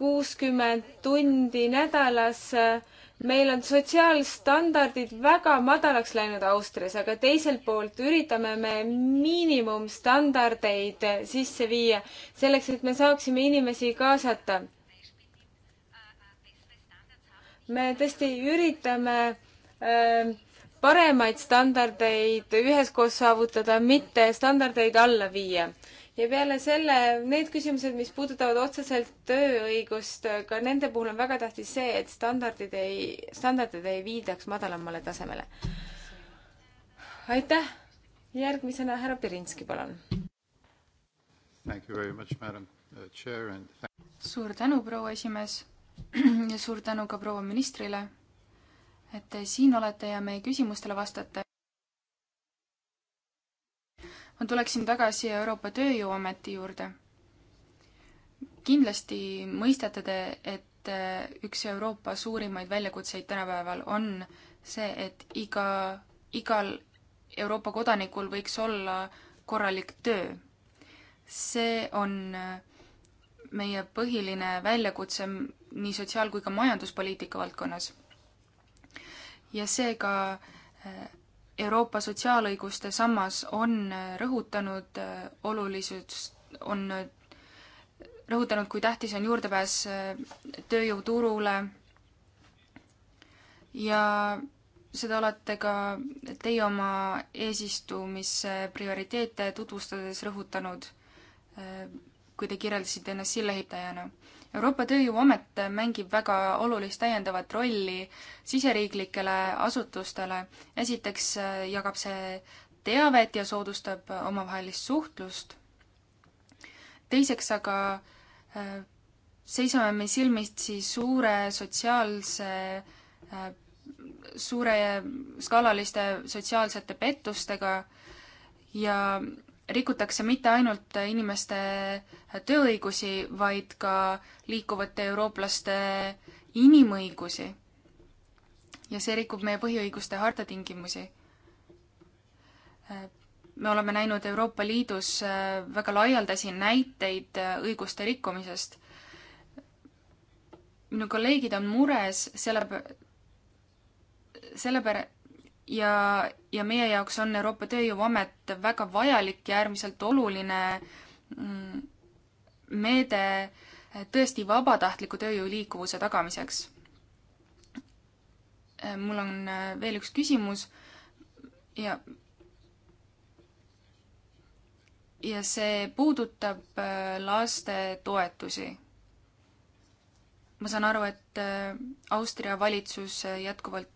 kuuskümmend tundi nädalas. meil on sotsiaalstandardid väga madalaks läinud Austrias, aga teiselt poolt üritame me miinimumstandardeid sisse viia selleks, et me saaksime inimesi kaasata. me tõesti üritame äh, paremaid standardeid üheskoos saavutada, mitte standardeid alla viia ja peale selle, need küsimused, mis puudutavad otseselt tööõigust, ka nende puhul on väga tähtis see, et standardid ei, standardid ei viidaks madalamale tasemele. aitäh! järgmisena härra Pirinski, palun. Uh, suur tänu, proua esimees ja suur tänu ka proua ministrile, et te siin olete ja meie küsimustele vastate ma tuleksin tagasi Euroopa Tööjõuameti juurde. kindlasti mõistate te, et eh, üks Euroopa suurimaid väljakutseid tänapäeval on see, et iga, igal Euroopa kodanikul võiks olla korralik töö. see on eh, meie põhiline väljakutse nii sotsiaal- kui ka majanduspoliitika valdkonnas. ja seega äh, Euroopa sotsiaalõiguste sammas on äh, rõhutanud äh, olulisust, on äh, rõhutanud, kui tähtis on juurdepääs tööjõuturule ja seda olete ka teie oma eesistumise prioriteete tutvustades rõhutanud, kui te kirjeldasite ennast sillaehitajana. Euroopa Tööjõuamet mängib väga olulist täiendavat rolli siseriiklikele asutustele. esiteks äh, jagab see teavet ja soodustab omavahelist suhtlust. teiseks aga äh, seisame me silmitsi suure sotsiaalse, äh, suure skaalaliste sotsiaalsete pettustega ja rikutakse mitte ainult inimeste tööõigusi, vaid ka liikuvate eurooplaste inimõigusi. ja see rikub meie põhiõiguste harta tingimusi. me oleme näinud Euroopa Liidus äh, väga laialdasi näiteid äh, õiguste rikkumisest. minu kolleegid on mures selle, selle pärast, ja, ja meie jaoks on Euroopa Tööjõuamet väga vajalik ja äärmiselt oluline mm, meede tõesti vabatahtliku tööjõu liikuvuse tagamiseks. mul on äh, veel üks küsimus ja ja see puudutab äh, laste toetusi. ma saan aru, et äh, Austria valitsus jätkuvalt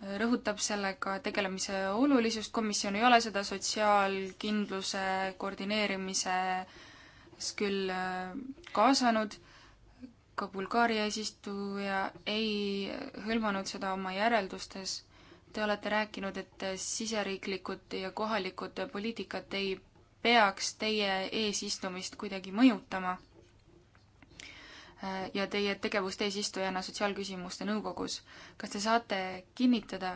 rõhutab sellega tegelemise olulisust, komisjon ei ole seda sotsiaalkindluse koordineerimises küll äh, kaasanud, ka Bulgaaria eesistuja ei hõlmanud seda oma järeldustes. Te olete rääkinud, et siseriiklikud ja kohalikud poliitikad ei peaks teie eesistumist kuidagi mõjutama Äh, ja teie tegevust eesistujana Sotsiaalküsimuste Nõukogus. kas te saate kinnitada,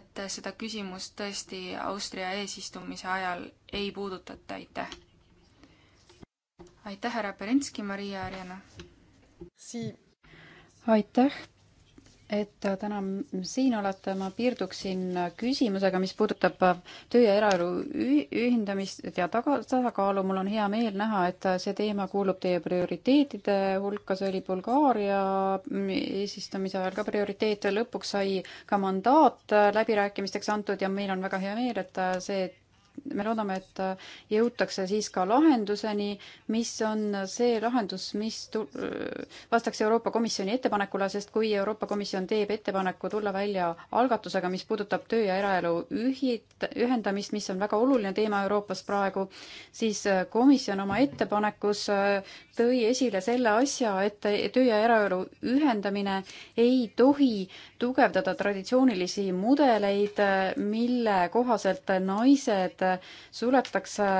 et seda küsimust tõesti Austria eesistumise ajal ei puudutata, aitäh! aitäh, härra Berenski, Maria Arjana! aitäh et täna siin olete, ma piirduksin küsimusega, mis puudutab töö ja eraelu ühindamist ja taga, tasakaalu. mul on hea meel näha, et see teema kuulub teie prioriteetide hulka, see oli Bulgaaria eesistumise ajal ka prioriteet ja lõpuks sai ka mandaat läbirääkimisteks antud ja meil on väga hea meel, et see me loodame, et äh, jõutakse siis ka lahenduseni, mis on see lahendus, mis vastaks Euroopa Komisjoni ettepanekule, sest kui Euroopa Komisjon teeb ettepaneku tulla välja algatusega, mis puudutab töö ja eraelu ühit-, ühendamist, mis on väga oluline teema Euroopas praegu, siis äh, komisjon oma ettepanekus äh, tõi esile selle asja, et töö ja eraelu ühendamine ei tohi tugevdada traditsioonilisi mudeleid, mille kohaselt naised suletakse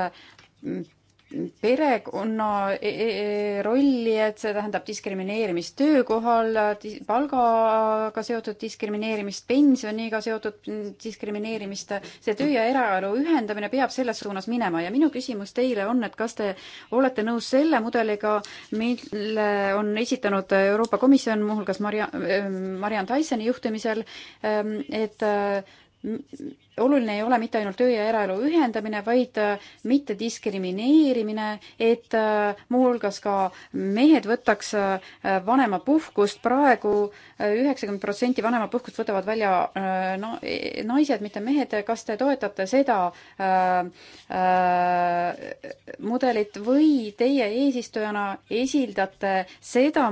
perekonna e-, e-, e-, rolli, et see tähendab diskrimineerimist töökohal, palgaga seotud diskrimineerimist, pensioniga seotud diskrimineerimist, see töö ja eraelu ühendamine peab selles suunas minema ja minu küsimus teile on, et kas te olete nõus selle mudeliga, mille on esitanud Euroopa Komisjon, muuhulgas Maria, Mariann Tysoni juhtimisel, et oluline ei ole mitte ainult töö ja eraelu ühendamine, vaid äh, mitte diskrimineerimine, et äh, muuhulgas ka mehed võtaks äh, vanemapuhkust, praegu üheksakümmend protsenti vanemapuhkust võtavad välja na-, e-, naised, mitte mehed, kas te toetate seda äh, äh, mudelit või teie eesistujana esildate seda,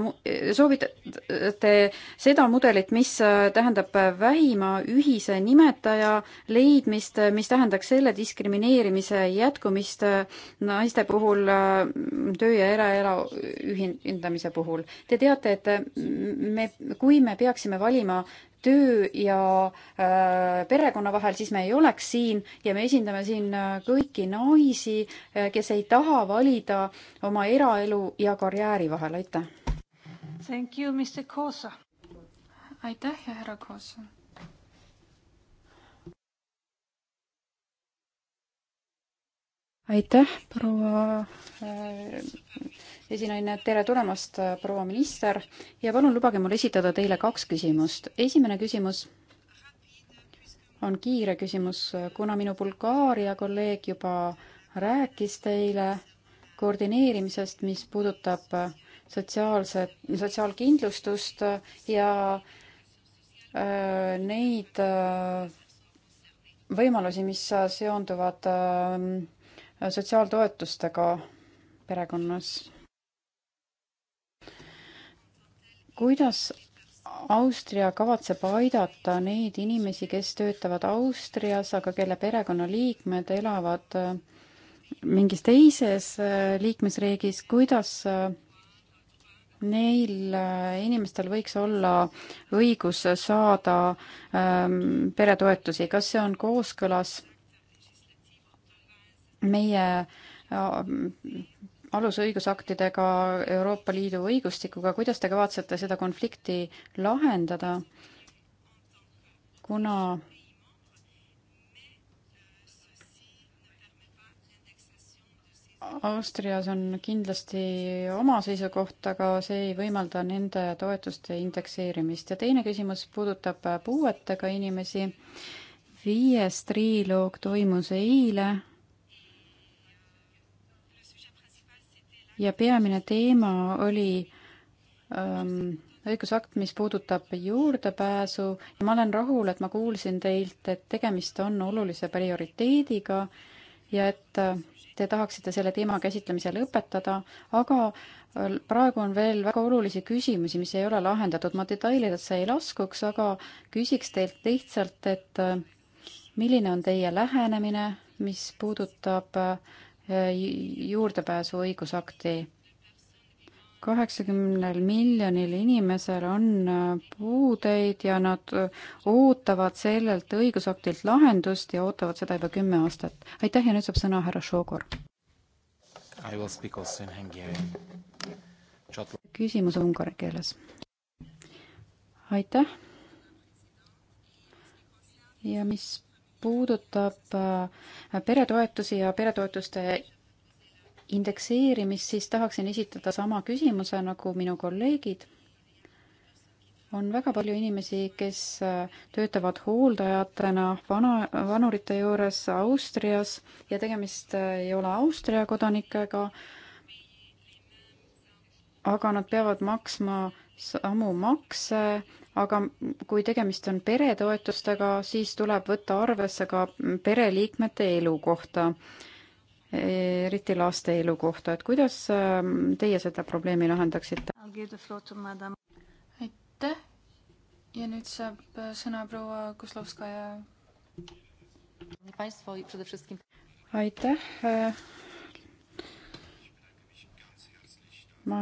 soovitate seda mudelit, mis tähendab vähima ühise nimetaja leidmist, mis tähendaks selle diskrimineerimise jätkumist naiste puhul töö ja eraelu ühindamise puhul. Te teate, et me, kui me peaksime valima töö ja äh, perekonna vahel, siis me ei oleks siin ja me esindame siin äh, kõiki naisi, äh, kes ei taha valida oma eraelu ja karjääri vahel, aitäh! Thank you, Mr Koosa! aitäh ja härra Koosa! aitäh, proua äh, esinaine, tere tulemast, proua minister ja palun lubage mul esitada teile kaks küsimust. esimene küsimus on kiire küsimus, kuna minu Bulgaaria kolleeg juba rääkis teile koordineerimisest, mis puudutab sotsiaalse, sotsiaalkindlustust ja äh, neid äh, võimalusi, mis seonduvad äh, sotsiaaltoetustega perekonnas. kuidas Austria kavatseb aidata neid inimesi, kes töötavad Austrias, aga kelle perekonnaliikmed elavad äh, mingis teises äh, liikmesriigis, kuidas äh, neil inimestel võiks olla õigus saada ähm, peretoetusi, kas see on kooskõlas meie äh, alusõigusaktidega, Euroopa Liidu õigustikuga, kuidas te kavatsete seda konflikti lahendada, kuna Austrias on kindlasti oma seisukoht, aga see ei võimalda nende toetuste indekseerimist. ja teine küsimus puudutab puuetega inimesi. viies triloog toimus eile ja peamine teema oli ähm, õigusakt, mis puudutab juurdepääsu ja ma olen rahul, et ma kuulsin teilt, et tegemist on olulise prioriteediga ja et äh, te tahaksite selle teema käsitlemise lõpetada, aga äh, praegu on veel väga olulisi küsimusi, mis ei ole lahendatud. ma detailidesse ei laskuks, aga küsiks teilt lihtsalt, et äh, milline on teie lähenemine, mis puudutab äh, Äh, juurdepääsu õigusakti. kaheksakümnel miljonil inimesel on äh, puudeid ja nad äh, ootavad sellelt õigusaktilt lahendust ja ootavad seda juba kümme aastat. aitäh ja nüüd saab sõna härra Šogor. küsimus ungari keeles. aitäh ja mis puudutab äh, peretoetusi ja peretoetuste indekseerimist, siis tahaksin esitada sama küsimuse nagu minu kolleegid. on väga palju inimesi, kes äh, töötavad hooldajatena vana, vanurite juures Austrias ja tegemist äh, ei ole Austria kodanikega, aga nad peavad maksma samu makse, aga kui tegemist on peretoetustega, siis tuleb võtta arvesse ka pereliikmete elukohta, eriti laste elukohta, et kuidas ähm, teie seda probleemi lahendaksite? aitäh ja nüüd saab äh, sõna proua Kozlovskaja. aitäh. Äh, ma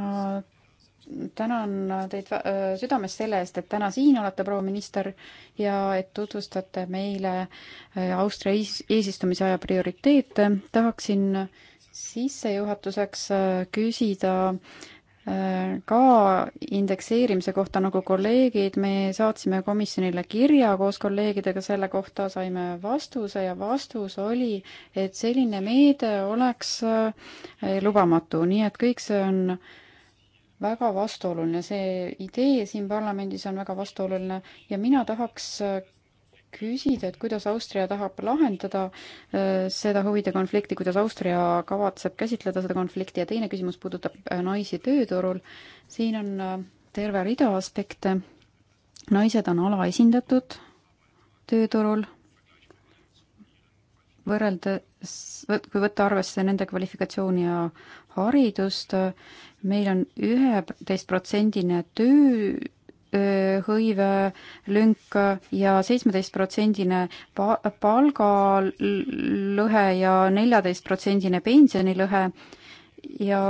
tänan teid südamest selle eest, et täna siin olete, proua minister, ja et tutvustate meile Austria eesistumise aja prioriteete. tahaksin sissejuhatuseks küsida ka indekseerimise kohta, nagu kolleegid, me saatsime komisjonile kirja koos kolleegidega selle kohta, saime vastuse ja vastus oli, et selline meede oleks lubamatu, nii et kõik see on äh, väga vastuoluline, see idee siin parlamendis on väga vastuoluline ja mina tahaks äh, küsida, et kuidas Austria tahab lahendada äh, seda huvide konflikti, kuidas Austria kavatseb käsitleda seda konflikti ja teine küsimus puudutab äh, naisi tööturul. siin on terve rida aspekte. naised on alaesindatud tööturul võrreldes, kui võtta arvesse nende kvalifikatsiooni ja haridust, meil on üheteistprotsendine töö hõive lünk ja seitsmeteistprotsendine palgalõhe ja neljateistprotsendine pensionilõhe ja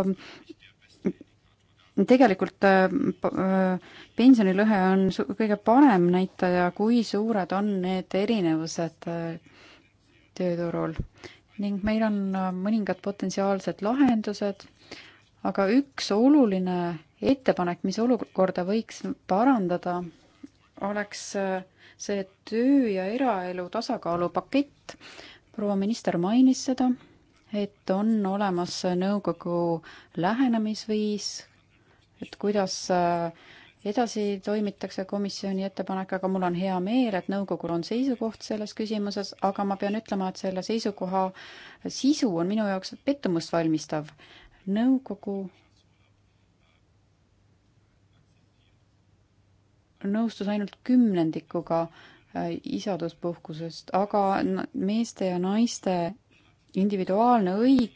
tegelikult äh, pensionilõhe on kõige parem näitaja, kui suured on need erinevused äh, tööturul ning meil on äh, mõningad potentsiaalsed lahendused, aga üks oluline ettepanek, mis olukorda võiks parandada, oleks äh, see töö ja eraelu tasakaalu pakett. proua minister mainis seda, et on olemas nõukogu lähenemisviis, et kuidas äh, edasi toimitakse komisjoni ettepanekuga, mul on hea meel, et nõukogul on seisukoht selles küsimuses, aga ma pean ütlema, et selle seisukoha sisu on minu jaoks pettumust valmistav. nõukogu nõustus ainult kümnendikuga äh, isaduspuhkusest, aga meeste ja naiste individuaalne õig-,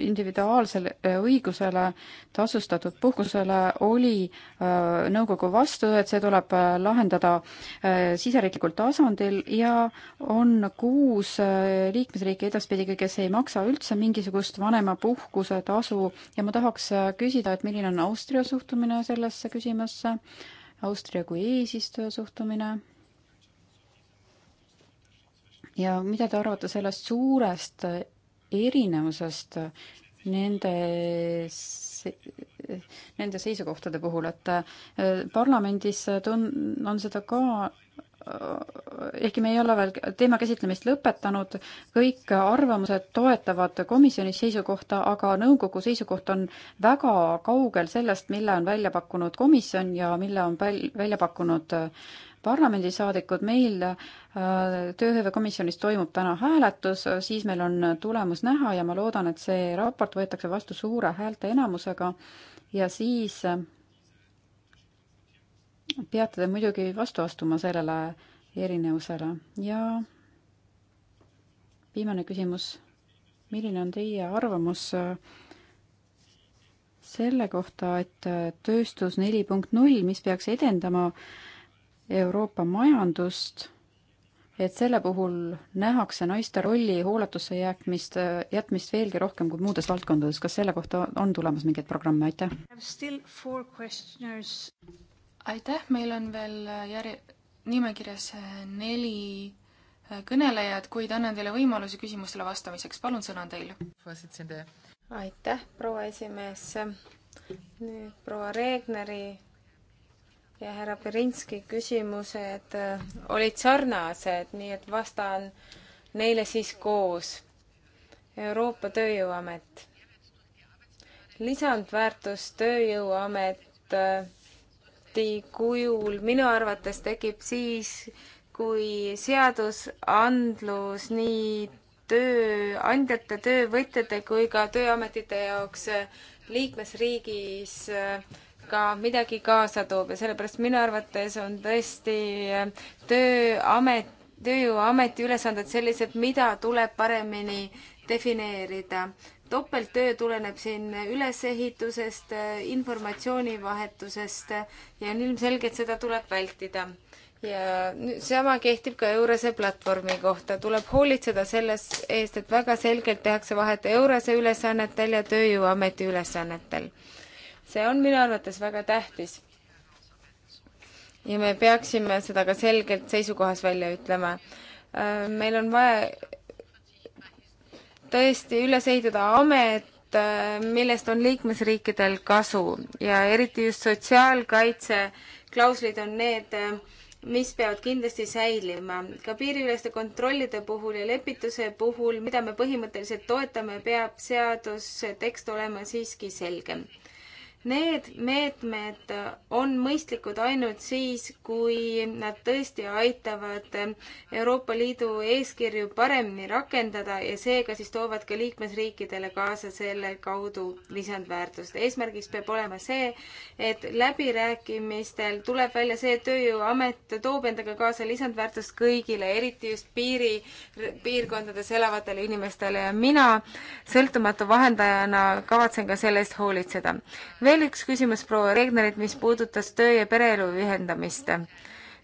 individuaalsele äh, õigusele tasustatud puhkusele oli äh, nõukogu vastu, et see tuleb äh, lahendada siseriiklikul tasandil ja on kuus liikmesriiki edaspidigi, kes ei maksa üldse mingisugust vanemapuhkuse tasu ja ma tahaks küsida, et milline on Austria suhtumine sellesse küsimusse, Austria kui eesistuja suhtumine ja mida te arvate sellest suurest erinevusest nende nende seisukohtade puhul, et äh, parlamendis tun-, on seda ka äh, ehkki me ei ole veel teema käsitlemist lõpetanud, kõik arvamused toetavad komisjoni seisukohta, aga nõukogu seisukoht on väga kaugel sellest, mille on välja pakkunud komisjon ja mille on väl-, välja pakkunud äh, parlamendisaadikud, meil äh, tööhõivekomisjonis toimub täna hääletus, siis meil on tulemus näha ja ma loodan, et see raport võetakse vastu suure häälteenamusega ja siis äh, peate te muidugi vastu astuma sellele erinevusele ja viimane küsimus. milline on teie arvamus äh, selle kohta, et tööstus neli punkt null, mis peaks edendama äh, Euroopa majandust, et selle puhul nähakse naiste rolli hooletusse jääkmist, jätmist veelgi rohkem kui muudes valdkondades. kas selle kohta on tulemas mingeid programme, aitäh? aitäh, meil on veel äh, järje-, nimekirjas äh, neli äh, kõnelejad, kuid annan teile võimaluse küsimustele vastamiseks. palun, sõna on teil. aitäh, proua esimees. nüüd proua Reegneri ja härra Berinski küsimused äh, olid sarnased, nii et vastan neile siis koos. Euroopa Tööjõuamet. lisandväärtus Tööjõuameti äh, kujul minu arvates tekib siis, kui seadusandlus nii tööandjate, töövõtjate kui ka tööametite jaoks äh, liikmesriigis ka midagi kaasa toob ja sellepärast minu arvates on tõesti eh, tööamet, tööjõuameti ülesanded sellised, mida tuleb paremini defineerida. topelttöö tuleneb siin ülesehitusest, eh, informatsioonivahetusest eh, ja on ilmselge, et seda tuleb vältida ja sama kehtib ka Eurose platvormi kohta, tuleb hoolitseda selles eest, et väga selgelt tehakse vahet Eurose ülesannetel ja Tööjõuameti ülesannetel see on minu arvates väga tähtis. ja me peaksime seda ka selgelt seisukohas välja ütlema. meil on vaja tõesti üles ehitada amet, millest on liikmesriikidel kasu ja eriti just sotsiaalkaitse klauslid on need, mis peavad kindlasti säilima. ka piiriüleste kontrollide puhul ja lepituse puhul, mida me põhimõtteliselt toetame, peab seaduse tekst olema siiski selgem. Need meetmed on mõistlikud ainult siis, kui nad tõesti aitavad Euroopa Liidu eeskirju paremini rakendada ja seega siis toovad ka liikmesriikidele kaasa selle kaudu lisandväärtust. eesmärgiks peab olema see, et läbirääkimistel tuleb välja see, et Tööjõuamet toob endaga kaasa lisandväärtust kõigile, eriti just piiri, piirkondades elavatele inimestele ja mina sõltumatu vahendajana kavatsen ka selle eest hoolitseda Veel veel üks küsimus proua Regnerit, mis puudutas töö ja pereelu ühendamist.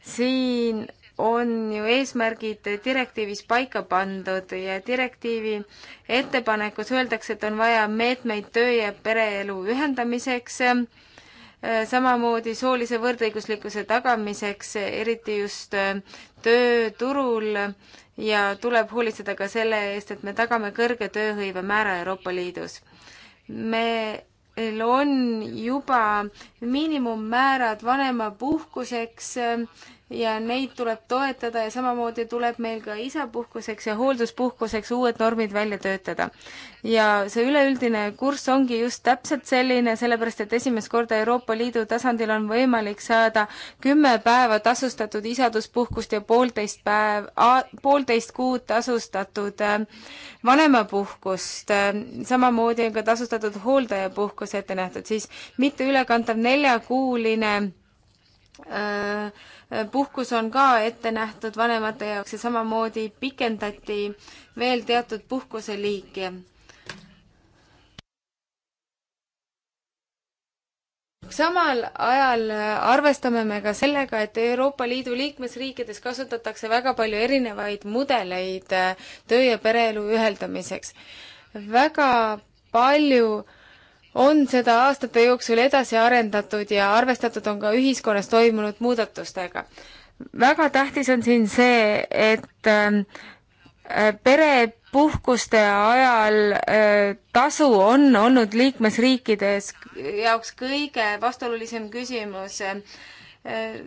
siin on ju eesmärgid direktiivis paika pandud ja direktiivi ettepanekus öeldakse, et on vaja meetmeid töö ja pereelu ühendamiseks, samamoodi soolise võrdõiguslikkuse tagamiseks, eriti just tööturul ja tuleb hoolitseda ka selle eest, et me tagame kõrge tööhõive määra Euroopa Liidus. me meil on juba miinimummäärad vanemapuhkuseks ja neid tuleb toetada ja samamoodi tuleb meil ka isapuhkuseks ja hoolduspuhkuseks uued normid välja töötada. ja see üleüldine kurss ongi just täpselt selline, sellepärast et esimest korda Euroopa Liidu tasandil on võimalik saada kümme päeva tasustatud isaduspuhkust ja poolteist päev, poolteist kuud tasustatud äh, vanemapuhkust. Äh, samamoodi on ka tasustatud hooldajapuhkus ette nähtud, siis mitte ülekantav neljakuuline Äh, puhkus on ka ette nähtud vanemate jaoks ja samamoodi pikendati veel teatud puhkuseliiki. samal ajal arvestame me ka sellega, et Euroopa Liidu liikmesriikides kasutatakse väga palju erinevaid mudeleid äh, töö ja pereelu üheldamiseks. väga palju äh, on seda aastate jooksul edasi arendatud ja arvestatud on ka ühiskonnas toimunud muudatustega. väga tähtis on siin see, et ähm, äh, perepuhkuste ajal äh, tasu on olnud liikmesriikides jaoks kõige vastuolulisem küsimus. Äh,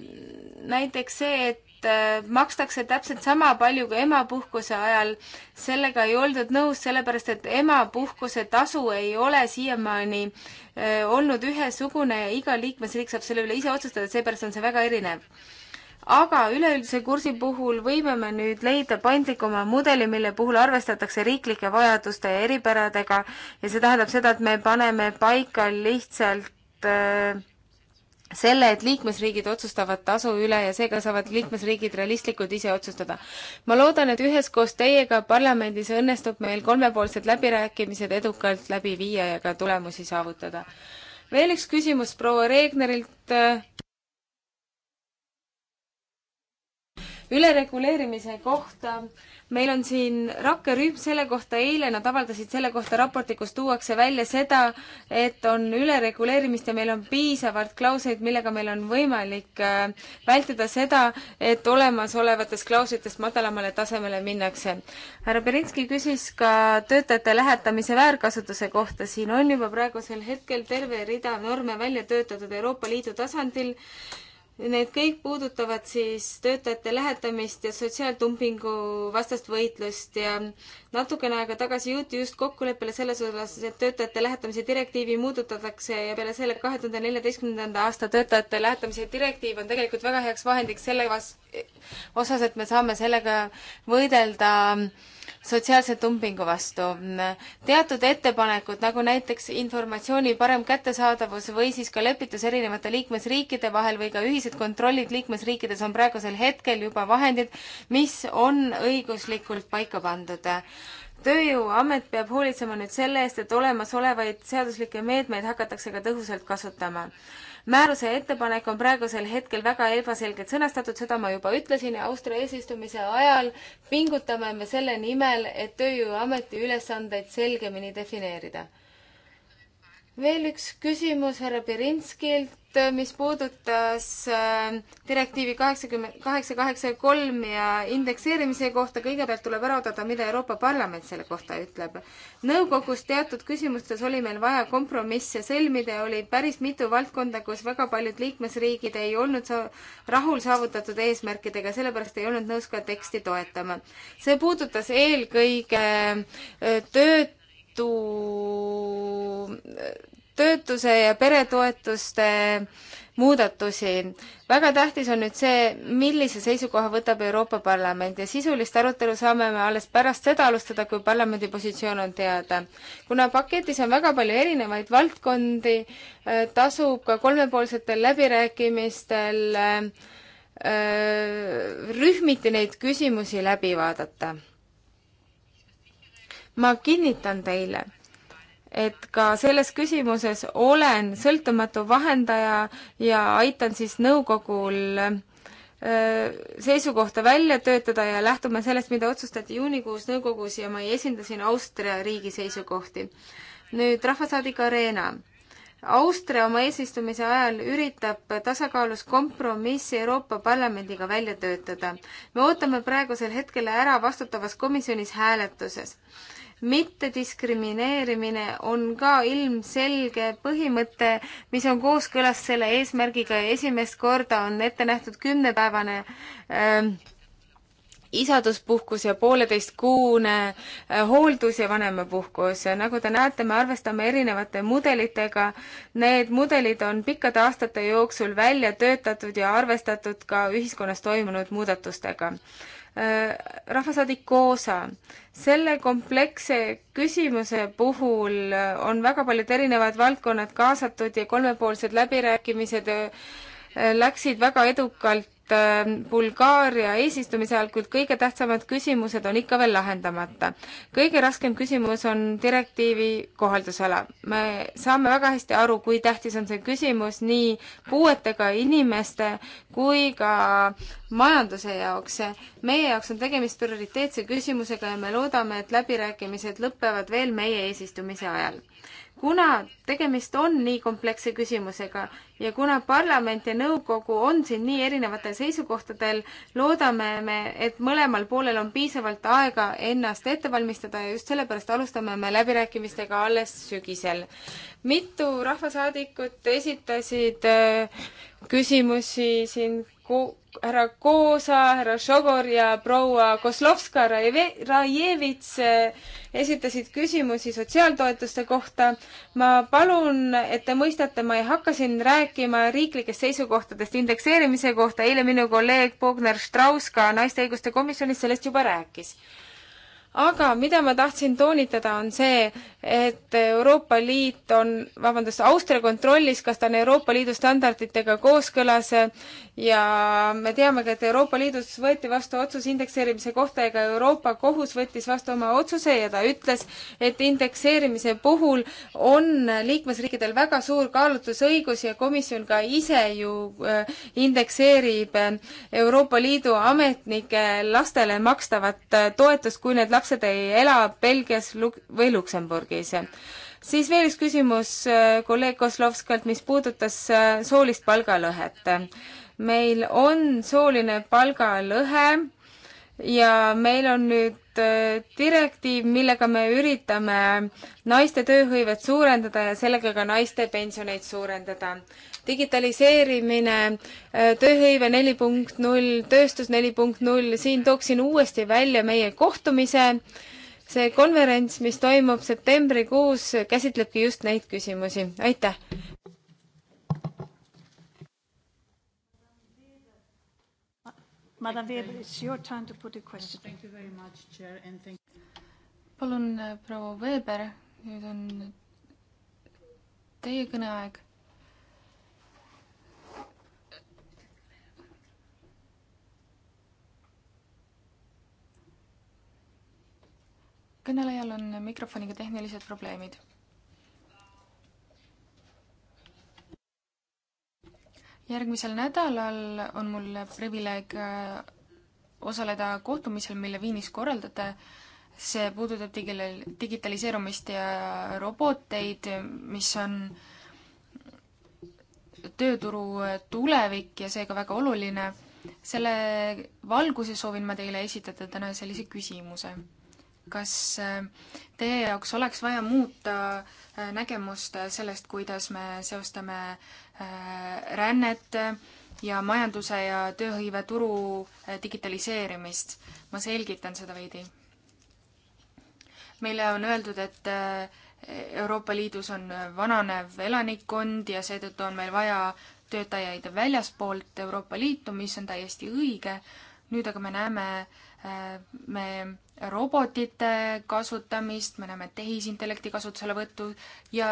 näiteks see, et Äh, makstakse täpselt sama palju kui emapuhkuse ajal. sellega ei oldud nõus, sellepärast et emapuhkuse tasu ei ole siiamaani äh, olnud ühesugune ja iga liikmesriik saab selle üle ise otsustada, seepärast on see väga erinev aga üleüldise kursi puhul võime me nüüd leida paindlikuma mudeli, mille puhul arvestatakse riiklike vajaduste ja eripäradega ja see tähendab seda, et me paneme paika lihtsalt äh, selle, et liikmesriigid otsustavad tasu üle ja seega saavad liikmesriigid realistlikult ise otsustada. ma loodan, et üheskoos teiega parlamendis õnnestub meil kolmepoolsed läbirääkimised edukalt läbi viia ja ka tulemusi saavutada. veel üks küsimus proua Regnerilt ülereguleerimise kohta, meil on siin rakkerühm selle kohta, eile nad avaldasid selle kohta raporti, kus tuuakse välja seda, et on ülereguleerimist ja meil on piisavalt klauseid, millega meil on võimalik äh, vältida seda, et olemasolevatest klauslitest madalamale tasemele minnakse. härra Berinski küsis ka töötajate lähetamise väärkasutuse kohta, siin on juba praegusel hetkel terve rida norme välja töötatud Euroopa Liidu tasandil Need kõik puudutavad siis töötajate lähetamist ja sotsiaaltumpingu vastast võitlust ja natukene aega tagasi jõuti just kokkuleppele selles osas, et töötajate lähetamise direktiivi muudetatakse ja peale selle kahe tuhande neljateistkümnenda aasta töötajate lähetamise direktiiv on tegelikult väga heaks vahendiks selle vas-, osas, et me saame sellega võidelda äh, sotsiaalse dumpingu vastu. teatud ettepanekud, nagu näiteks informatsiooni parem kättesaadavus või siis ka lepitus erinevate liikmesriikide vahel või ka ühised kontrollid liikmesriikides on praegusel hetkel juba vahendid, mis on õiguslikult paika pandud tööjõuamet peab hoolitsema nüüd selle eest, et olemasolevaid seaduslikke meetmeid hakatakse ka tõhusalt kasutama määruse ettepanek on praegusel hetkel väga ebaselgelt sõnastatud, seda ma juba ütlesin ja Austria eesistumise ajal pingutame me selle nimel, et tööjõuameti ülesandeid selgemini defineerida veel üks küsimus härra Berinskilt, äh, mis puudutas äh, direktiivi kaheksakümmend, kaheksa, kaheksa, kolm ja indekseerimise kohta. kõigepealt tuleb ära oodata, mida Euroopa Parlament selle kohta ütleb. nõukogus teatud küsimustes oli meil vaja kompromisse sõlmida, oli päris mitu valdkonda, kus väga paljud liikmesriigid ei olnud sa rahul saavutatud eesmärkidega, sellepärast ei olnud nõus ka teksti toetama. see puudutas eelkõige äh, tööd tohutu töötuse ja peretoetuste muudatusi. väga tähtis on nüüd see, millise seisukoha võtab Euroopa Parlament ja sisulist arutelu saame me alles pärast seda alustada, kui parlamendi positsioon on teada. kuna paketis on väga palju erinevaid valdkondi, äh, tasub ka kolmepoolsetel läbirääkimistel äh, rühmiti neid küsimusi läbi vaadata ma kinnitan teile, et ka selles küsimuses olen sõltumatu vahendaja ja aitan siis nõukogul seisukohta välja töötada ja lähtuma sellest, mida otsustati juunikuus nõukogus ja ma esindasin Austria riigi seisukohti. nüüd rahvasaadik Arena. Austria oma eesistumise ajal üritab tasakaalus kompromissi Euroopa Parlamendiga välja töötada. me ootame praegusel hetkel ära vastutavas komisjonis hääletuses mittediskrimineerimine on ka ilmselge põhimõte, mis on kooskõlas selle eesmärgiga ja esimest korda on ette nähtud kümnepäevane äh, isaduspuhkus ja pooleteistkuune äh, hooldus- ja vanemapuhkus. nagu te näete, me arvestame erinevate mudelitega. Need mudelid on pikkade aastate jooksul välja töötatud ja arvestatud ka ühiskonnas toimunud muudatustega Äh, rahvasaadik Koosa, selle kompleksse küsimuse puhul äh, on väga paljud erinevad valdkonnad kaasatud ja kolmepoolsed läbirääkimised äh, läksid väga edukalt Ähm, Bulgaaria eesistumise ajal, kuid kõige tähtsamad küsimused on ikka veel lahendamata. kõige raskem küsimus on direktiivi kohaldusala. me saame väga hästi aru, kui tähtis on see küsimus nii puuetega inimeste kui ka majanduse jaoks. meie jaoks on tegemist prioriteetse küsimusega ja me loodame, et läbirääkimised lõpevad veel meie eesistumise ajal kuna tegemist on nii kompleksse küsimusega ja kuna parlament ja nõukogu on siin nii erinevatel seisukohtadel, loodame me, et mõlemal poolel on piisavalt aega ennast ette valmistada ja just sellepärast alustame me läbirääkimistega alles sügisel. mitu rahvasaadikut esitasid äh, küsimusi siin ku-, härra Koosa, härra Šogor ja proua Kozlovska Rajevits eh, esitasid küsimusi sotsiaaltoetuste kohta. ma palun, et te mõistate, ma ei hakka siin rääkima riiklikest seisukohtadest indekseerimise kohta, eile minu kolleeg Bogner Strauss ka naiste õiguste komisjonis sellest juba rääkis aga mida ma tahtsin toonitada, on see, et Euroopa Liit on, vabandust, Austria kontrollis, kas ta on Euroopa Liidu standarditega kooskõlas ja me teame ka, et Euroopa Liidus võeti vastu otsus indekseerimise kohta ja ka Euroopa Kohus võttis vastu oma otsuse ja ta ütles, et indekseerimise puhul on liikmesriikidel väga suur kaalutlusõigus ja komisjon ka ise ju äh, indekseerib äh, Euroopa Liidu ametnike lastele makstavat äh, toetust, kui need lapsed lapsed ei ela Belgias või Luksemburgis. siis veel üks küsimus äh, kolleeg Kozlovskalt, mis puudutas äh, soolist palgalõhet. meil on sooline palgalõhe ja meil on nüüd äh, direktiiv, millega me üritame naiste tööhõivet suurendada ja sellega ka naiste pensioneid suurendada. digitaliseerimine, äh, tööhõive neli punkt null, tööstus neli punkt null, siin tooksin uuesti välja meie kohtumise. see konverents, mis toimub septembrikuus, käsitlebki just neid küsimusi. aitäh! Madam Weber, it's your time to put a question. Thank you very much, Chair, and thank palun, äh, proua Weber, nüüd on teie kõneaeg. kõnelejal on mikrofoniga tehnilised probleemid järgmisel nädalal on mul privileeg äh, osaleda kohtumisel, mille Viinis korraldate. see puudutab digi-, digitaliseerumist ja roboteid, mis on tööturu tulevik ja seega väga oluline. selle valguses soovin ma teile esitada täna sellise küsimuse. kas äh, teie jaoks oleks vaja muuta äh, nägemust sellest, kuidas me seostame Äh, rännet ja majanduse ja tööhõiveturu äh, digitaliseerimist. ma selgitan seda veidi. meile on öeldud, et äh, Euroopa Liidus on vananev elanikkond ja seetõttu on meil vaja töötajaid väljaspoolt Euroopa Liitu, mis on täiesti õige. nüüd aga me näeme äh, me robotite kasutamist, me näeme tehisintellekti kasutuselevõttu ja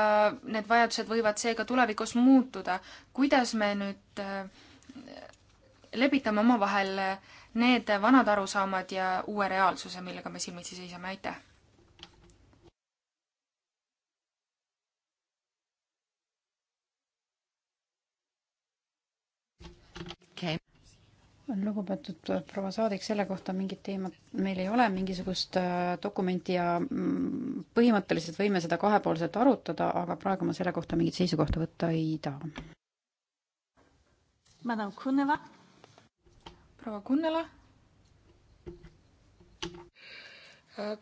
need vajadused võivad seega tulevikus muutuda. kuidas me nüüd äh, lepitame omavahel need vanad arusaamad ja uue reaalsuse, millega me silmitsi seisame, aitäh! lugupeetud proua saadik, selle kohta mingit teemat meil ei ole, mingisugust äh, dokumenti ja mm, põhimõtteliselt võime seda kahepoolselt arutada, aga praegu ma selle kohta mingit seisukohta võtta ei taha. Madam Kuneva. proua Kunnela. Äh,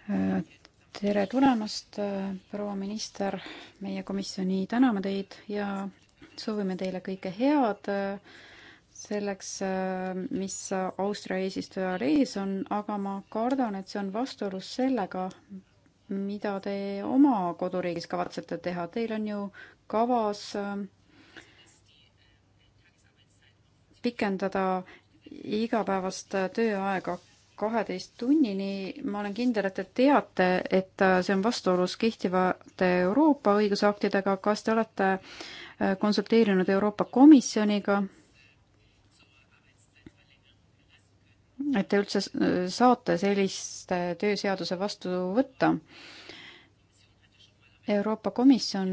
äh, tere tulemast, proua minister, meie komisjoni täname teid ja soovime teile kõike head äh, selleks, äh, mis Austria eesistujal ees on, aga ma kardan, et see on vastuolus sellega, mida te oma koduriigis kavatsete teha. Teil on ju kavas äh, pikendada igapäevast tööaega kaheteist tunnini. ma olen kindel, et te teate, et see on vastuolus kehtivate Euroopa õigusaktidega. kas te olete Äh, konsulteerinud Euroopa Komisjoniga, et te üldse saate sellist tööseaduse vastu võtta. Euroopa Komisjon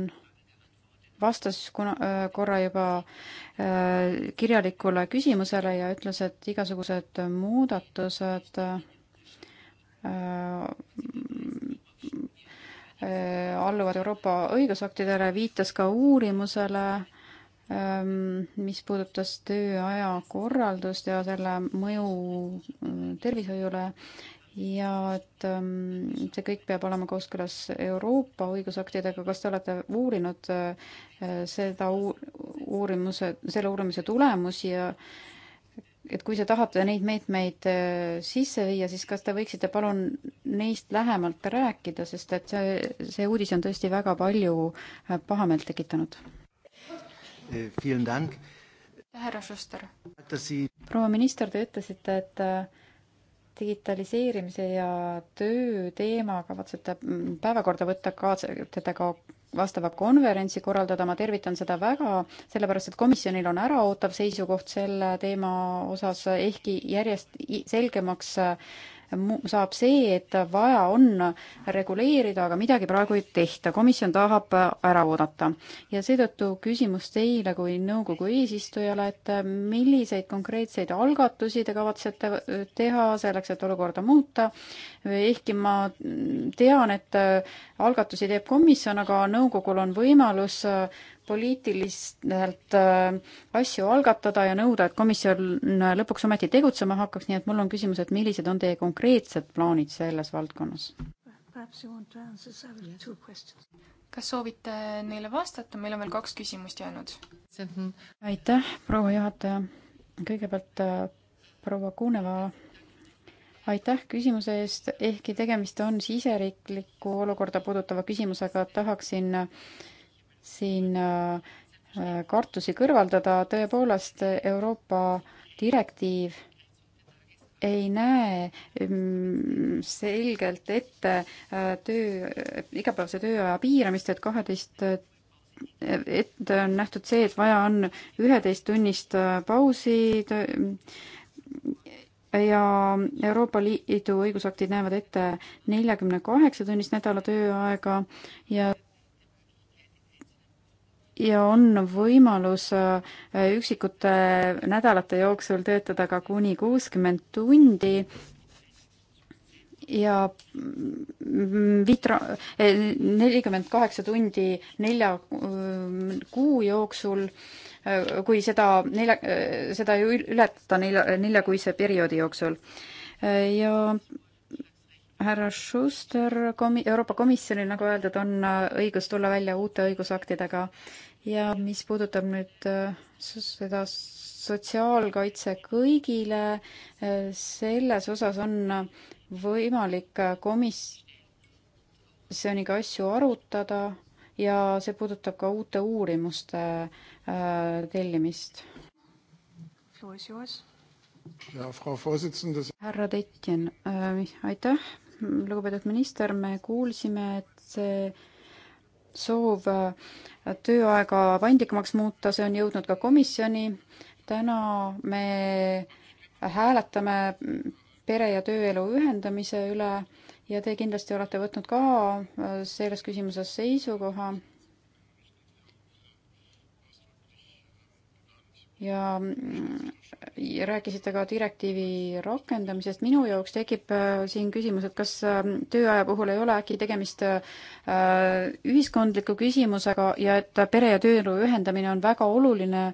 vastas kuna, äh, korra juba äh, kirjalikule küsimusele ja ütles, et igasugused muudatused Äh, alluvad Euroopa õigusaktidele, viitas ka uurimusele, ähm, mis puudutas tööaja korraldust ja selle mõju äh, tervishoiule ja et ähm, see kõik peab olema kooskõlas Euroopa õigusaktidega. kas te olete uurinud äh, seda uurimuse, selle uurimise tulemusi ja et kui te tahate neid meetmeid äh, sisse viia, siis kas te võiksite palun neist lähemalt rääkida, sest et see, see uudis on tõesti väga palju äh, pahameelt tekitanud. Eh, härra Schuster. proua minister, te ütlesite, et äh, digitaliseerimise ja töö teema kavatsete mm, päevakorda võtta, kavatsete ka vastava konverentsi korraldada, ma tervitan seda väga, sellepärast et komisjonil on äraootav seisukoht selle teema osas, ehkki järjest selgemaks äh, saab see, et vaja on reguleerida, aga midagi praegu ei tehta, komisjon tahab ära oodata. ja seetõttu küsimus teile kui nõukogu eesistujale, et milliseid konkreetseid algatusi te kavatsete teha selleks, et olukorda muuta, ehkki ma tean, et algatusi teeb komisjon, aga nõukogul on võimalus poliitiliselt äh, asju algatada ja nõuda, et komisjon äh, lõpuks ometi tegutsema hakkaks, nii et mul on küsimus, et millised on teie konkreetsed plaanid selles valdkonnas? kas soovite neile vastata, meil on veel kaks küsimust jäänud. aitäh, proua juhataja. kõigepealt äh, proua Kuneva, aitäh küsimuse eest, ehkki tegemist on siseriiklikku olukorda puudutava küsimusega, tahaksin äh, siin äh, äh, kartusi kõrvaldada, tõepoolest Euroopa direktiiv ei näe mm, selgelt ette äh, töö, igapäevase tööaja piiramist, et kaheteist ette on nähtud see, et vaja on üheteisttunnist pausi ja Euroopa Liidu õigusaktid näevad ette neljakümne kaheksa tunnist nädala tööaega ja ja on võimalus äh, üksikute nädalate jooksul töötada ka kuni kuuskümmend tundi ja mm, vitra-, äh, nelikümmend kaheksa tundi nelja äh, kuu jooksul, kui seda nelja, seda ei ületata nelja, neljakuise perioodi jooksul. ja härra Schuster komi-, Euroopa Komisjonil, nagu öeldud, on äh, õigus tulla välja uute õigusaktidega ja mis puudutab nüüd äh, seda sotsiaalkaitse kõigile, äh, selles osas on võimalik komisjoniga asju arutada ja see puudutab ka uute uurimuste tellimist. härra Tetjen, aitäh lugupeetud minister, me kuulsime, et see soov tööaega paindlikumaks muuta, see on jõudnud ka komisjoni. täna me hääletame pere ja tööelu ühendamise üle ja te kindlasti olete võtnud ka selles küsimuses seisukoha. ja rääkisite ka direktiivi rakendamisest. minu jaoks tekib äh, siin küsimus, et kas ähm, tööaja puhul ei ole äkki tegemist äh, ühiskondliku küsimusega ja et pere ja tööelu ühendamine on väga oluline äh,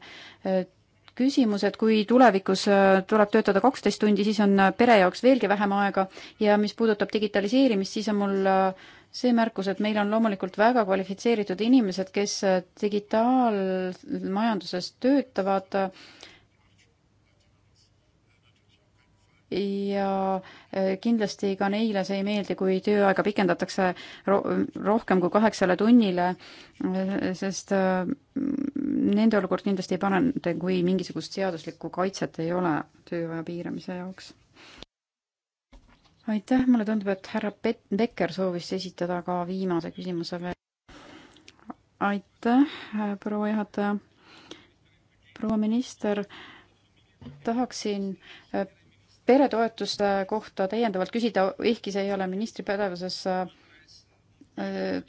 küsimus, et kui tulevikus tuleb töötada kaksteist tundi, siis on pere jaoks veelgi vähem aega ja mis puudutab digitaliseerimist, siis on mul see märkus, et meil on loomulikult väga kvalifitseeritud inimesed, kes digitaalmajanduses töötavad äh, ja eh, kindlasti ka neile see ei meeldi, kui tööaega pikendatakse ro rohkem kui kaheksale tunnile, eh, sest eh, nende olukord kindlasti ei parane, kui mingisugust seaduslikku kaitset ei ole tööaja piiramise jaoks aitäh, mulle tundub, et härra Pet-, Becker soovis esitada ka viimase küsimuse veel. aitäh, proua juhataja. proua minister, tahaksin peretoetuste kohta täiendavalt küsida, ehkki see ei ole ministri pädevuses, äh,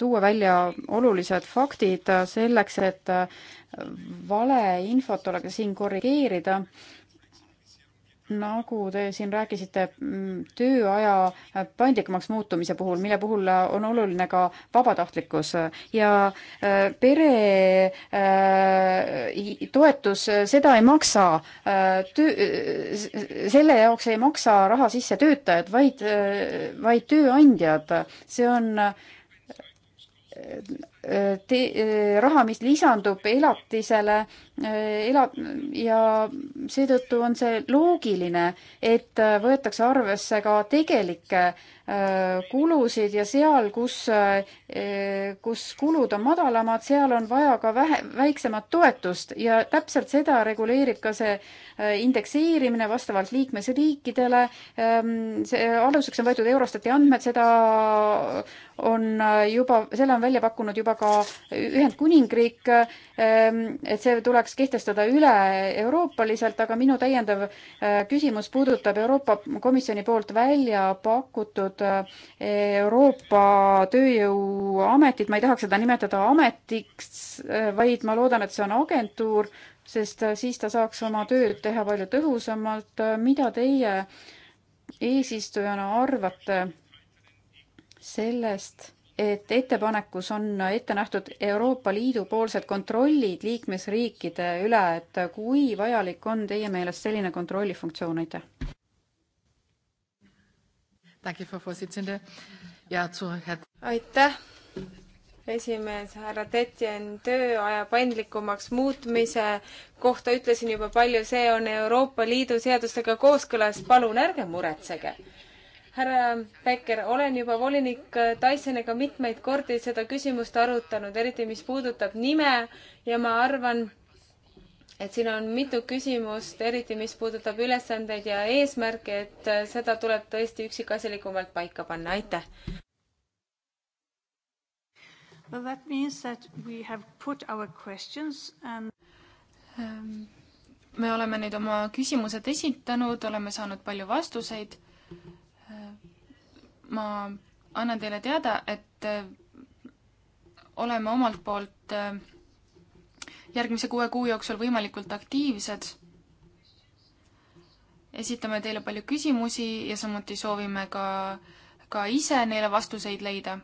tuua välja olulised faktid selleks, et valeinfot oleks siin korrigeerida nagu te siin rääkisite mm, tööaja paindlikumaks muutumise puhul, mille puhul on oluline ka vabatahtlikkus ja äh, pere äh, toetus, seda ei maksa äh, töö, selle jaoks ei maksa raha sisse töötajad, vaid, vaid tööandjad. see on te-, raha, mis lisandub elatisele, ela- ja seetõttu on see loogiline, et võetakse arvesse ka tegelikke äh, kulusid ja seal, kus, äh, kus kulud on madalamad, seal on vaja ka vähe, väiksemat toetust ja täpselt seda reguleerib ka see äh, indekseerimine vastavalt liikmesriikidele. Ähm, see aluseks on võetud Eurostati andmed, seda on juba, selle on välja pakkunud juba võib-olla ka Ühendkuningriik, ehm, et see tuleks kehtestada üle-euroopaliselt, aga minu täiendav eh, küsimus puudutab Euroopa Komisjoni poolt välja pakutud eh, Euroopa Tööjõuametit, ma ei tahaks seda nimetada ametiks, eh, vaid ma loodan, et see on agentuur, sest siis ta saaks oma tööd teha palju tõhusamalt. mida teie eesistujana arvate sellest, et ettepanekus on ette nähtud Euroopa Liidu poolsed kontrollid liikmesriikide üle, et kui vajalik on teie meelest selline kontrollifunktsioon, aitäh? aitäh, esimees, härra Tetjen, tööaja paindlikumaks muutmise kohta ütlesin juba palju, see on Euroopa Liidu seadustega kooskõlas, palun ärge muretsege härra Becker, olen juba volinik Tysoniga mitmeid kordi seda küsimust arutanud, eriti mis puudutab nime ja ma arvan, et siin on mitu küsimust, eriti mis puudutab ülesandeid ja eesmärke, et seda tuleb tõesti üksikasjalikumalt paika panna, aitäh. Well, that means that we have put our questions and ähm, me oleme nüüd oma küsimused esitanud, oleme saanud palju vastuseid ma annan teile teada, et äh, oleme omalt poolt äh, järgmise kuue kuu jooksul võimalikult aktiivsed. esitame teile palju küsimusi ja samuti soovime ka, ka ise neile vastuseid leida.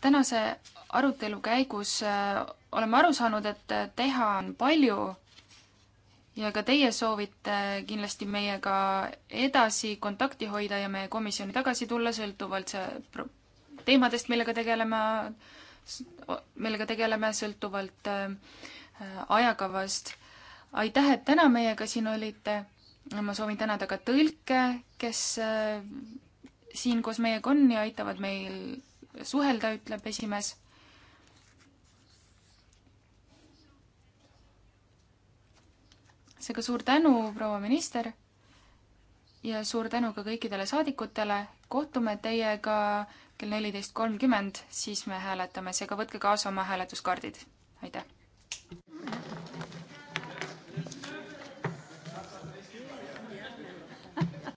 tänase arutelu käigus äh, oleme aru saanud, et teha on palju ja ka teie soovite kindlasti meiega edasi kontakti hoida ja meie komisjoni tagasi tulla, sõltuvalt see teemadest, millega tegeleme, millega tegeleme, sõltuvalt äh, ajakavast. aitäh, et täna meiega siin olite. ma soovin tänada ka tõlke, kes äh, siin koos meiega on ja aitavad meil suhelda, ütleb esimees seega suur tänu, proua minister ja suur tänu ka kõikidele saadikutele. kohtume teiega kell neliteist kolmkümmend, siis me hääletame, seega võtke kaasa oma hääletuskaardid. aitäh!